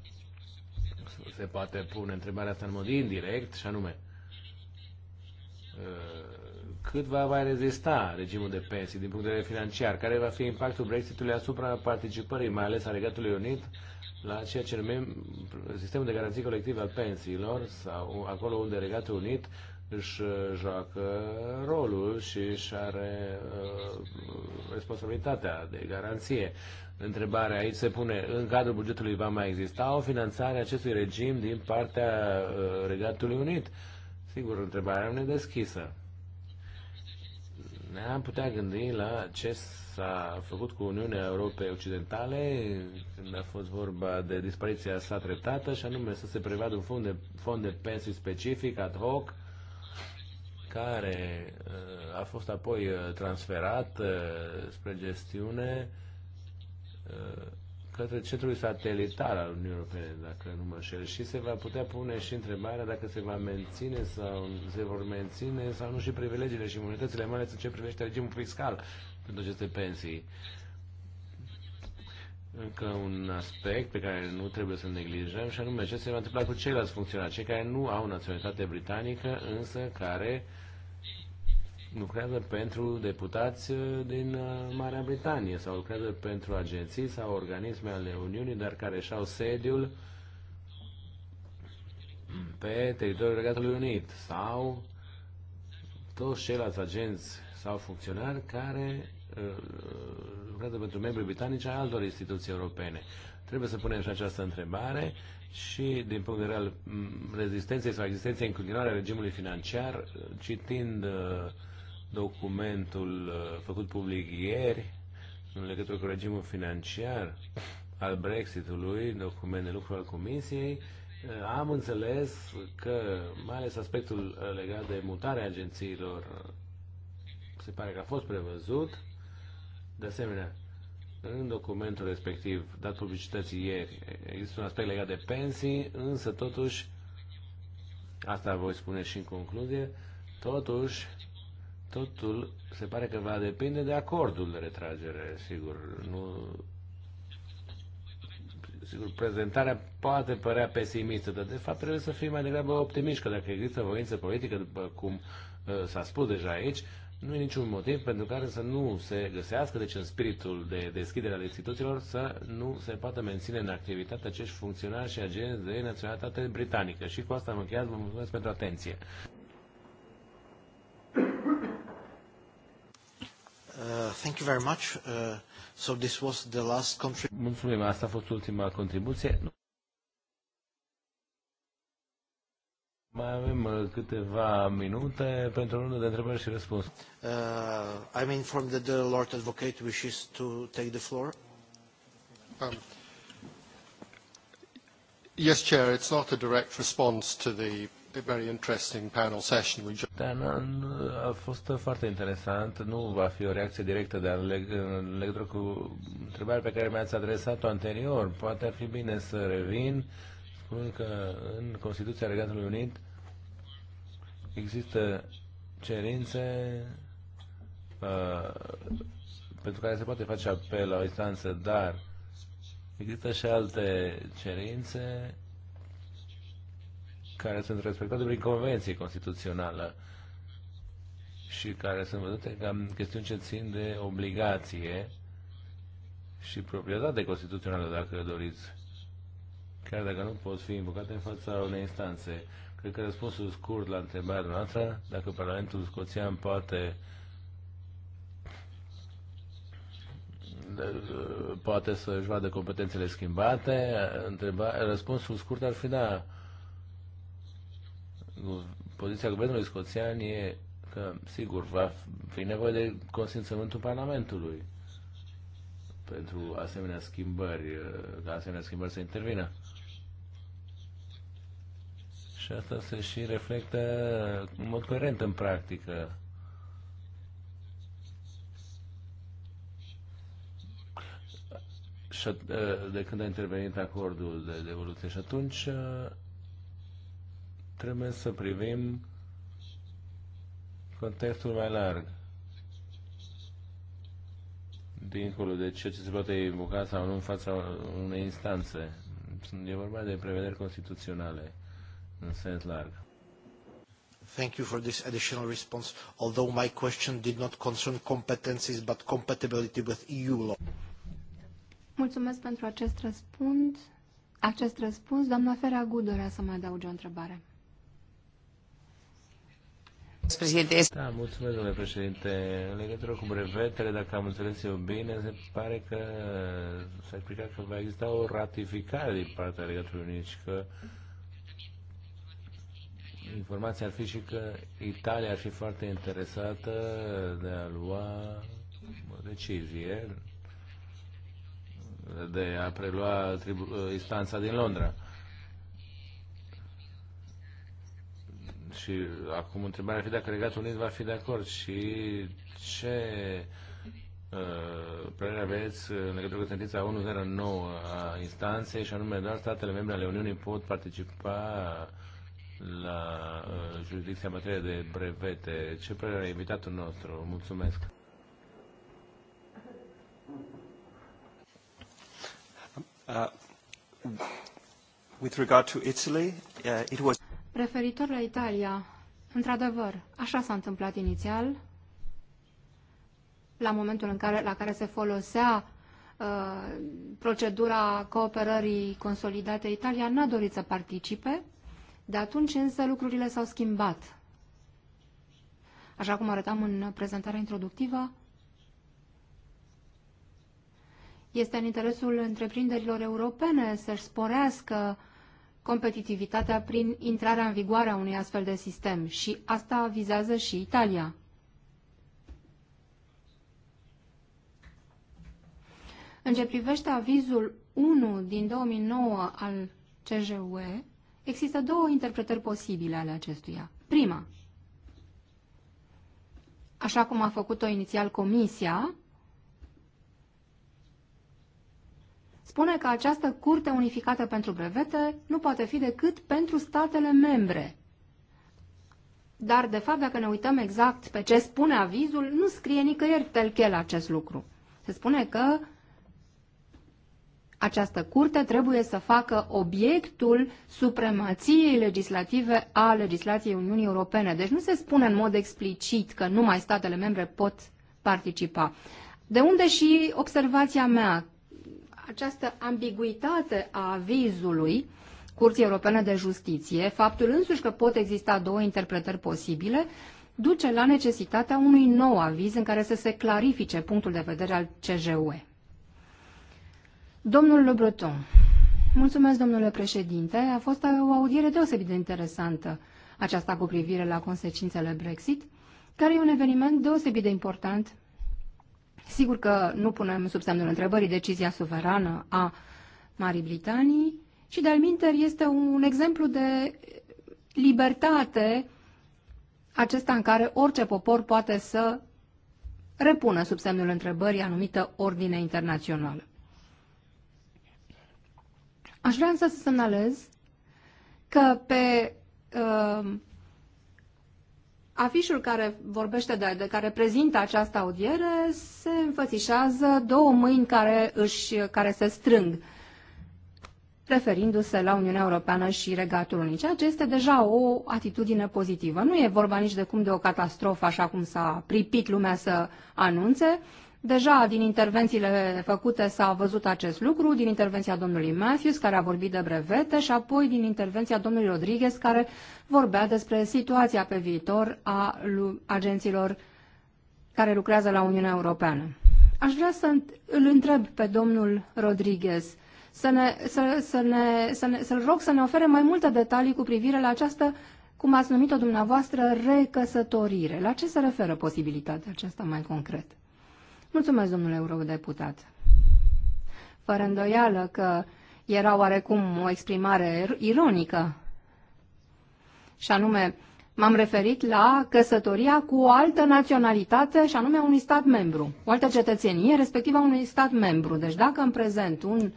se poate pune întrebarea asta în mod indirect, și anume, uh, cât va mai rezista regimul de pensii din punct de vedere financiar? Care va fi impactul Brexitului asupra participării, mai ales a Regatului Unit, la ceea ce numim sistemul de garanții colective al pensiilor sau acolo unde Regatul Unit își uh, joacă rolul și își are uh, responsabilitatea de garanție întrebarea aici se pune, în cadrul bugetului va mai exista o finanțare a acestui regim din partea uh, Regatului Unit? Sigur, întrebarea nu e deschisă. Ne-am putea gândi la ce s-a făcut cu Uniunea Europei Occidentale când a fost vorba de dispariția sa treptată și anume să se prevadă un fond de, fond de pensii specific, ad hoc, care uh, a fost apoi uh, transferat spre gestiune Uh, către centrul satelitar al Uniunii Europene, dacă nu mă înșel, și se va putea pune și întrebarea dacă se va menține sau se vor menține sau nu și privilegiile și imunitățile, mai ales în ce privește regimul fiscal pentru aceste pensii. Încă un aspect pe care nu trebuie să-l neglijăm și anume ce se va întâmpla cu ceilalți funcționari, cei care nu au naționalitate britanică, însă care uh, lucrează pentru deputați uh, din uh, Marea Britanie sau lucrează pentru agenții sau organisme ale Uniunii, dar care și-au sediul pe teritoriul Regatului Unit sau toți ceilalți agenți sau funcționari care uh, lucrează pentru membrii britanici ai altor instituții europene. Trebuie să punem și această întrebare și din punct de vedere al mm, rezistenței sau existenței în continuare a regimului financiar, citind uh, documentul uh, făcut public ieri în legătură cu regimul financiar al Brexitului, document de lucru al Comisiei, uh, am înțeles că, mai ales aspectul uh, legat de mutarea agențiilor, se pare că a fost prevăzut. De asemenea, în documentul respectiv dat publicității ieri, există un aspect legat de pensii, însă totuși, asta voi spune și în concluzie, totuși Totul se pare că va depinde de acordul de retragere, sigur. Nu... Sigur, prezentarea poate părea pesimistă, dar de fapt trebuie să fim mai degrabă optimiști, că dacă există voință politică, după cum ă, s-a spus deja aici, nu e niciun motiv pentru care să nu se găsească, deci în spiritul de deschidere al instituțiilor, să nu se poată menține în activitate acești funcționari și agenți de naționalitate britanică. Și cu asta am încheiat. Vă mulțumesc pentru atenție. Uh, thank you very much. Uh, so this was the last contribution. Mulțumim, asta a fost ultima contribuție. Mai avem uh, câteva minute pentru rundă de întrebări și răspunsuri. Uh, I'm informed that the Lord Advocate wishes to take the floor. Um, yes, Chair, it's not a direct response to the very interesting panel session. We just... Da, a fost foarte interesant. Nu va fi o reacție directă, dar în legătură cu întrebarea pe care mi-ați adresat-o anterior, poate ar fi bine să revin. spunând că în Constituția Regatului Unit există cerințe uh, pentru care se poate face apel la o instanță, dar există și alte cerințe care sunt respectate prin convenție constituțională și care sunt văzute ca chestiuni ce țin de obligație și proprietate constituțională, dacă doriți, chiar dacă nu pot fi invocate în fața unei instanțe. Cred că răspunsul scurt la întrebarea dumneavoastră, dacă Parlamentul Scoțian poate poate să-și vadă competențele schimbate, întreba, răspunsul scurt ar fi da, poziția guvernului scoțian e că, sigur, va fi nevoie de consimțământul Parlamentului pentru asemenea schimbări, uh, ca asemenea schimbări să intervină. Și asta se și reflectă în mod coerent în practică. Și uh, de când a intervenit acordul de devoluție și atunci uh, trebuie să privim contextul mai larg. Dincolo de ceea ce se poate invoca sau nu în fața unei instanțe. E vorba de prevederi constituționale în sens larg. Thank you for this additional response, although my question did not concern competencies but compatibility with EU law. Mulțumesc pentru acest răspuns. Acest răspuns, doamna Fera Gudorea să mai adauge o întrebare. Președinte. Da, mulțumesc, domnule președinte. În legătură cu brevetele, dacă am înțeles eu bine, se pare că s-a explicat că va exista o ratificare din partea legatului unic și că informația ar fi și că Italia ar fi foarte interesată de a lua o decizie de a prelua instanța din Londra. Și acum întrebarea fi dacă Regatul Unit va fi de acord și ce uh, părere aveți în legătură cu sentința 109 a instanței și anume doar statele membre ale Uniunii pot participa la uh, jurisdicția în materie de brevete. Ce părere a invitatul nostru? Mulțumesc! Uh, with regard to Italy, uh, it was Referitor la Italia, într-adevăr, așa s-a întâmplat inițial, la momentul în care, la care se folosea uh, procedura cooperării consolidate, Italia n-a dorit să participe, de atunci însă lucrurile s-au schimbat. Așa cum arătam în prezentarea introductivă, este în interesul întreprinderilor europene să-și sporească competitivitatea prin intrarea în vigoare a unui astfel de sistem și asta vizează și Italia. În ce privește avizul 1 din 2009 al CJUE, există două interpretări posibile ale acestuia. Prima, așa cum a făcut-o inițial Comisia, spune că această curte unificată pentru brevete nu poate fi decât pentru statele membre. Dar, de fapt, dacă ne uităm exact pe ce spune avizul, nu scrie nicăieri telchel acest lucru. Se spune că această curte trebuie să facă obiectul supremației legislative a legislației Uniunii Europene. Deci nu se spune în mod explicit că numai statele membre pot participa. De unde și observația mea această ambiguitate a avizului Curții Europene de Justiție, faptul însuși că pot exista două interpretări posibile, duce la necesitatea unui nou aviz în care să se clarifice punctul de vedere al CJUE. Domnul Le Breton. Mulțumesc, domnule președinte. A fost o audiere deosebit de interesantă, aceasta cu privire la consecințele Brexit, care e un eveniment deosebit de important Sigur că nu punem sub semnul întrebării decizia suverană a Marii Britanii și, de-al este un exemplu de libertate acesta în care orice popor poate să repună sub semnul întrebării anumită ordine internațională. Aș vrea însă să semnalez că pe uh, Afișul care vorbește de, de care prezintă această audiere se înfățișează două mâini care, își, care se strâng, referindu-se la Uniunea Europeană și Regatul Unic, ceea ce este deja o atitudine pozitivă. Nu e vorba nici de cum de o catastrofă, așa cum s-a pripit lumea să anunțe, Deja din intervențiile făcute s-a văzut acest lucru, din intervenția domnului Matthews, care a vorbit de brevete, și apoi din intervenția domnului Rodriguez, care vorbea despre situația pe viitor a agenților care lucrează la Uniunea Europeană. Aș vrea să îl întreb pe domnul Rodriguez să ne, să, să ne, să ne, să rog să ne ofere mai multe detalii cu privire la această, cum ați numit-o dumneavoastră, recăsătorire. La ce se referă posibilitatea aceasta mai concret? Mulțumesc, domnule eurodeputat. Fără îndoială că era oarecum o exprimare ironică. Și anume, m-am referit la căsătoria cu o altă naționalitate și anume unui stat membru, o altă cetățenie, respectiv a unui stat membru. Deci dacă în prezent un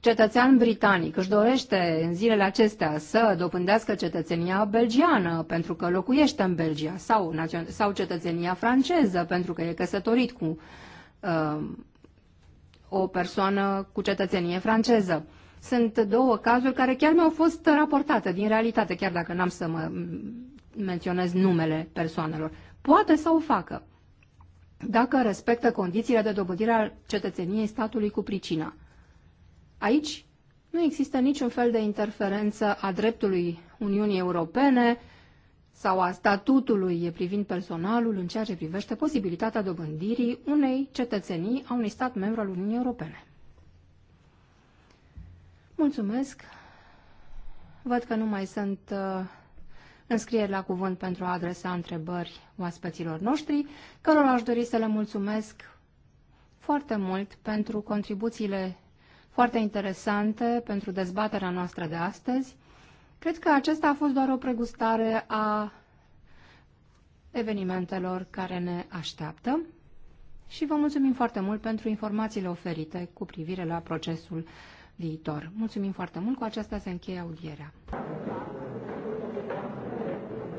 cetățean britanic își dorește în zilele acestea să dobândească cetățenia belgiană pentru că locuiește în Belgia sau, sau cetățenia franceză pentru că e căsătorit cu Um, o persoană cu cetățenie franceză. Sunt două cazuri care chiar mi-au fost raportate din realitate, chiar dacă n-am să mă menționez numele persoanelor. Poate să o facă dacă respectă condițiile de dobândire al cetățeniei statului cu pricina. Aici nu există niciun fel de interferență a dreptului Uniunii Europene, sau a statutului privind personalul în ceea ce privește posibilitatea dobândirii unei cetățenii a unui stat membru al Uniunii Europene. Mulțumesc! Văd că nu mai sunt uh, înscrieri la cuvânt pentru a adresa întrebări oaspeților noștri, cărora aș dori să le mulțumesc foarte mult pentru contribuțiile foarte interesante, pentru dezbaterea noastră de astăzi. Cred că acesta a fost doar o pregustare a evenimentelor care ne așteaptă și vă mulțumim foarte mult pentru informațiile oferite cu privire la procesul viitor. Mulțumim foarte mult, cu aceasta se încheie audierea.